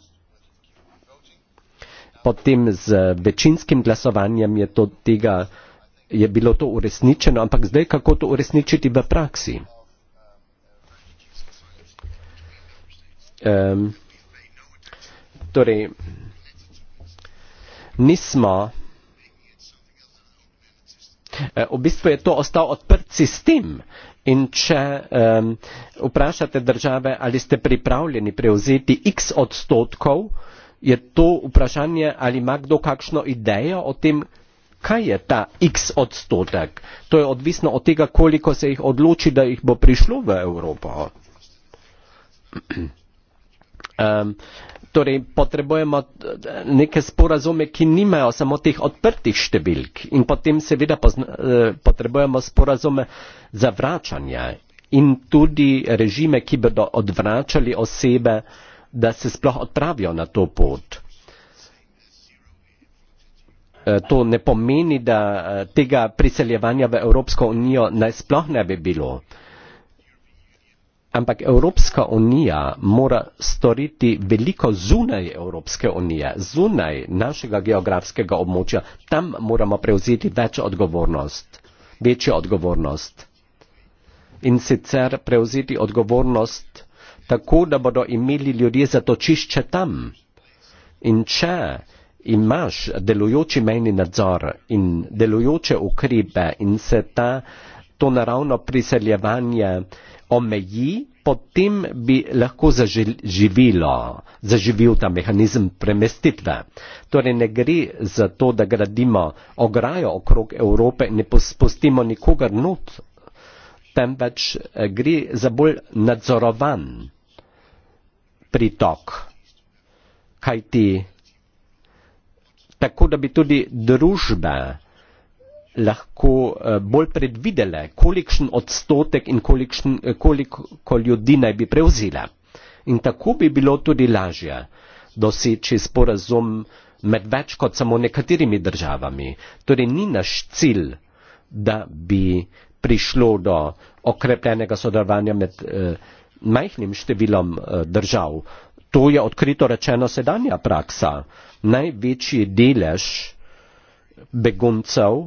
potem z večinskim glasovanjem je, to tega, je bilo to uresničeno, ampak zdaj kako to uresničiti v praksi? um, torej, nismo, e, v bistvu je to ostal odprt sistem. In če um, vprašate države, ali ste pripravljeni prevzeti x odstotkov, je to vprašanje, ali ima kdo kakšno idejo o tem, kaj je ta x odstotek. To je odvisno od tega, koliko se jih odloči, da jih bo prišlo v Evropo. [clears throat] Um, torej potrebujemo eh, neke sporazume, ki nimajo samo teh odprtih številk in potem seveda eh, potrebujemo sporazume za vračanje in tudi režime, ki bodo odvračali osebe, da se sploh odpravijo na to pot. Eh, to ne pomeni, da tega priseljevanja v Evropsko unijo najsploh ne bi bilo ampak Evropska unija mora storiti veliko zunaj Evropske unije, zunaj našega geografskega območja, tam moramo prevzeti več odgovornost, večjo odgovornost. In sicer prevzeti odgovornost tako, da bodo imeli ljudje zatočišče tam. In če imaš delujoči mejni nadzor in delujoče ukrepe in se ta, to naravno priseljevanje eh, omeji, potem bi lahko zaživilo, zaživil ta mehanizem premestitve. Torej ne gre za to, da gradimo ograjo okrog Evrope in ne spustimo nikogar not, temveč eh, gre za bolj nadzorovan pritok, kajti tako da bi tudi družbe lahko eh, bolj predvidele, kolikšen odstotek in kolikšen, eh, koliko ljudi naj bi prevzela. In tako bi bilo tudi lažje doseči sporazum med več kot samo nekaterimi državami. Torej ni naš cilj, da bi prišlo do okrepljenega sodelovanja med eh, majhnim številom eh, držav. To je odkrito rečeno sedanja praksa. Največji delež beguncev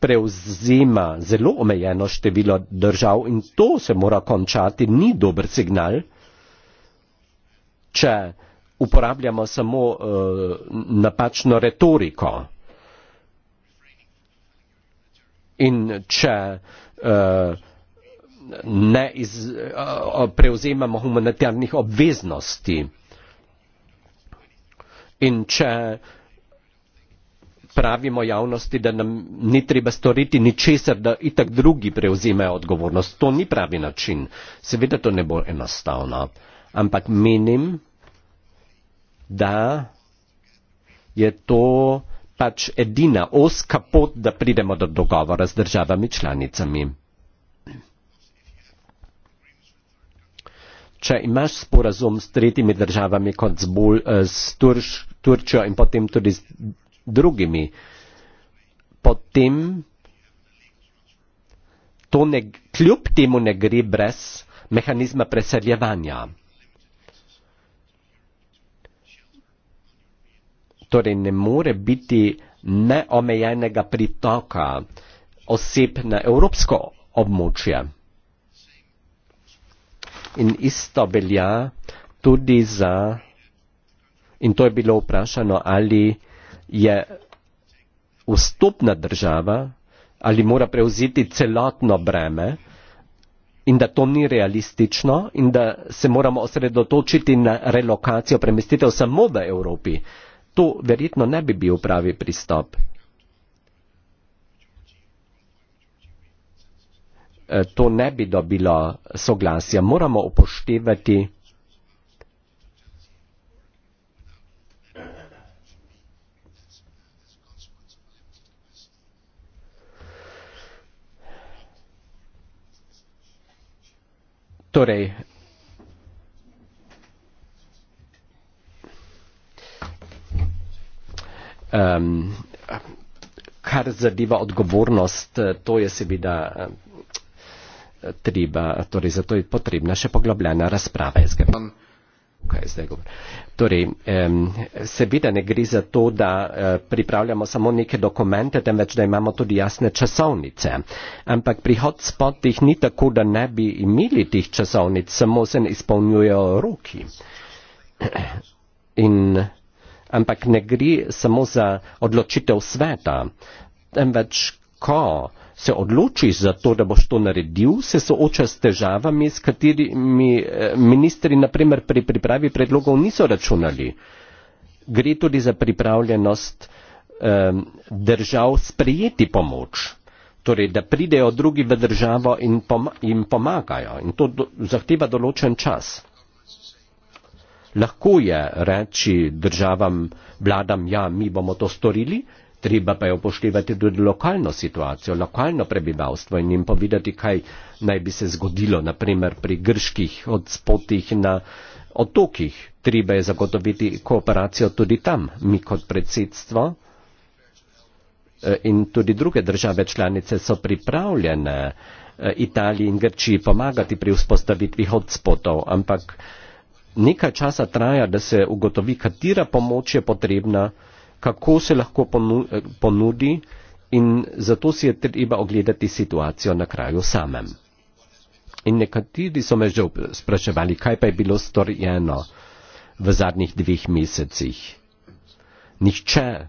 prevzema zelo omejeno število držav in to se mora končati, ni dober signal, če uporabljamo samo uh, napačno retoriko. In če uh, ne iz, uh, prevzemamo humanitarnih obveznosti. In če uh, pravimo javnosti, da nam ni treba storiti ničesar, da itak drugi prevzimejo odgovornost. To ni pravi način. Seveda to ne bo enostavno. Ampak menim, da je to pač edina oska pot, da pridemo do dogovora z državami članicami. Če imaš sporazum s tretjimi državami kot z, bolj, z eh, Turš, Turčjo in potem tudi z drugimi. Potem to ne, kljub temu ne gre brez mehanizma preseljevanja. Torej ne more biti neomejenega pritoka oseb na evropsko območje. In isto velja tudi za, in to je bilo vprašano, ali je vstopna država ali mora prevzeti celotno breme in da to ni realistično in da se moramo osredotočiti na relokacijo premestitev samo v Evropi. To verjetno ne bi bil pravi pristop. E, to ne bi dobilo soglasja. Moramo upoštevati torej um, kar zadeva odgovornost, to je seveda eh, treba, torej zato je potrebna še poglobljena razprava. Izgleda kaj zdaj govorim. Torej, seveda ne gre za to, da eh, pripravljamo samo neke dokumente, temveč da imamo tudi jasne časovnice. Ampak pri hotspotih ni tako, da ne bi imeli tih časovnic, samo se ne izpolnjujejo roki. In, ampak ne gre samo za odločitev sveta, temveč ko se odločiš za to, da boš to naredil, se sooča s težavami, s katerimi eh, ministri naprimer pri pripravi predlogov niso računali. Gre tudi za pripravljenost eh, držav sprejeti pomoč, torej da pridejo drugi v državo in pom jim pomagajo in to do zahteva določen čas. Lahko je reči državam, vladam, ja, mi bomo to storili, Treba pa je upoštevati tudi lokalno situacijo, lokalno prebivalstvo in jim povedati, kaj naj bi se zgodilo, naprimer pri grških odspotih na otokih. Treba je zagotoviti kooperacijo tudi tam, mi kot predsedstvo. Eh, in tudi druge države članice so pripravljene eh, Italiji in Grčiji pomagati pri vzpostavitvi hotspotov, ampak nekaj časa traja, da se ugotovi, katera pomoč je potrebna kako se lahko eh, ponudi in zato si je treba ogledati situacijo na kraju samem. In nekateri so me že spraševali, kaj pa je bilo storjeno v zadnjih dveh mesecih. Nihče,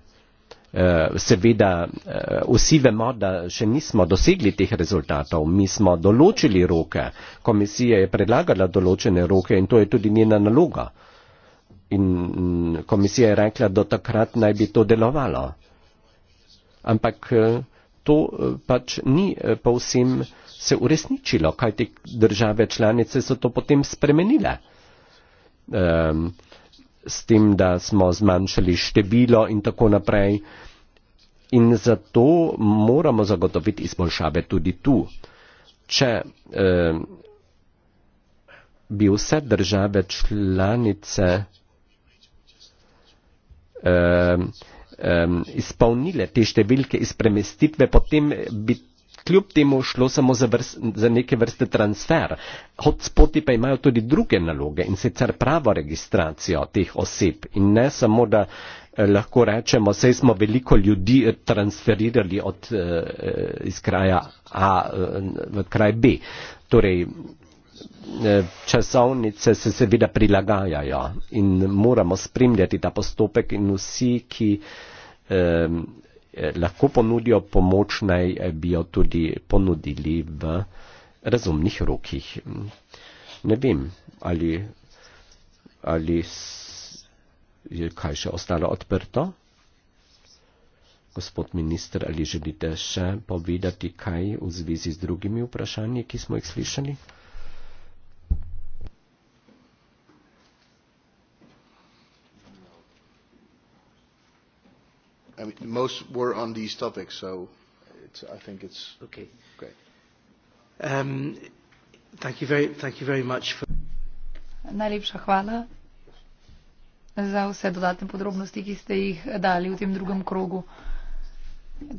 eh, seveda, eh, vsi vemo, da še nismo dosegli teh rezultatov, mi smo določili roke, komisija je predlagala določene roke in to je tudi njena naloga in mm, komisija je rekla, da takrat naj bi to delovalo. Ampak eh, to eh, pač ni eh, povsem se uresničilo, kaj te države članice so to potem spremenile. Um, s tem, da smo zmanjšali število in tako naprej. In zato moramo zagotoviti izboljšave tudi tu. Če um, bi vse države članice um, um, izpolnile te številke iz premestitve, potem bi kljub temu šlo samo za, vrst, za neke vrste transfer. Hotspoti pa imajo tudi druge naloge in sicer pravo registracijo teh oseb in ne samo, da eh, lahko rečemo, sej smo veliko ljudi eh, transferirali od, eh, iz kraja A v kraj B. Torej, Eh, časovnice se seveda prilagajajo in moramo spremljati ta postopek in vsi, ki eh, lahko ponudijo pomoč, naj eh, bi jo tudi ponudili v razumnih rokih. Ne vem, ali, ali je kaj še ostalo odprto. Gospod minister, ali želite še povedati kaj v zvezi z drugimi vprašanji, ki smo jih slišali? I mean, most were on these topics, so it's, I think it's okay. great. Um, thank, you very, thank you very much. For Najlepša hvala za vse dodatne podrobnosti, ki ste jih dali v tem drugem krogu.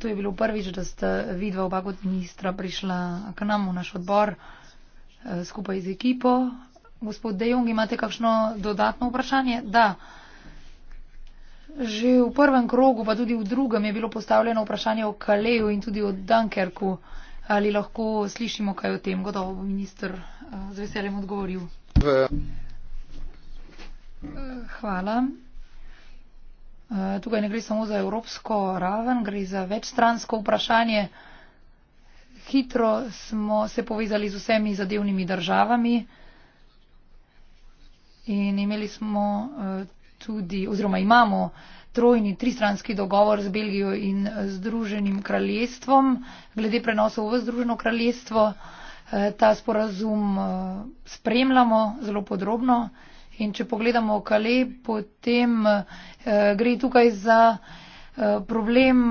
To je bilo prvič, da ste vidva oba kot ministra prišla k nam v naš odbor eh, skupaj z ekipo. Gospod Dejong, imate kakšno dodatno vprašanje? Da. Že v prvem krogu, pa tudi v drugem, je bilo postavljeno vprašanje o Kaleju in tudi o Dunkerku. Ali lahko slišimo kaj o tem? Gotovo bo minister eh, z veseljem odgovoril. Eh, hvala. Eh, tukaj ne gre samo za evropsko raven, gre za večstransko vprašanje. Hitro smo se povezali z vsemi zadevnimi državami in imeli smo tudi, oziroma imamo trojni tristranski dogovor z Belgijo in eh, Združenim kraljestvom glede prenosov v Združeno kraljestvo. Eh, ta sporazum eh, spremljamo zelo podrobno in če pogledamo kale, potem gre tukaj za problem,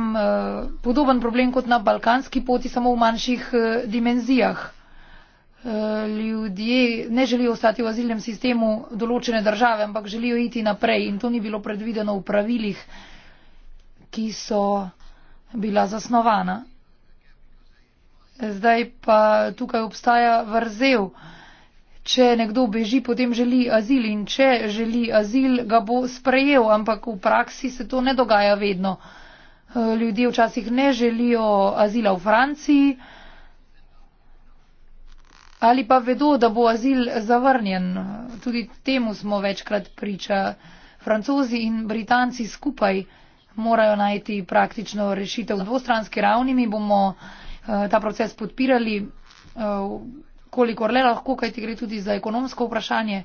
podoben problem kot na balkanski poti, samo v manjših dimenzijah. Eh, ljudje ne želijo ostati v azilnem sistemu določene države, ampak želijo iti naprej in to ni bilo predvideno v pravilih, ki so bila zasnovana. Zdaj pa tukaj obstaja vrzel. Če nekdo beži, potem želi azil in če želi azil, ga bo sprejel, ampak v praksi se to ne dogaja vedno. Eh, ljudje včasih ne želijo azila v Franciji, ali pa vedo, da bo azil zavrnjen. Tudi temu smo večkrat priča. Francozi in Britanci skupaj morajo najti praktično rešitev. Dvostranski ravni mi bomo eh, ta proces podpirali, eh, kolikor le lahko, kajti gre tudi za ekonomsko vprašanje.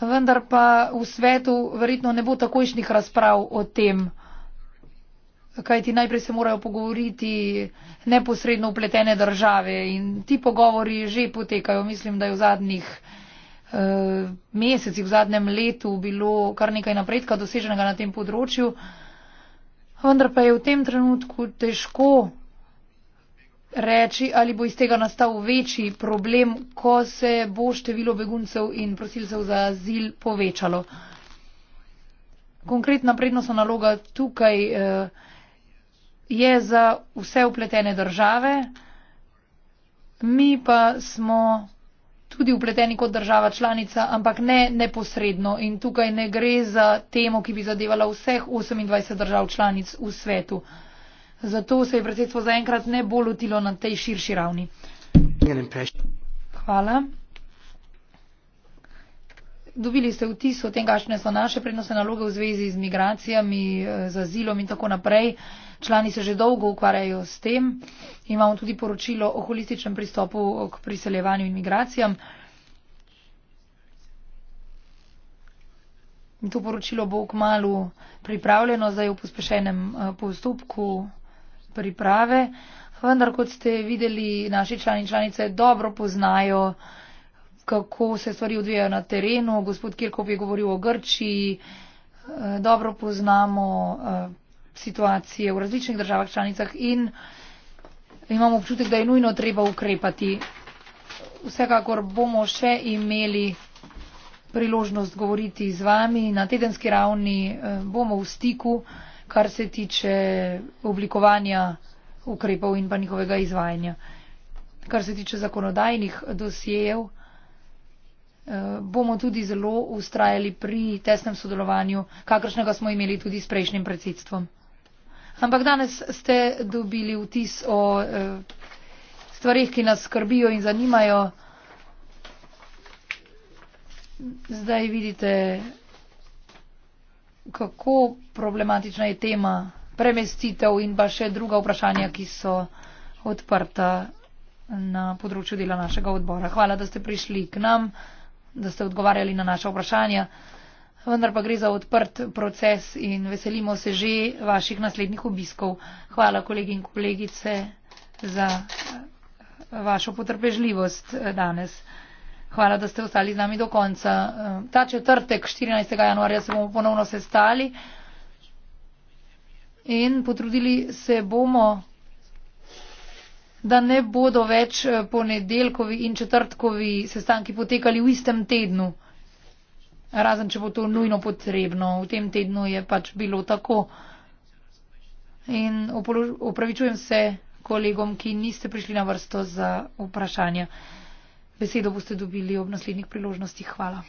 Vendar pa v svetu verjetno ne bo takojšnjih razprav o tem kaj ti najprej se morajo pogovoriti neposredno upletene države in ti pogovori že potekajo. Mislim, da je v zadnjih eh, mesecih, v zadnjem letu bilo kar nekaj napredka doseženega na tem področju, vendar pa je v tem trenutku težko reči, ali bo iz tega nastal večji problem, ko se bo število beguncev in prosilcev za azil povečalo. Konkretna prednostna naloga tukaj eh, je za vse upletene države, mi pa smo tudi upleteni kot država članica, ampak ne neposredno. In tukaj ne gre za temo, ki bi zadevala vseh 28 držav članic v svetu. Zato se je predsedstvo zaenkrat ne bolj lotilo na tej širši ravni. Hvala dobili ste vtis o tem, kakšne so naše prednostne naloge v zvezi z migracijami, eh, z azilom in tako naprej. Člani se že dolgo ukvarjajo s tem. Imamo tudi poročilo o holističnem pristopu eh, k priseljevanju in migracijam. In to poročilo bo k malu pripravljeno, zdaj je v pospešenem eh, postopku priprave. Vendar, kot ste videli, naši člani in članice dobro poznajo kako se stvari odvijajo na terenu. Gospod Kirkov je govoril o Grčiji. Eh, dobro poznamo eh, situacije v različnih državah članicah in imamo občutek, da je nujno treba ukrepati. Vsekakor bomo še imeli priložnost govoriti z vami. Na tedenski ravni eh, bomo v stiku, kar se tiče oblikovanja ukrepov in pa njihovega izvajanja. Kar se tiče zakonodajnih dosijev, bomo tudi zelo ustrajali pri tesnem sodelovanju, kakršnega smo imeli tudi s prejšnjim predsedstvom. Ampak danes ste dobili vtis o eh, stvarih, ki nas skrbijo in zanimajo. Zdaj vidite, kako problematična je tema premestitev in pa še druga vprašanja, ki so odprta na področju dela našega odbora. Hvala, da ste prišli k nam da ste odgovarjali na naša vprašanja. Vendar pa gre za odprt proces in veselimo se že vaših naslednjih obiskov. Hvala, kolegi in kolegice, za eh, vašo potrpežljivost eh, danes. Hvala, da ste ostali z nami do konca. Eh, ta četrtek, 14. januarja, se bomo ponovno sestali in potrudili se bomo da ne bodo več eh, ponedeljkovi in četrtkovi sestanki potekali v istem tednu. Razen, če bo to nujno potrebno. V tem tednu je pač bilo tako. In upravičujem se kolegom, ki niste prišli na vrsto za vprašanje. Besedo boste dobili ob naslednjih priložnostih. Hvala.